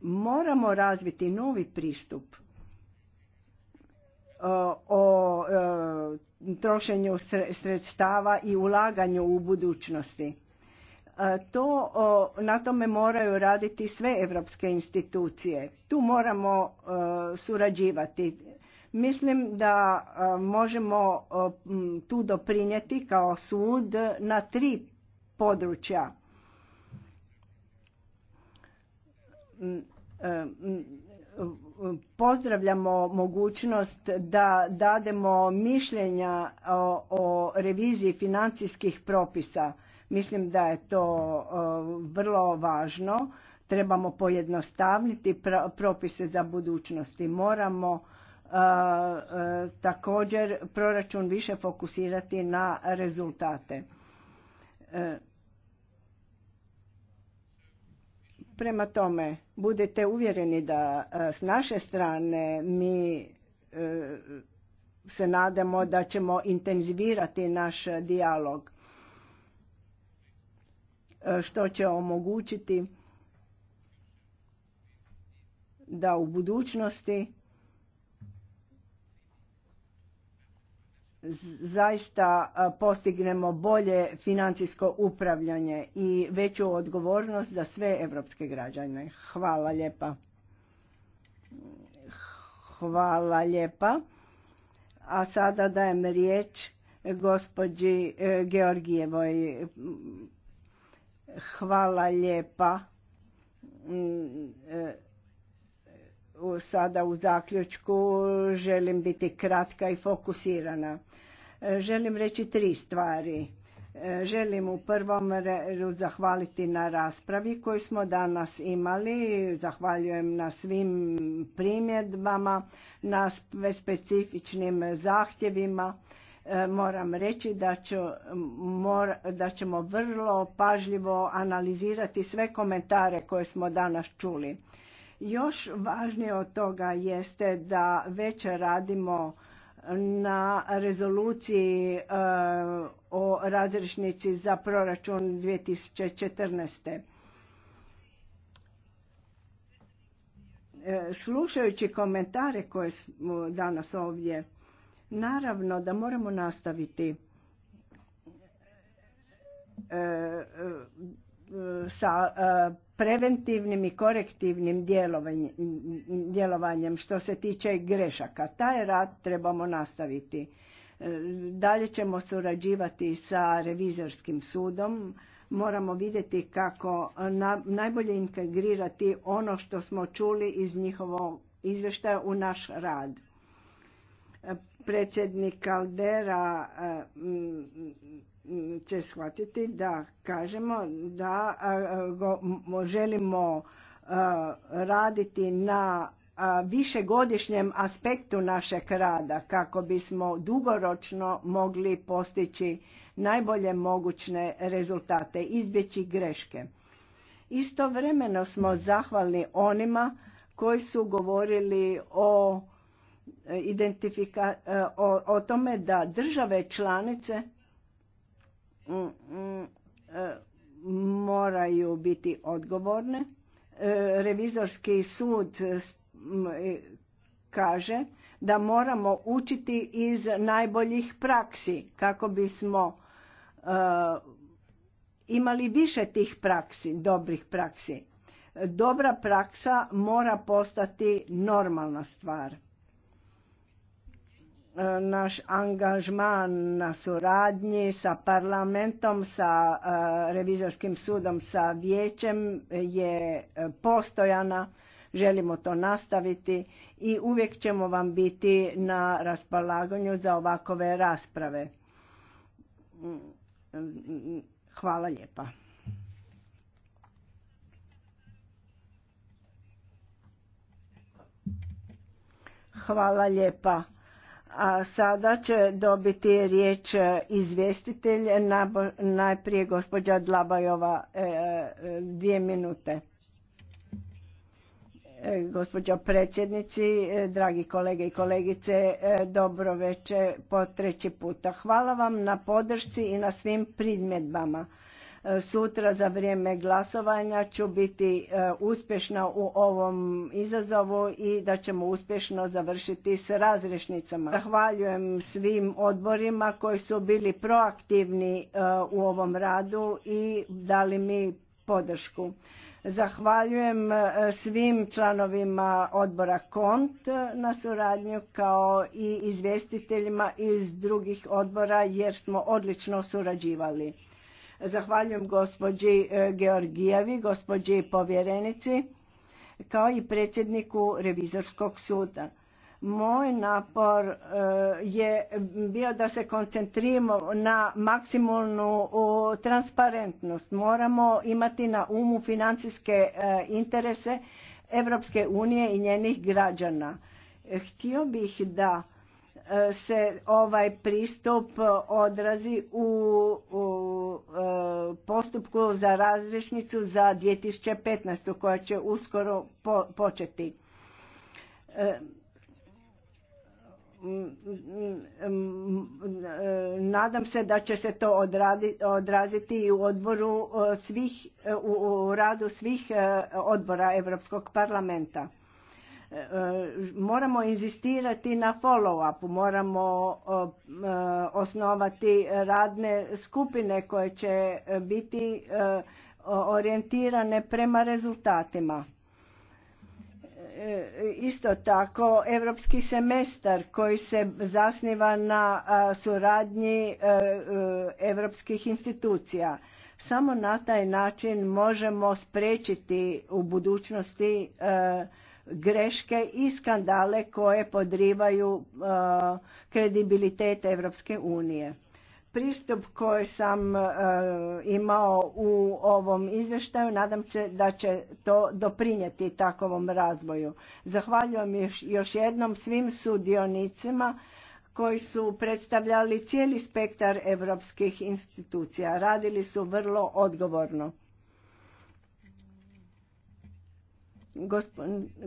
Moramo razviti novi pristup eh, o eh, trošenju sredstava i ulaganju u budućnosti. To, na tome moraju raditi sve evropske institucije. Tu moramo surađivati. Mislim da e, možemo e, tu doprinijeti kao sud na tri područja. E, pozdravljamo mogućnost da dademo mišljenja o reviziji financijskih propisa. Mislim da je to vrlo važno. Trebamo pojednostavniti propise za budućnosti. Moramo također proračun više fokusirati na rezultate. E, prema tome, budete uvjereni da s naše strane mi e, se nadamo da ćemo intenzivirati naš dijalog e, što će omogućiti da u budućnosti zaista postignemo bolje financijsko upravljanje i veću odgovornost za sve evropske građane. Hvala lijepa. Hvala lijepa. A sada dajem riječ gospođi e, Georgijevoj. Hvala lijepa. Mm, e, sada u zaključku želim biti kratka i fokusirana. E, želim reći tri stvari. E, želim u prvom redu zahvaliti na raspravi koju smo danas imali. Zahvaljujem na svim primjedbama, na specifičnim zahtjevima. E, moram reći da, da ćemo vrlo pažljivo analizirati sve komentare koje smo danas čuli. Još važnije od toga jeste da već radimo na rezoluciji eh, o razrešnici za proračun 2014. Eh, slušajući komentare koje smo danas ovdje, naravno da moramo nastaviti eh, sa preventivnim i korektivnim djelovanjem što se tiče grešaka. Taj rad trebamo nastaviti. E, dalje ćemo surađivati sa revizorskim sudom. Moramo vidjeti kako najbolje integrirati ono što smo čuli iz njihovog izvještaja u naš rad. E, predsjednik Kaldera e, će shvatiti da kažemo da želimo raditi na višegodišnjem aspektu našeg rada kako bismo dugoročno mogli postići najbolje mogućne rezultate, izbjeći greške. Istovremeno smo zahvalni onima koji su govorili o, e, e, o, o tome da države članice Mm, mm, e, moraju biti odgovorne. E, revizorski sud e, kaže da moramo učiti iz najboljih praksi kako bismo imali više tih praksi, dobrih praksi. Dobra praksa mora postati normalna stvar naš angažman na suradnji sa parlamentom, sa e, revizorskim sudom, sa vijećem je e, postojana. Želimo to nastaviti i uvijek ćemo vam biti na raspolaganju za ovakove rasprave. Hvala lijepa. Hvala lijepa. A sada će dobiti riječ e, izvjestitelj, najprije gospođa Dlabajova, e, e, dvije minute. Gospođo predsjednici, dragi kolege i kolegice, dobro večer po treći puta. Hvala vam na podršci i na svim primjedbama. Sutra za vrijeme glasovanja ću biti e, uspješna u ovom izazovu i da ćemo uspješno završiti s razrešnicama. Zahvaljujem svim odborima koji su bili proaktivni e, u ovom radu i dali mi podršku. Zahvaljujem e, svim članovima odbora KONT na suradnju kao i izvjestiteljima iz drugih odbora jer smo odlično surađivali. Zahvaljujem gospođi e, Georgijevi, gospođi povjerenici, kao i predsjedniku revizorskog suda. Moj napor e, je bio da se koncentriramo na maksimalnu transparentnost. Moramo imati na umu financijske e, interese Evropske unije i njenih građana. Htio bih da E, se ovaj pristup odrazi u, e, postupku za razrešnicu za 2015. koja će uskoro početi. E, nadam se da će se to odraziti i u odboru svih, u radu svih odbora Europskog parlamenta moramo inzistirati na follow-upu, moramo e, osnovati radne skupine koje će biti e, orijentirane prema rezultatima. E, isto tako, evropski semestar koji se zasniva na suradnji evropskih institucija. Samo na taj način možemo sprečiti u budućnosti greške i skandale koje podrivaju uh, kredibilitet Evropske unije. Pristup koji sam uh, imao u ovom izvještaju, nadam se da će to doprinijeti takovom razvoju. Zahvaljujem još jednom svim sudionicima koji su predstavljali cijeli spektar europskih institucija. Radili su vrlo odgovorno.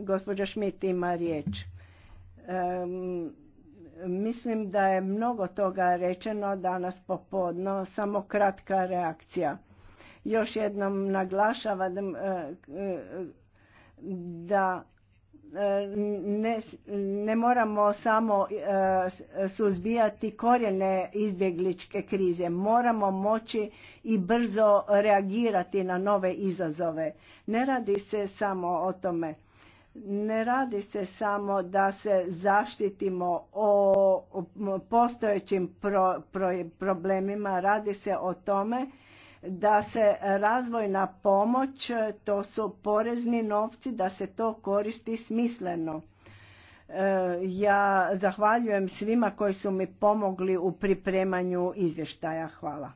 gospođa Šmit ima riječ. mislim da je mnogo toga rečeno danas popodno, samo kratka reakcija. Još jednom naglašavam e, e, da e, ne, ne moramo samo suzbijati korijene izbjegličke krize, moramo moći i brzo reagirati na nove izazove. Ne radi se samo o tome. Ne radi se samo da se zaštitimo o postojećim problemima, radi se o tome da se razvojna pomoć, to su porezni novci, da se to koristi smisleno. E, ja zahvaljujem svima koji su mi pomogli u pripremanju izvještaja. Hvala.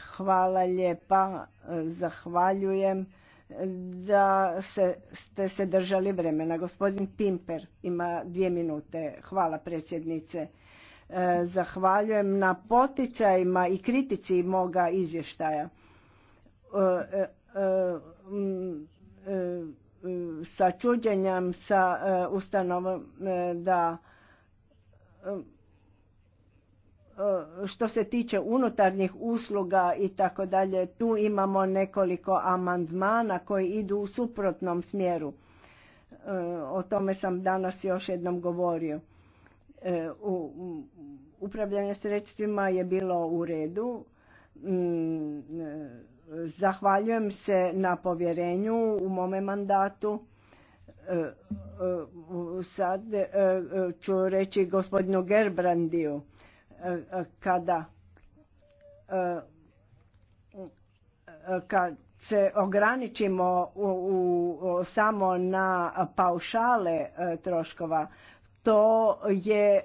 Hvala lijepa, zahvaljujem da ste se držali vremena. Gospodin Pimper ima dvije minute. Hvala predsjednice. E, zahvaljujem na poticajima i kritici moga izvještaja. E, e, mm, sa čuđenjem sa ustanovom da E, što se tiče unutarnjih usluga i tako dalje, tu imamo nekoliko amandmana koji idu u suprotnom smjeru. E, o tome sam danas još jednom govorio. E, upravljanje sredstvima je bilo u redu. Mm, zahvaljujem se na povjerenju u mome mandatu. Sad ću reći gospodinu Gerbrandiju kada e, e, kad se ograničimo u, samo na paušale e, troškova, to je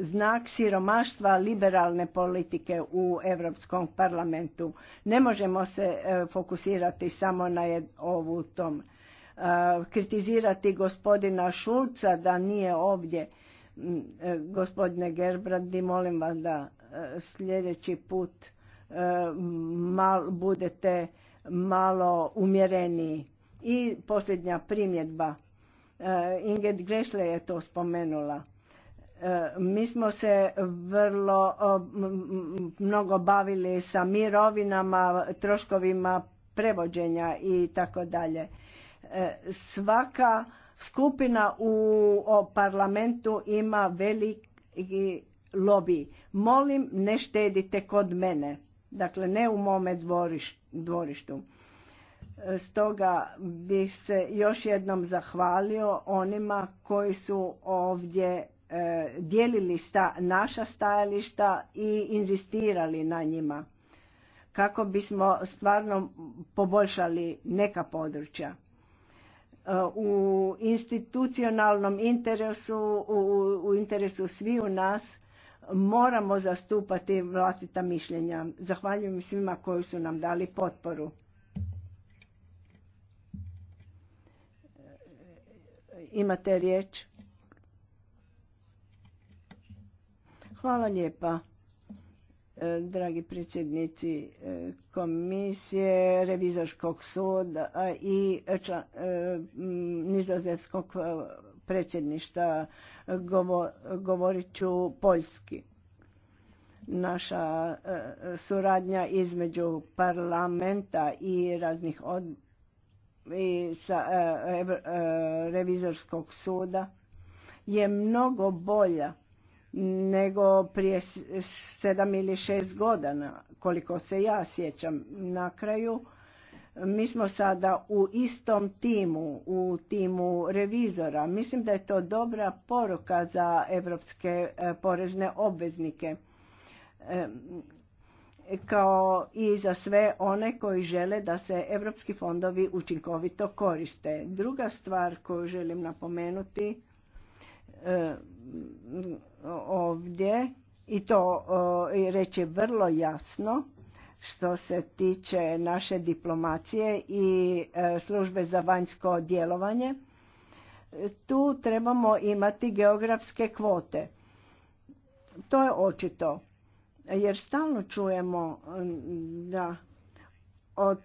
znak siromaštva liberalne politike u Europskom parlamentu. Ne možemo se fokusirati samo na ovu tom. kritizirati gospodina Šulca da nije ovdje Mm, e, gospodine Gerbrandi, molim vas da e, sljedeći put e, budete malo umjereniji. I posljednja primjedba. Inget Grešle je to spomenula. Mi smo se vrlo mnogo bavili sa mirovinama, troškovima prevođenja i tako dalje. Svaka skupina u parlamentu ima veliki lobby. Molim, ne štedite kod mene. Dakle, ne u mome dvorištu. Stoga bih se još jednom zahvalio onima koji su ovdje e, dijelili sta, naša stajališta i inzistirali na njima kako bismo stvarno poboljšali neka područja u institucionalnom interesu, u, u interesu u nas moramo zastupati vlastita mišljenja. Zahvaljujem svima koji su nam dali potporu. Imate riječ? Hvala lijepa. E, dragi predsjednici e, komisije, revizorskog suda i e, nizozemskog predsjedništa govorit ću poljski. Naša suradnja između parlamenta i raznih od, revizorskog suda je mnogo bolja nego prije sedam ili šest godina, koliko se ja sjećam. Na kraju mi smo sada u istom timu, u timu revizora. Mislim da je to dobra poruka za evropske e, porezne obveznike e, kao i za sve one koji žele da se evropski fondovi učinkovito koriste. Druga stvar koju želim napomenuti e, ovdje i to reći vrlo jasno što se tiče naše diplomacije i e, službe za vanjsko djelovanje. Tu trebamo imati geografske kvote. To je očito. Jer stalno čujemo da od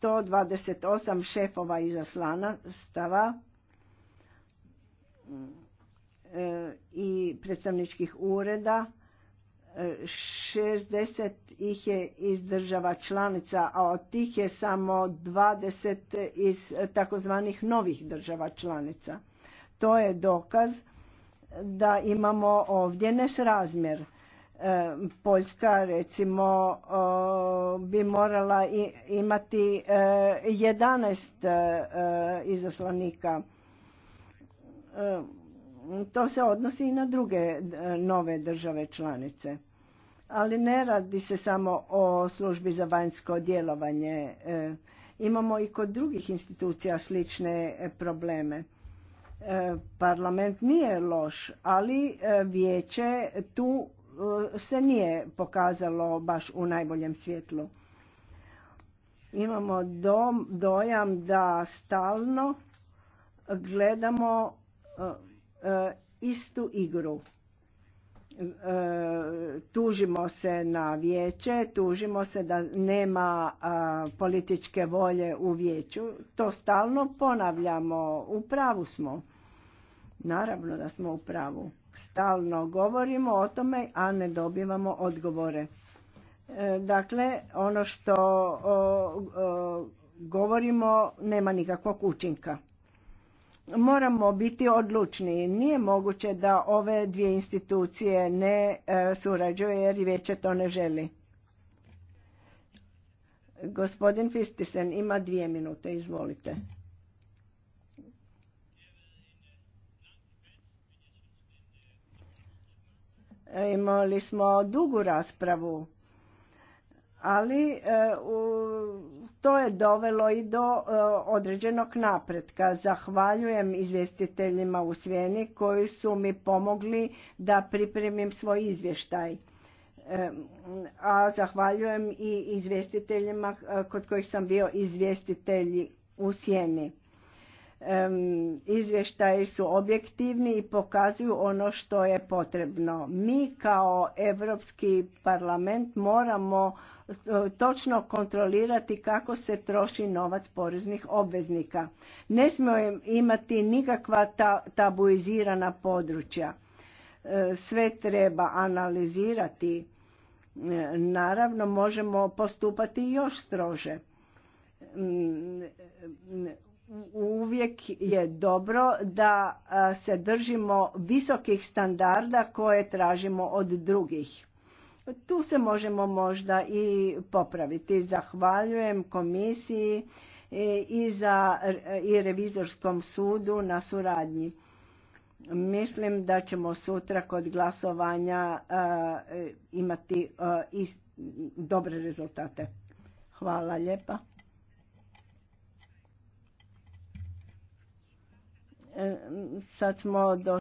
128 e, šefova stava E, i predstavničkih ureda. 60 e, ih je iz država članica, a od tih je samo 20 iz takozvanih novih država članica. To je dokaz da imamo ovdje nesrazmjer. E, Poljska recimo bi morala imati 11 izaslanika to se odnosi i na druge e, nove države članice. Ali ne radi se samo o službi za vanjsko djelovanje. E, imamo i kod drugih institucija slične e, probleme. Parlament nije loš, ali vijeće tu se nije pokazalo baš u najboljem svjetlu. Imamo dojam da stalno gledamo E, istu igru. E, tužimo se na vijeće, tužimo se da nema političke volje u vijeću. To stalno ponavljamo, u pravu smo. Naravno da smo u pravu. Stalno govorimo o tome, a ne dobivamo odgovore. E, dakle, ono što govorimo nema nikakvog učinka moramo biti odlučni. Nije moguće da ove dvije institucije ne e, surađuje jer veće to ne želi. Gospodin Fistisen ima dvije minute, izvolite. E, imali smo dugu raspravu ali e, to je dovelo i do e, određenog napretka. Zahvaljujem izvjestiteljima u Svijeni koji su mi pomogli da pripremim svoj izvještaj. E, a zahvaljujem i izvjestiteljima kod kojih sam bio izvjestitelji u Sjeni. Izvještaji su objektivni i pokazuju ono što je potrebno. Mi kao Europski parlament moramo točno kontrolirati kako se troši novac poreznih obveznika. Ne smijemo imati nikakva tabuizirana područja. E, sve treba analizirati. E, naravno, možemo postupati još strože. Mm, uvijek je dobro da se držimo visokih standarda koje tražimo od drugih tu se možemo možda i popraviti. Zahvaljujem komisiji e, i, za, e, i revizorskom sudu na suradnji. Mislim da ćemo sutra kod glasovanja e, imati dobre rezultate. Hvala lijepa. Sad smo do